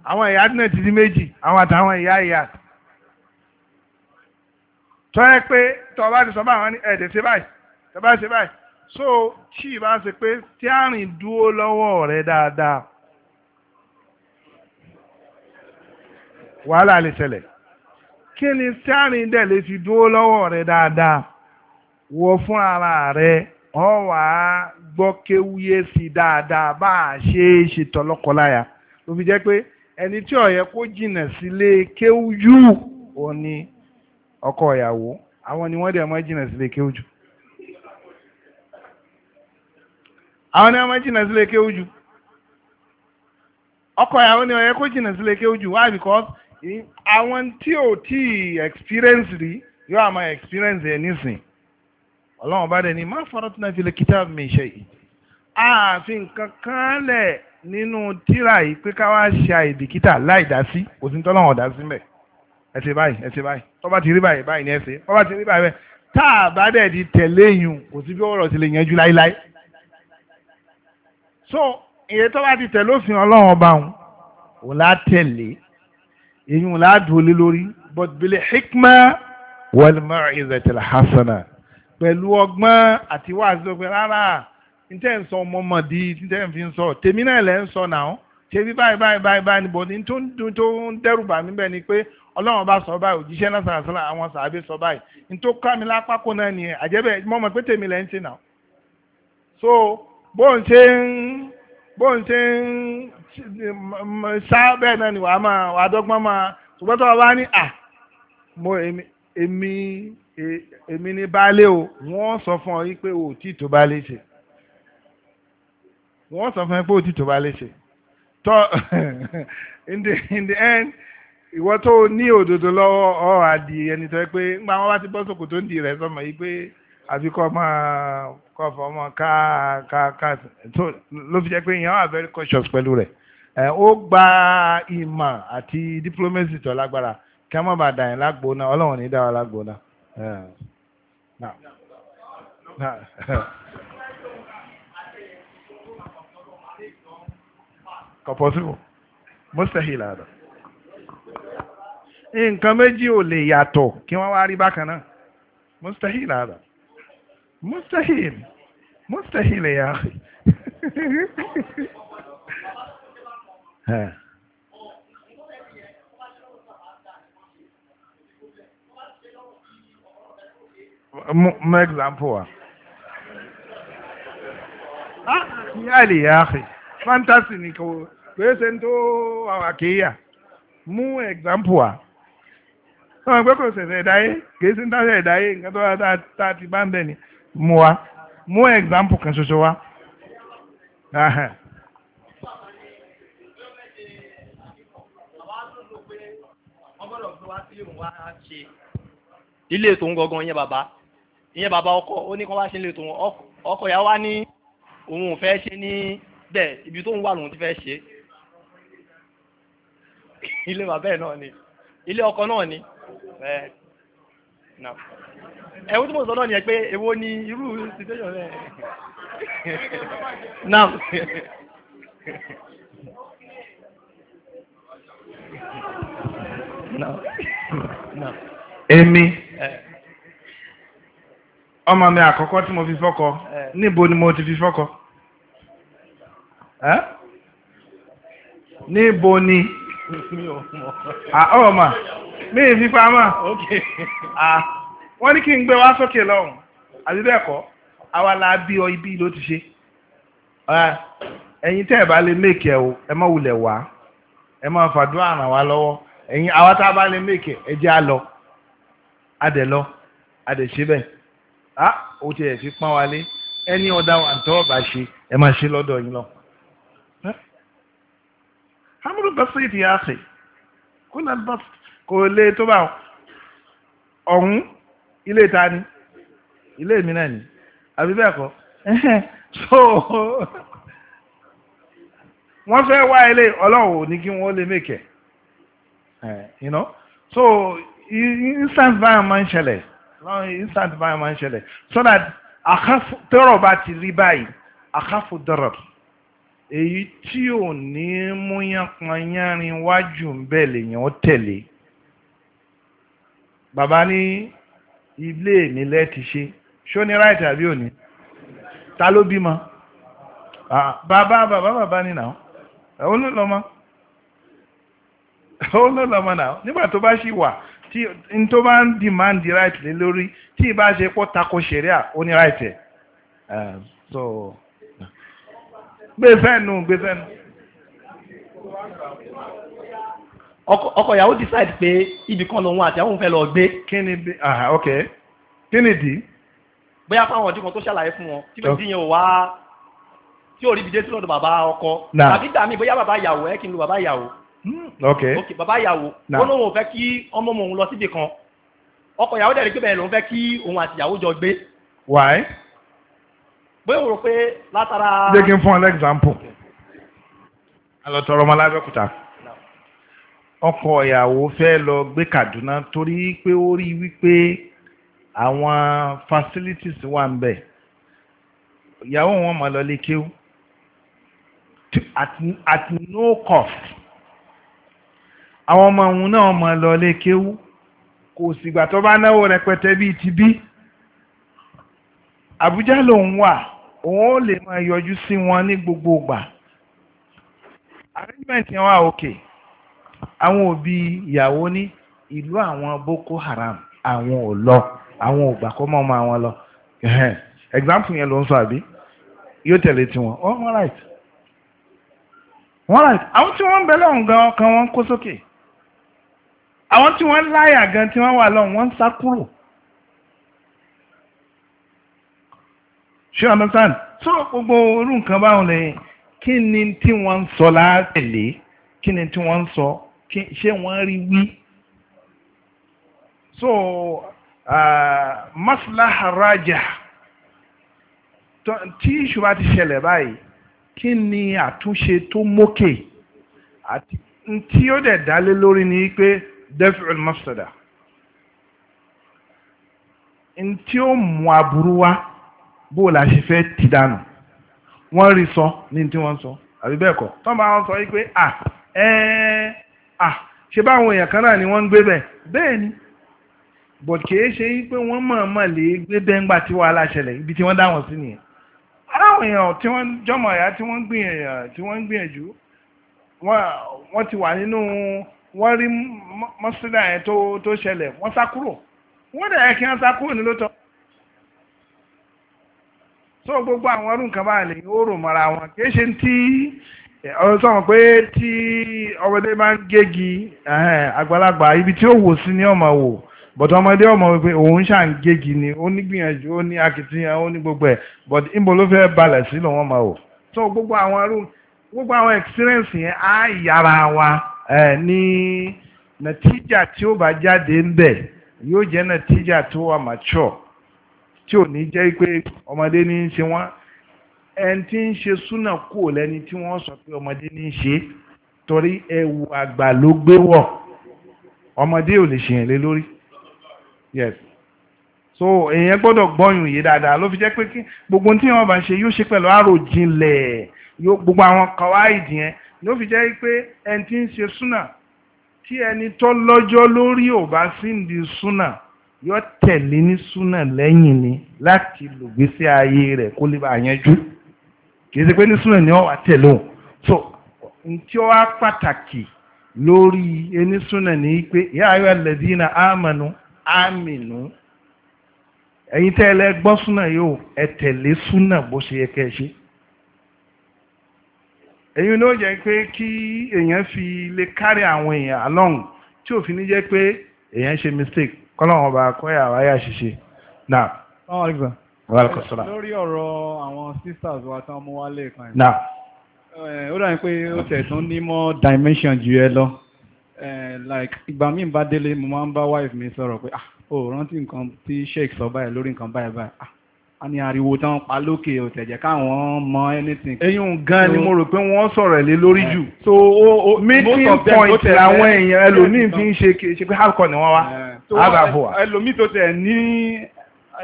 àwọn ìyá náà ti di méjì àwọn àtàwọn ìyá ìyá tọ́ ẹ pé tọ́ bá ti sọ bá àwọn ẹ̀ẹ́dẹ̀ ṣe báyìí tọ́ bá ṣe báyìí so tí ìbá ṣe pé tí àrìn dúró lọ́wọ́ rẹ dáadáa wàhálà lè ṣẹlẹ̀. kí ni sẹ́rìn dẹ̀ lè fi dúró lọ́wọ́ rẹ dáadáa wọ fún ara rẹ ọ wà gbọ́ kéwúyé sí dáadáa bá a ṣe é ṣe tọlọ́kọláya ló fi jẹ́ pé ẹni tí ọ̀yẹ́ kó jìnà sílé kéwújú òun ni ọkọ ìyàwó àwọn ni wọ́n dẹ̀ mọ́ jìnà sílé kéwújú. àwọn ni wọ́n mọ́ jìnà sílé kéwújú ọkọ ìyàwó ni kó jìnà sílé kéwújú àwọn tí ò tí ì experience rí yóò àmọ́ experience ẹ̀ nísìn ọlọ́run bá dẹ̀ ni má faratna fil kitab min shay'in ààfin kankan lẹ̀ nínú tíra yìí pé ká wá ṣe àìdìkítà láì dá sí kò sí tọ́lọ́run ọ̀dá sí mẹ́ ẹ ṣe báyìí ẹ ṣe báyìí tọ́ba ti rí báyìí báyìí ni ẹ ṣe tọ́ba ti rí báyìí bẹ́ẹ̀ tá a bá dẹ̀ di tẹ̀lé yùn kò sí bí ọ̀rọ̀ ti lè yanjú láíláí so èyí tọ́ba ti tẹ̀lé òfin ọlọ́run ọba òun òun lá tẹ̀lé èyí wọn láàdúró lé lórí but bil hikma wal maw'izatil hasana pẹ̀lú ọgbọ́n àti wáàsí ló pé rárá níta ń sọ ọmọ ọmọdé níta ń fi ń sọ tèmi náà lẹ́ ń sọ náà ṣe bí báyìí báyìí báyìí báyìí níbo ni tó ń tó ń dẹ́rù bà mí bẹ́ẹ̀ ni pé ọlọ́run bá sọ báyìí òjíṣẹ́ náà sàrà sàrà àwọn sàábé sọ báyìí ní tó ká mi lápákó náà nìyẹn àjẹ́bẹ̀ mọ́ mọ́ pé tèmi lẹ́ ń ṣe náà so bó ń ṣe ń bó ń ṣe ń ṣá bẹ́ẹ̀ náà ni wàá máa wàá dọ́gbọ́n máa ṣùgbọ́n tó o bá ní à mo èmi e, èmi ni baálé o wọ́n sọ fún ọ pé o ò tí tó baálé ṣe wọ́n sọ fún ẹ pé o tí tó baálé ṣe tọ́ [laughs] in the in the end ìwọ tó ní òdodo lọ́wọ́ ọ àdì ẹni tó yẹ pé ńgbà wọn bá ti bọ́ sókòtò ń di rẹ̀ sọmọ yìí pé àfi kọ́ máa kọ́ fọ́ ọmọ ká ká ká tó ló fi jẹ́ pé ìyẹn wà very cautious pẹ̀lú rẹ̀. ó gba ìmọ̀ àti diplomacy tó lágbára kí a má bàa dà yín ọlọ́run mustahil nǹkan méjì ò lè yàtọ̀ kí wọ́n wá rí mustahil mustahil mustahil [laughs] mọ example wa. Ah, yá lè yá àkè fantasy ni kò pèsè tó àwàkéyà mú example wa. sọ́wọ́n pé kò ṣẹ̀ṣẹ̀ dáyé kìí sí ń tàṣẹ̀ dáyé nǹkan tó wá tá a ti bá ń bẹ̀ ni mú wa mú example kan ṣoṣo wa. ilé tòun gangan yẹn bàbá ìyẹn bàbá ọkọ ó ní kí wọ́n bá ṣe ilé tòun ọkọ ìyá wa ní òun ò fẹ́ ṣe ní bẹ́ẹ̀ ibi tóun wà lòun ti fẹ́ ṣe ilé bàbá ẹ̀ náà ni ilé ọkọ náà ni ẹ ẹ̀wọ́n tí mo sọ náà ni ẹ pé èwo ni irú situation rẹ̀ náà. èmi eh. ọmọ mi àkọ́kọ́ tí mo fi fọ́kọ eh. níbo ni mo ti fi fọ́kọ níbo ni ọmọ mi ì fipá mọ́ wọ́n ní kí n gbé wá sókè lọ́hùn àbí bẹ́ẹ̀ kọ́ àwa la bí ọ ibi ló ti ṣe ẹ̀yin tẹ́ ẹ̀ bá lè méèkì ẹ̀ o wulẹ̀ wá ẹ má fàdúrà ràn wá lọ́wọ́. ẹ̀yin àwa tá a bá lè mèkè ẹjẹ́ á lọ adẹ̀ lọ adẹ̀ ṣe bẹ́ẹ̀ á o tiẹ̀ fi pọ́n wa lé ẹni ọ̀dà wà tó ọ̀bà ṣe ẹ máa ṣe lọ́dọ̀ yín lọ. hamadu basit yà áṣẹ kó náà bas kò lè tó bá ọ̀hún ilé ta ni ilé mi náà ni àbí bẹ́ẹ̀ kọ́ [laughs] so wọ́n fẹ́ wá ilé ọlọ́run ò ní kí wọ́n lè mèkè. Eh, you know so instant báyọ̀ máa ń ṣẹlẹ̀ instant báyọ̀ máa so that tọ́rọ̀ bá ti rí báyìí àkáfù dọ̀rọ̀ èyí tí ò ní múyàn kan yánrin wájú ń bẹ̀ lèèyàn tẹ̀lé bàbá ní ilé mi lẹ́ti ṣe ṣó ní ráìtì àbí òní ta ló bímọ ah, bàbá bàbá bàbá nínà ó ló lọ́mọ ó lọ́lọ́mọ náà nígbà tó bá ṣì tí n tó bá ń demand right lé lórí tí ì bá ṣe pọ́ tako ṣẹ̀ríà ó ní right ẹ̀ um, so gbé fẹ́nu gbé fẹ́nu. ọkọ ìyàwó decide pé ibì kan lòun àti àwọn òun fẹ́ lọ gbé. kí ni bí ok kí ni dì í bóyá fáwọn ọdún kan tó ṣàlàyé fún wọn tí méjì yẹn ò wá tí ò rí ibi dé sí lọ́dọ̀ bàbá ọkọ tàbí dàmí bóyá bàbá ìyàwó ẹ kí n lu bàbá ìyàwó Hmm? ok ok bàbá ìyàwó ó lóun ò fẹ́ kí ọmọ òun lọ síbi kan ọkọ ìyàwó dẹ̀ rí pé lòun fẹ́ kí òun àti ìyàwó jọ gbé. why. bóyá o rò pé látara. jẹ́ kí n fún ọ lẹ́gzámpù alọ́tọ̀rọ̀ ọmọ ọkọ ìyàwó fẹ́ lọ gbé Kaduna torí pé ó rí wípé àwọn facilities wà ń bẹ̀ ìyàwó wọn máa lọ kéwú at no cost. àwọn ọmọ òun náà mọ̀ lọ lé kéwú kò sígbà tó bá náwó rẹpẹtẹ bíi ti bí Àbújá lòun wà òun ó lè máa yọjú sí wọn ní gbogbo ìgbà arrangement yẹn òkè àwọn òbí ìyàwó ní ìlú àwọn Boko Haram àwọn ò lọ àwọn ò gbà kó mọ́ ọmọ àwọn lọ example yẹn ló ń sọ àbí yóò tẹ̀lé tiwọn oh, all right wọ́n right àwọn tí wọ́n ń bẹ lọ́hùn gan ọkàn wọn kó sókè àwọn tí wọ́n láyà gan tí wọ́n wà lọ́hùn wọ́n ń sá kúrò ṣé o understand so gbogbo orú nǹkan báwọn lè kí ni tí wọ́n ń sọ látẹ̀lé kí ni tí wọ́n ń sọ ṣé wọ́n rí wí so uh, maslaha raja tí ìṣúra ti ṣẹlẹ̀ báyìí kí ni àtúnṣe tó mókè àti tí ó dẹ̀ dálé lórí ni pé daf'ul mafsada ntí ó mú aburú wá bó o la ṣe fẹ́ ti dànù wọ́n rí sọ ní tí wọ́n sọ àbí bẹ́ẹ̀ kọ́ tó máa ń sọ yìí pé à ẹ à ṣe báwọn èèyàn kan náà ni wọ́n ń gbé bẹ́ẹ̀ bẹ́ẹ̀ ni bọ̀t kìí ṣe yìí pé wọ́n mọ̀ọ́mọ̀ lè gbé bẹ́ńgbà tí wàhálà ṣẹlẹ̀ ibi tí wọ́n dáwọn sí nìyẹn aláwọ̀ èèyàn tí wọ́n jọmọ̀ ẹ̀yà tí wọ́n gbìyànjú wọ́n ti wà nínú wọ́n rí mọ́sídà yẹn tó ṣẹlẹ̀ wọ́n sá kúrò wọ́n dẹ̀ yẹ kí wọ́n sá kúrò ní lóòótọ́ so gbogbo àwọn ọdún kan báyìí lèyìn ó rò mọ́ra wọn kì í ṣe tí ọ̀rọ̀ sọ̀rọ̀ pé tí ọmọdé máa ń gégi àgbàlagbà ibi tí ó wò sí ní ọmọ wò but ọmọdé ọmọ wípé òun ṣà ń gégi ni ó ní gbìyànjú ó ní akitiyan ó ní gbogbo ẹ̀ but ibo ló fẹ́ balẹ̀ sí lòun ọmọ wò so gbogbo àwọn gbogbo àwọn experience yẹn á yára wa. ní nàtíjà tí ó bá jáde ń bẹ̀ yóò jẹ́ nàtíjà tó wà mature tí ò ní jẹ́ pé ọmọdé ní í ṣe wọ́n ẹni tí ń ṣe súnà kò lẹ́ni tí wọ́n sọ pé ọmọdé ní í ṣe torí ẹ̀wù àgbà ló gbé wọ̀ ọmọdé ò lè ṣèyàn lé lórí yes so èèyàn gbọ́dọ̀ gbọ́yùn yìí dáadáa ló fi jẹ́ pé kí gbogbo tí wọ́n bá ṣe yóò ṣe pẹ̀lú àròjinlẹ̀ yóò gbogbo àwọn kọ̀wá yẹn ló fi jẹ́ pé ẹni tí ń ṣe súnà tí ẹni tó lọ́jọ́ lórí ò bá sí ní súnà yóò tẹ̀lé ní súnà lẹ́yìn ni láti lògbésí ayé rẹ̀ kó lè bá yanjú kì í ṣe pé ní súnà ni wọ́n wà tẹ̀lé so tí ó wá pàtàkì lórí ẹni súnà ni pé ìyá ayọ́ alladhina amanu aminu ẹ̀yin tẹ́ ẹ lẹ́ gbọ́ súnà yóò ẹ tẹ̀lé súnà bó ṣe yẹ kẹ́ ẹ ṣe. èyí ló jẹ́ pé kí èèyàn fi lè kárí àwọn èèyàn alọ́hùn tí òfin ní jẹ́ pé èèyàn ṣe mistake kọ́lọ́hún ọba akọ́yà àwáyà ṣiṣẹ́ náà. sọ́wọ́n alẹ́gbà. wàhálà kọ́sọ́lá. lórí ọ̀rọ̀ àwọn sisters wa tán mú wálé kan yìí. náà. Eh, ó dàbí pé ó tẹ̀ tún ní more dimension jù ẹ lọ eh, like ìgbà míì bá délé mo máa ń bá wife mi sọ̀rọ̀ pé ah o rántí nǹkan tí sheik sọ báyìí lórí nǹkan báyìí báyìí ah a ní ariwo tán pa lókè òtẹ̀jẹ̀ káwọn mọ anything. eyín gan ni mo rò pé wọ́n sọ̀rọ̀ lé lórí jù. so o o meeting point làwọn èèyàn ẹlòmíín fi ń ṣe ṣe pé hardcore ni wọ́n wá So wa. ẹlòmíín tó tẹ̀ ní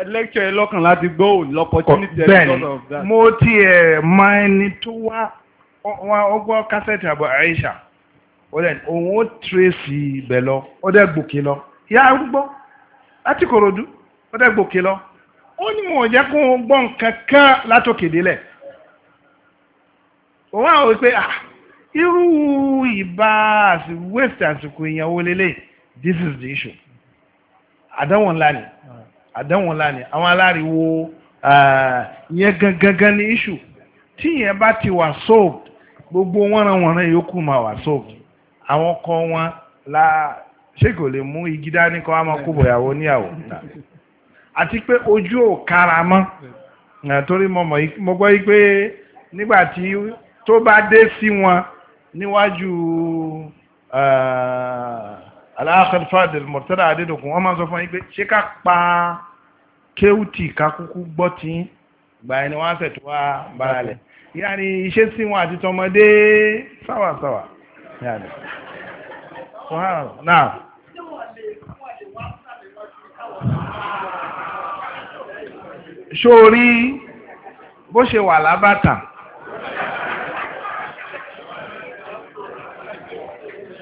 lecture lọ́kàn láti gbọ́ òní opportunity because of that. bẹ́ẹ̀ni mo tiẹ̀ mọ ẹni tó wá wọ́n gbọ́ kásẹ̀tì àbọ̀ Aisha ó dẹ̀ òun ó tírèsì ibẹ̀ lọ ó dẹ̀ gbòkè lọ yá gbọ́ láti Kòròdú ó dẹ̀ gbòkè lọ ó ní wọn jẹ́ kó wọn gbọ́ nǹkan kan látòkè délẹ̀ ó wá wọ́n pé ah, irú ìbá waste àsìkò èèyàn lélẹ̀ this is the issue àdánwò ńlá ni àdánwò ńlá ni àwọn aláriwo yẹn gangan ní issue tí yẹn bá ti wà solved gbogbo wọ́nranwọ̀nran yòókù máa wà solved àwọn kọ́ wọn la ṣé kò lè mú igi dání kọ́ á máa kó bọ̀yàwó níyàwó àti pé ojú ò kára mọ́ torí mo gbọ́ yí pé nígbà tí tó bá dé sí wọn níwájú aláàkọlùfàdìl mọ̀tẹ́lá adédokùn wọ́n máa sọ fún yí pé ṣé ká pa kéwùtì ká kúkú gbọ́ tí gbà ẹni wọ́n á fẹ̀ tó wá bára lẹ̀ yáni iṣẹ́ sí wọn àti tọmọdé sáwàsáwà yáni náà sórí bó ṣe wà lábàtà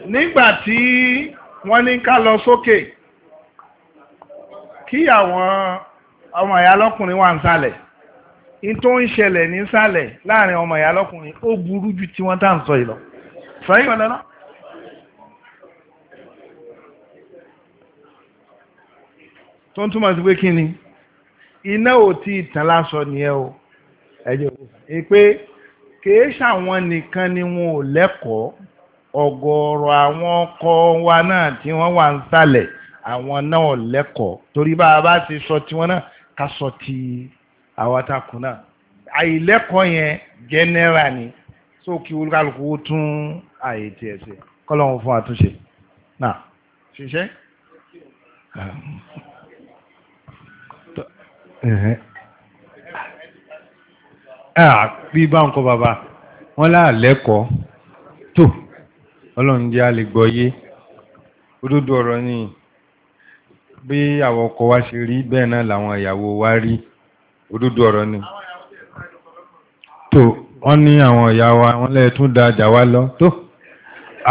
nígbà tí wọ́n ní ká lọ sókè kí àwọn ọmọ ìyá lọ́kùnrin wà ń sálẹ̀ in tó ń ṣẹlẹ̀ ní sálẹ̀ láàrin ọmọ ìyá lọ́kùnrin ó burú ju tí wọ́n tá sọ ìlọ sọ́yìn ọ̀dọ́dọ́ tó ń túmọ̀ sí pé kí ni iná ò tí ì tàn lásọ nìyẹn o ẹjọ ẹ pé kìí ṣàwọn nìkan ni wọn ò lẹ́kọ̀ọ́ ọ̀gọ̀ọ̀rọ̀ àwọn ọkọ wa náà tí wọ́n wà ń sàlẹ̀ àwọn náà lẹ́kọ̀ọ́ torí bá a bá ti sọ tiwọn náà ká sọ ti àwọn atakùn náà àìlẹ́kọ̀ọ́ yẹn general ni so kí olúkálùkù tún àyè tiẹ̀ sí kọ́lọ́hún fún àtúnṣe náà ṣiṣẹ́. bí bá ń kọ bàbá wọ́n láàlẹ́kọ̀ọ́ tó ọlọ́run jẹ́ a lè gbọ́ yé òdodo ọ̀rọ̀ ni bí àwọn ọkọ̀ wa ṣe rí bẹ́ẹ̀ náà làwọn ìyàwó wa rí òdodo ọ̀rọ̀ ni tó wọ́n ní àwọn ìyàwó wọn lẹ́ẹ̀ lọ tó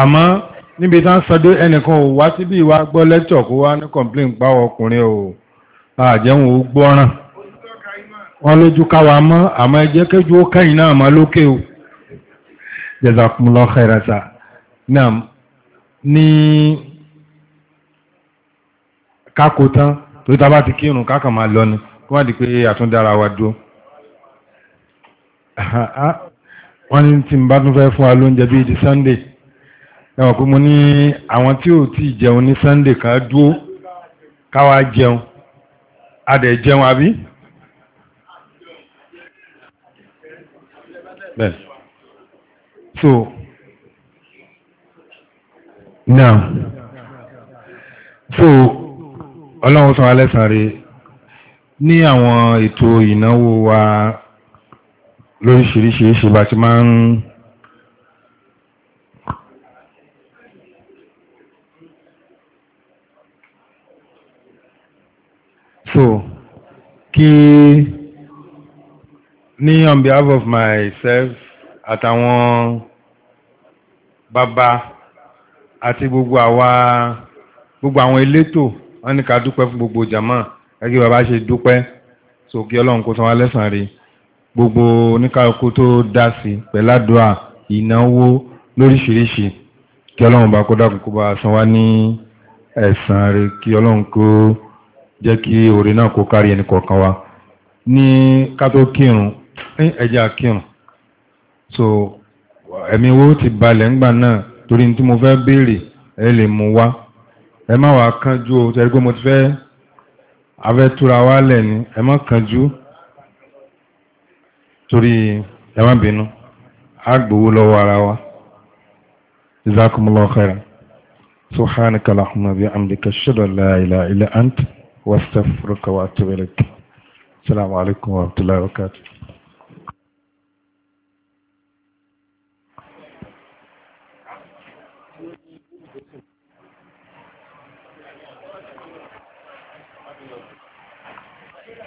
àmọ́ níbi sọdé ẹnìkan ò wá síbí gbọ́ lẹ́tọ̀ kó wá ní pàwọ̀ ọkùnrin ò wọ́n lójú káwa mọ́ àmọ́ ẹjẹ́ kéjú ó kẹ́yìn náà mọ́ lókè o jazakumullahu khairan sa náà ní kákó tán tó tá ti kírun kákà máa lọ ni kó wá di pé àtúndára wa dúró wọ́n ní tí n bá tún fẹ́ fún wa lóúnjẹ di sunday ẹwọ̀n pé mo ní àwọn tí ò tí jẹun ní sunday kan dúó káwa jẹun a dẹ̀ jẹun àbí bẹ́ẹ̀ so now so ọlọ́run sọ alẹ́ sáré ní àwọn ètò ìnáwó wa lóríṣìíríṣìí ṣe bá ti máa ń so kí. Ki... Ni on behalf of myself àtàwọn bàbá àti gbogbo àwa gbogbo àwọn elétò wọn ní ká dúpẹ́ fún gbogbo jàmá gẹ́gẹ́ bàbá ṣe dúpẹ́ sókè ọlọ́run kó san wá lẹ́sàn rí gbogbo oníkàlùkù tó dá sí pẹ̀ládùá ìnáwó lóríṣiríṣi kí ọlọ́run bá kó dákun kó bá san wá ní ẹ̀san rí kí ọlọ́run kó jẹ́ kí oore náà kó kárí ẹnì kọ̀ọ̀kan wa ní ká kírun ní ẹ̀jẹ̀ akírun so ẹ̀mí owó ti balẹ̀ ńgbà náà torí tí mo fẹ́ béèrè ẹ lè mú wá ẹ má wàá kánjú o tẹ́rí pé mo ti fẹ́ afẹ́tura wá lẹ̀ ni ẹ má kánjú torí ẹ má bínú á gbowó lọ́wọ́ ara wa jazakumullahu khairan subhanaka allahumma bi amdika ashhadu an la ilaha illa ant wa astaghfiruka wa atubu ilaik assalamu alaikum wa rahmatullahi